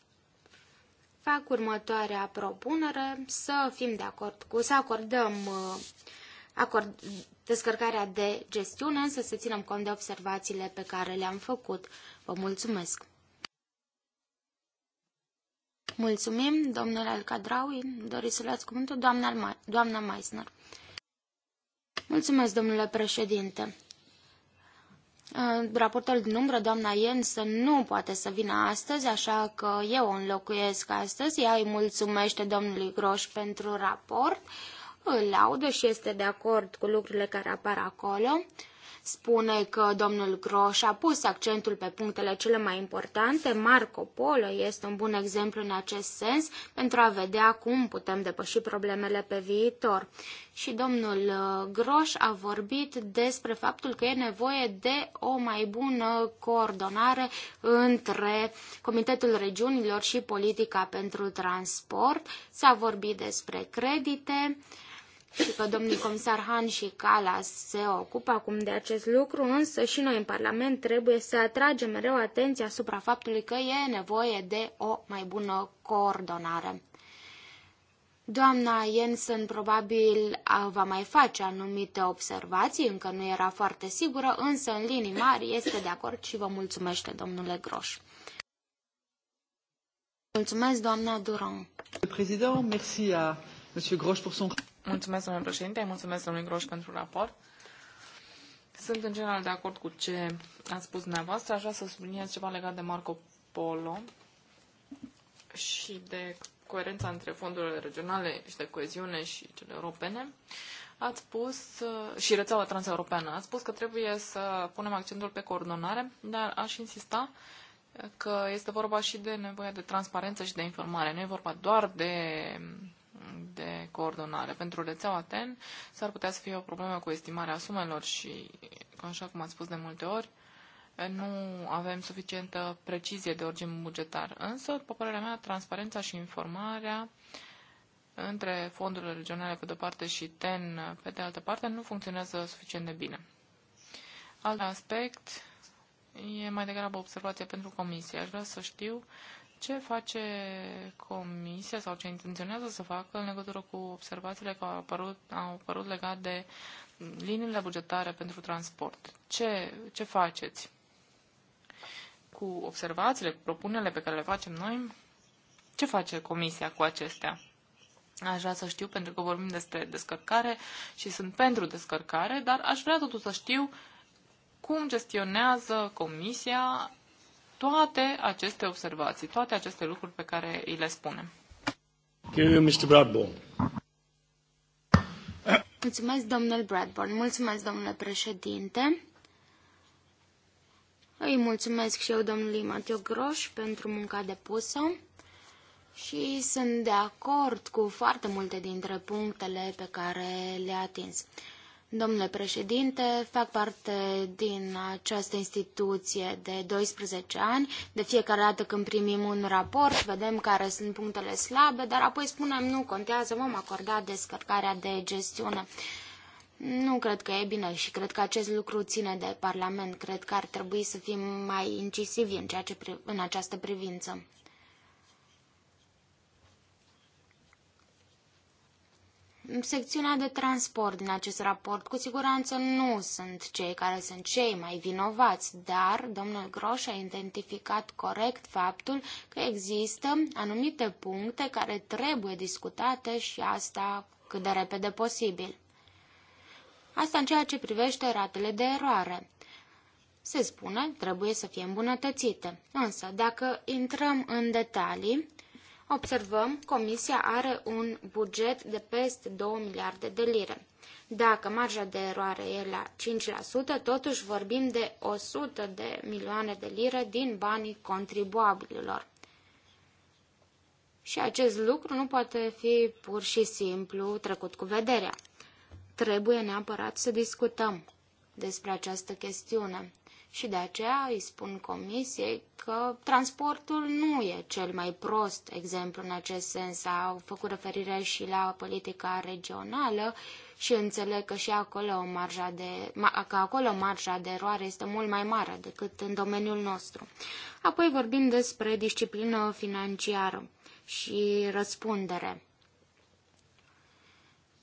Fac următoarea propunere să fim de acord cu, să acordăm uh, acord, descărcarea de gestiune, însă să ținem cont de observațiile pe care le-am făcut. Vă mulțumesc! Mulțumim, domnule Alcadraui. Doriți să luați cuvântul, doamna, doamna Meisner. Mulțumesc, domnule președinte. Uh, Raportul din umbră, doamna Jensen, nu poate să vină astăzi, așa că eu o înlocuiesc astăzi. Ea îi mulțumește domnului Groș pentru raport. Uh, îl laudă și este de acord cu lucrurile care apar acolo. Spune că domnul Groș a pus accentul pe punctele cele mai importante. Marco Polo este un bun exemplu în acest sens pentru a vedea cum putem depăși problemele pe viitor. Și domnul uh, Groș a vorbit despre faptul că e nevoie de o mai bună coordonare între Comitetul Regiunilor și Politica pentru Transport. S-a vorbit despre credite și că domnii comisar Han și Calas se ocupă acum de acest lucru, însă și noi în Parlament trebuie să atragem mereu atenția asupra faptului că e nevoie de o mai bună coordonare. Doamna Jensen probabil va mai face anumite observații, încă nu era foarte sigură, însă în linii mari este de acord și vă mulțumește, domnule Groș. Mulțumesc, doamna Duran. Président, merci à Grosch Mulțumesc, domnule președinte, mulțumesc, domnule Groș, pentru raport. Sunt în general de acord cu ce a spus dumneavoastră. Aș vrea să subliniez ceva legat de Marco Polo și de coerența între fondurile regionale și de coeziune și cele europene. Ați spus, uh, și rețeaua transeuropeană, ați spus că trebuie să punem accentul pe coordonare, dar aș insista că este vorba și de nevoia de transparență și de informare. Nu e vorba doar de de coordonare. Pentru rețeaua TEN s-ar putea să fie o problemă cu estimarea sumelor și, așa cum ați spus de multe ori, nu avem suficientă precizie de origine bugetar. Însă, după părerea mea, transparența și informarea între fondurile regionale pe de-o parte și TEN pe de altă parte nu funcționează suficient de bine. Alt aspect e mai degrabă observație pentru comisie. Aș vrea să știu ce face Comisia sau ce intenționează să facă în legătură cu observațiile care au apărut, au apărut legat de liniile bugetare pentru transport? Ce, ce faceți cu observațiile, cu propunerile pe care le facem noi? Ce face Comisia cu acestea? Aș vrea să știu, pentru că vorbim despre descărcare și sunt pentru descărcare, dar aș vrea totuși să știu cum gestionează Comisia toate aceste observații, toate aceste lucruri pe care îi le spunem. Mr. Bradbourne. Mulțumesc, domnul Bradburn. Mulțumesc, domnule președinte. Îi mulțumesc și eu domnului Matiu Groș pentru munca depusă și sunt de acord cu foarte multe dintre punctele pe care le-a atins. Domnule președinte, fac parte din această instituție de 12 ani. De fiecare dată când primim un raport, vedem care sunt punctele slabe, dar apoi spunem nu contează, vom acorda descărcarea de gestiune. Nu cred că e bine și cred că acest lucru ține de Parlament. Cred că ar trebui să fim mai incisivi în, ceea ce, în această privință. secțiunea de transport din acest raport, cu siguranță nu sunt cei care sunt cei mai vinovați, dar domnul Groș a identificat corect faptul că există anumite puncte care trebuie discutate și asta cât de repede posibil. Asta în ceea ce privește ratele de eroare. Se spune, trebuie să fie îmbunătățite. Însă, dacă intrăm în detalii, observăm, Comisia are un buget de peste 2 miliarde de lire. Dacă marja de eroare e la 5%, totuși vorbim de 100 de milioane de lire din banii contribuabililor. Și acest lucru nu poate fi pur și simplu trecut cu vederea. Trebuie neapărat să discutăm despre această chestiune și de aceea îi spun comisiei că transportul nu e cel mai prost exemplu în acest sens. Au făcut referire și la politica regională și înțeleg că și acolo marja de, că acolo marja de eroare este mult mai mare decât în domeniul nostru. Apoi vorbim despre disciplină financiară și răspundere.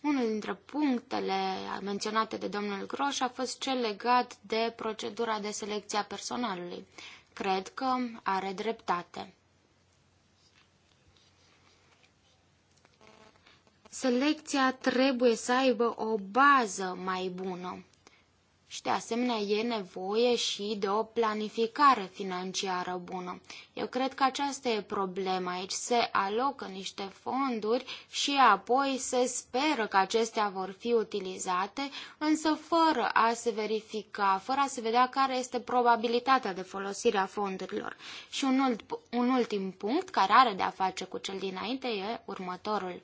Unul dintre punctele menționate de domnul Groș a fost cel legat de procedura de selecție a personalului. Cred că are dreptate. Selecția trebuie să aibă o bază mai bună. Și de asemenea e nevoie și de o planificare financiară bună. Eu cred că aceasta e problema aici. Se alocă niște fonduri și apoi se speră că acestea vor fi utilizate, însă fără a se verifica, fără a se vedea care este probabilitatea de folosire a fondurilor. Și un, ult, un ultim punct care are de a face cu cel dinainte e următorul.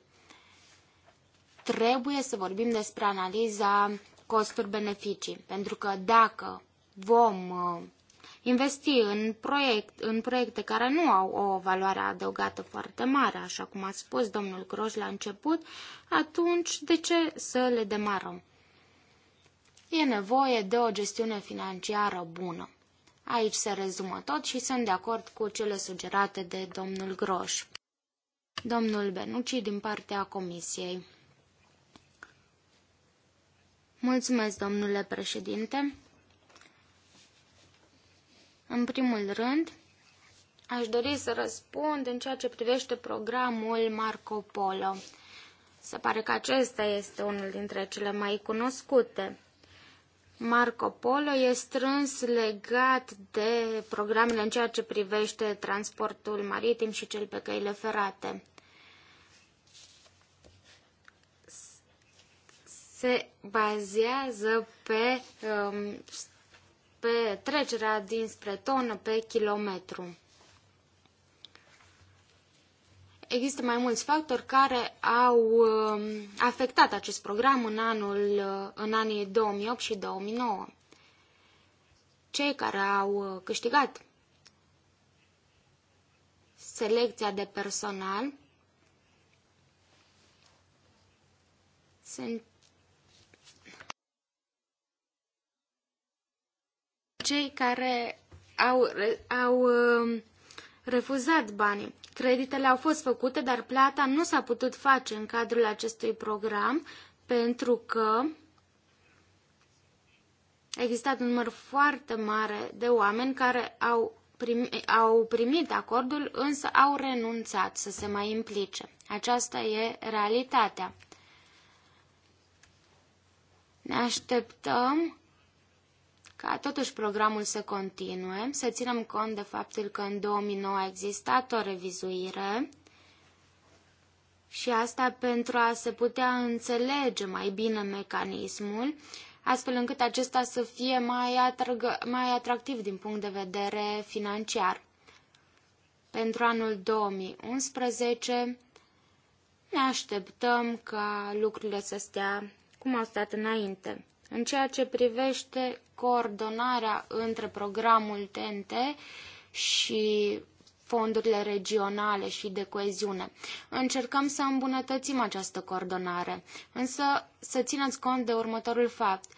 Trebuie să vorbim despre analiza costuri-beneficii. Pentru că dacă vom uh, investi în, proiect, în proiecte care nu au o valoare adăugată foarte mare, așa cum a spus domnul Groș la început, atunci de ce să le demarăm? E nevoie de o gestiune financiară bună. Aici se rezumă tot și sunt de acord cu cele sugerate de domnul Groș. Domnul Benucci din partea Comisiei. Mulțumesc, domnule președinte. În primul rând, aș dori să răspund în ceea ce privește programul Marco Polo. Se pare că acesta este unul dintre cele mai cunoscute. Marco Polo este strâns legat de programele în ceea ce privește transportul maritim și cel pe căile ferate. se bazează pe, um, pe trecerea dinspre tonă pe kilometru. Există mai mulți factori care au um, afectat acest program în, anul, uh, în anii 2008 și 2009. Cei care au uh, câștigat selecția de personal sunt cei care au, au um, refuzat banii. Creditele au fost făcute, dar plata nu s-a putut face în cadrul acestui program pentru că a existat un număr foarte mare de oameni care au, primi, au primit acordul, însă au renunțat să se mai implice. Aceasta e realitatea. Ne așteptăm ca totuși programul să continue, să ținem cont de faptul că în 2009 a existat o revizuire și asta pentru a se putea înțelege mai bine mecanismul, astfel încât acesta să fie mai, atrăgă, mai atractiv din punct de vedere financiar. Pentru anul 2011 ne așteptăm ca lucrurile să stea cum au stat înainte. În ceea ce privește coordonarea între programul TNT și fondurile regionale și de coeziune. Încercăm să îmbunătățim această coordonare, însă să țineți cont de următorul fapt.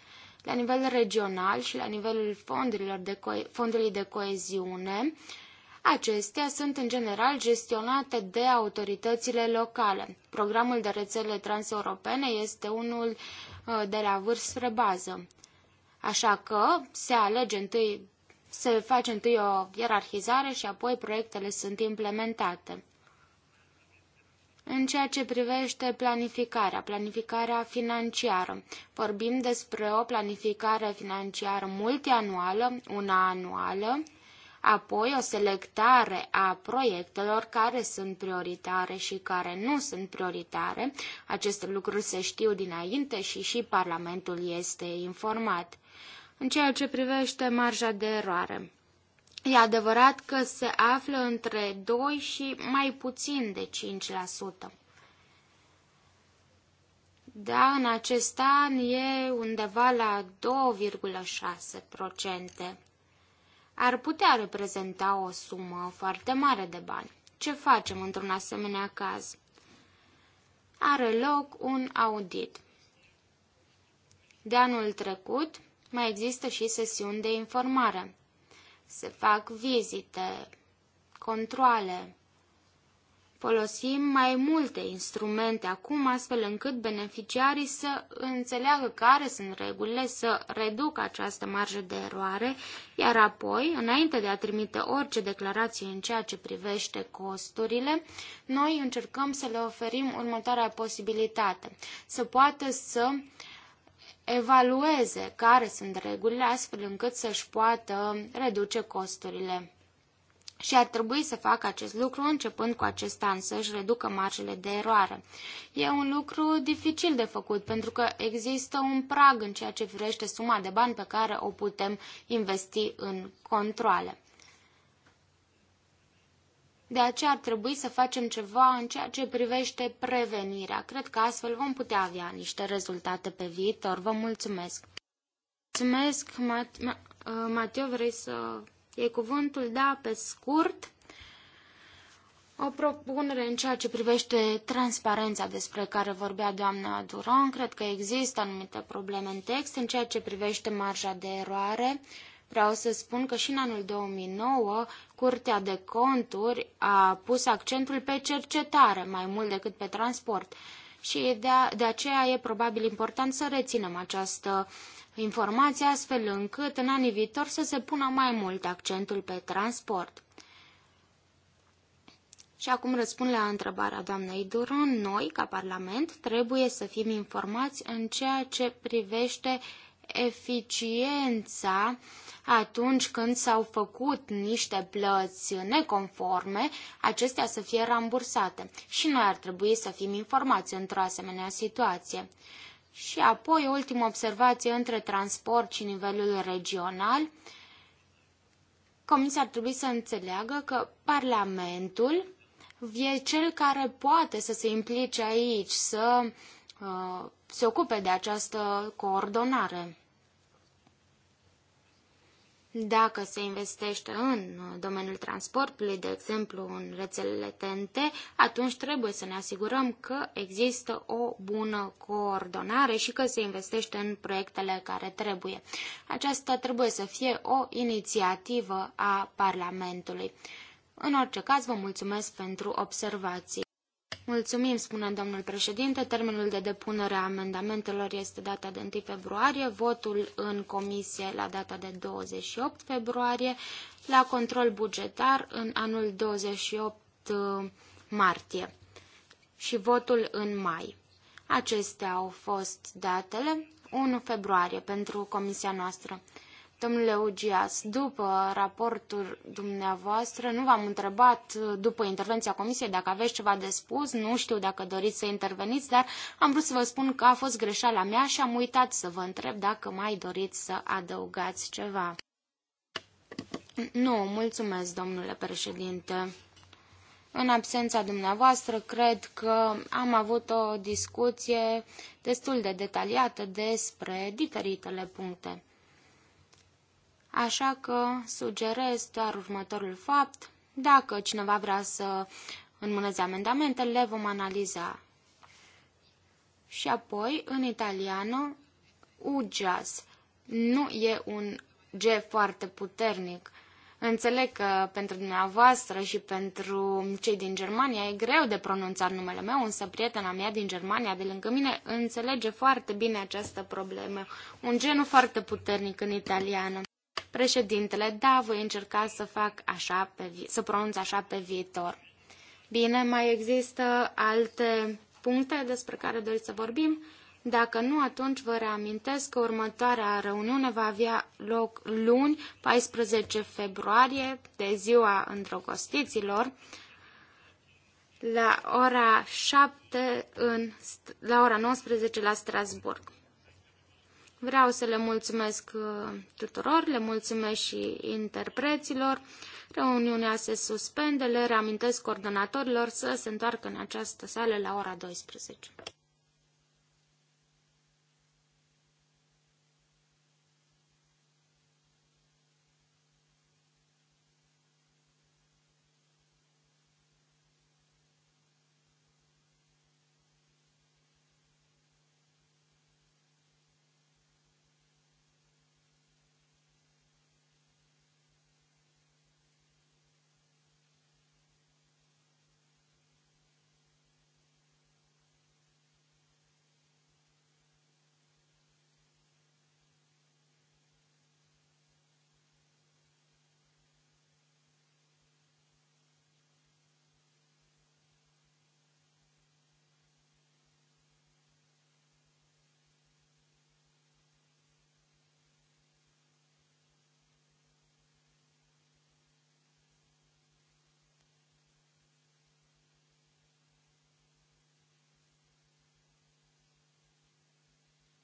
La nivel regional și la nivelul fondurilor de co- fondului de coeziune, Acestea sunt în general gestionate de autoritățile locale. Programul de rețele transeuropene este unul Uh, de la vârstă bază. Așa că se alege întâi, se face întâi o ierarhizare și apoi proiectele sunt implementate. În ceea ce privește planificarea, planificarea financiară, vorbim despre o planificare financiară multianuală, una anuală, apoi o selectare a proiectelor care sunt prioritare și care nu sunt prioritare. Aceste lucruri se știu dinainte și și Parlamentul este informat. În ceea ce privește marja de eroare, e adevărat că se află între 2 și mai puțin de 5%. Da, în acest an e undeva la 2,6% ar putea reprezenta o sumă foarte mare de bani. Ce facem într-un asemenea caz? Are loc un audit. De anul trecut mai există și sesiuni de informare. Se fac vizite, controle, Folosim mai multe instrumente acum, astfel încât beneficiarii să înțeleagă care sunt regulile, să reducă această marjă de eroare, iar apoi, înainte de a trimite orice declarație în ceea ce privește costurile, noi încercăm să le oferim următoarea posibilitate, să poată să evalueze care sunt regulile, astfel încât să-și poată reduce costurile și ar trebui să facă acest lucru începând cu acest an, să-și reducă marjele de eroare. E un lucru dificil de făcut, pentru că există un prag în ceea ce privește suma de bani pe care o putem investi în controle. De aceea ar trebui să facem ceva în ceea ce privește prevenirea. Cred că astfel vom putea avea niște rezultate pe viitor. Vă mulțumesc! Mulțumesc, Mat- Mateo, vrei să e cuvântul, da, pe scurt, o propunere în ceea ce privește transparența despre care vorbea doamna Duron. Cred că există anumite probleme în text. În ceea ce privește marja de eroare, vreau să spun că și în anul 2009 Curtea de Conturi a pus accentul pe cercetare mai mult decât pe transport. Și de, a, de aceea e probabil important să reținem această informații astfel încât în anii viitori să se pună mai mult accentul pe transport. Și acum răspund la întrebarea doamnei Duron. Noi, ca Parlament, trebuie să fim informați în ceea ce privește eficiența atunci când s-au făcut niște plăți neconforme, acestea să fie rambursate. Și noi ar trebui să fim informați într-o asemenea situație. Și apoi, ultima observație între transport și nivelul regional. Comisia ar trebui să înțeleagă că Parlamentul e cel care poate să se implice aici, să uh, se ocupe de această coordonare. Dacă se investește în domeniul transportului, de exemplu în rețelele TNT, atunci trebuie să ne asigurăm că există o bună coordonare și că se investește în proiectele care trebuie. Aceasta trebuie să fie o inițiativă a Parlamentului. În orice caz, vă mulțumesc pentru observații. Mulțumim, spune domnul președinte. Termenul de depunere a amendamentelor este data de 1 februarie, votul în comisie la data de 28 februarie, la control bugetar în anul 28 uh, martie și votul în mai. Acestea au fost datele 1 februarie pentru comisia noastră. Domnule Ugias, după raportul dumneavoastră, nu v-am întrebat uh, după intervenția comisiei dacă aveți ceva de spus, nu știu dacă doriți să interveniți, dar am vrut să vă spun că a fost greșeala mea și am uitat să vă întreb dacă mai doriți să adăugați ceva. Nu, mulțumesc, domnule președinte. În absența dumneavoastră, cred că am avut o discuție destul de detaliată despre diferitele puncte. Așa că sugerez doar următorul fapt. Dacă cineva vrea să înmâneze amendamentele, le vom analiza. Și apoi, în italiană, ugeas. Nu e un G foarte puternic. Înțeleg că pentru dumneavoastră și pentru cei din Germania e greu de pronunțat numele meu, însă prietena mea din Germania, de lângă mine, înțelege foarte bine această problemă. Un genul foarte puternic în italiană. Președintele, da, voi încerca să fac așa, pe, să pronunț așa pe viitor. Bine, mai există alte puncte despre care doriți să vorbim? Dacă nu, atunci vă reamintesc că următoarea reuniune va avea loc luni, 14 februarie, de ziua îndrăgostiților, la ora 7 în, la ora 19 la Strasburg. Vreau să le mulțumesc uh, tuturor, le mulțumesc și interpreților. Reuniunea se suspende, le reamintesc coordonatorilor să se întoarcă în această sală la ora 12.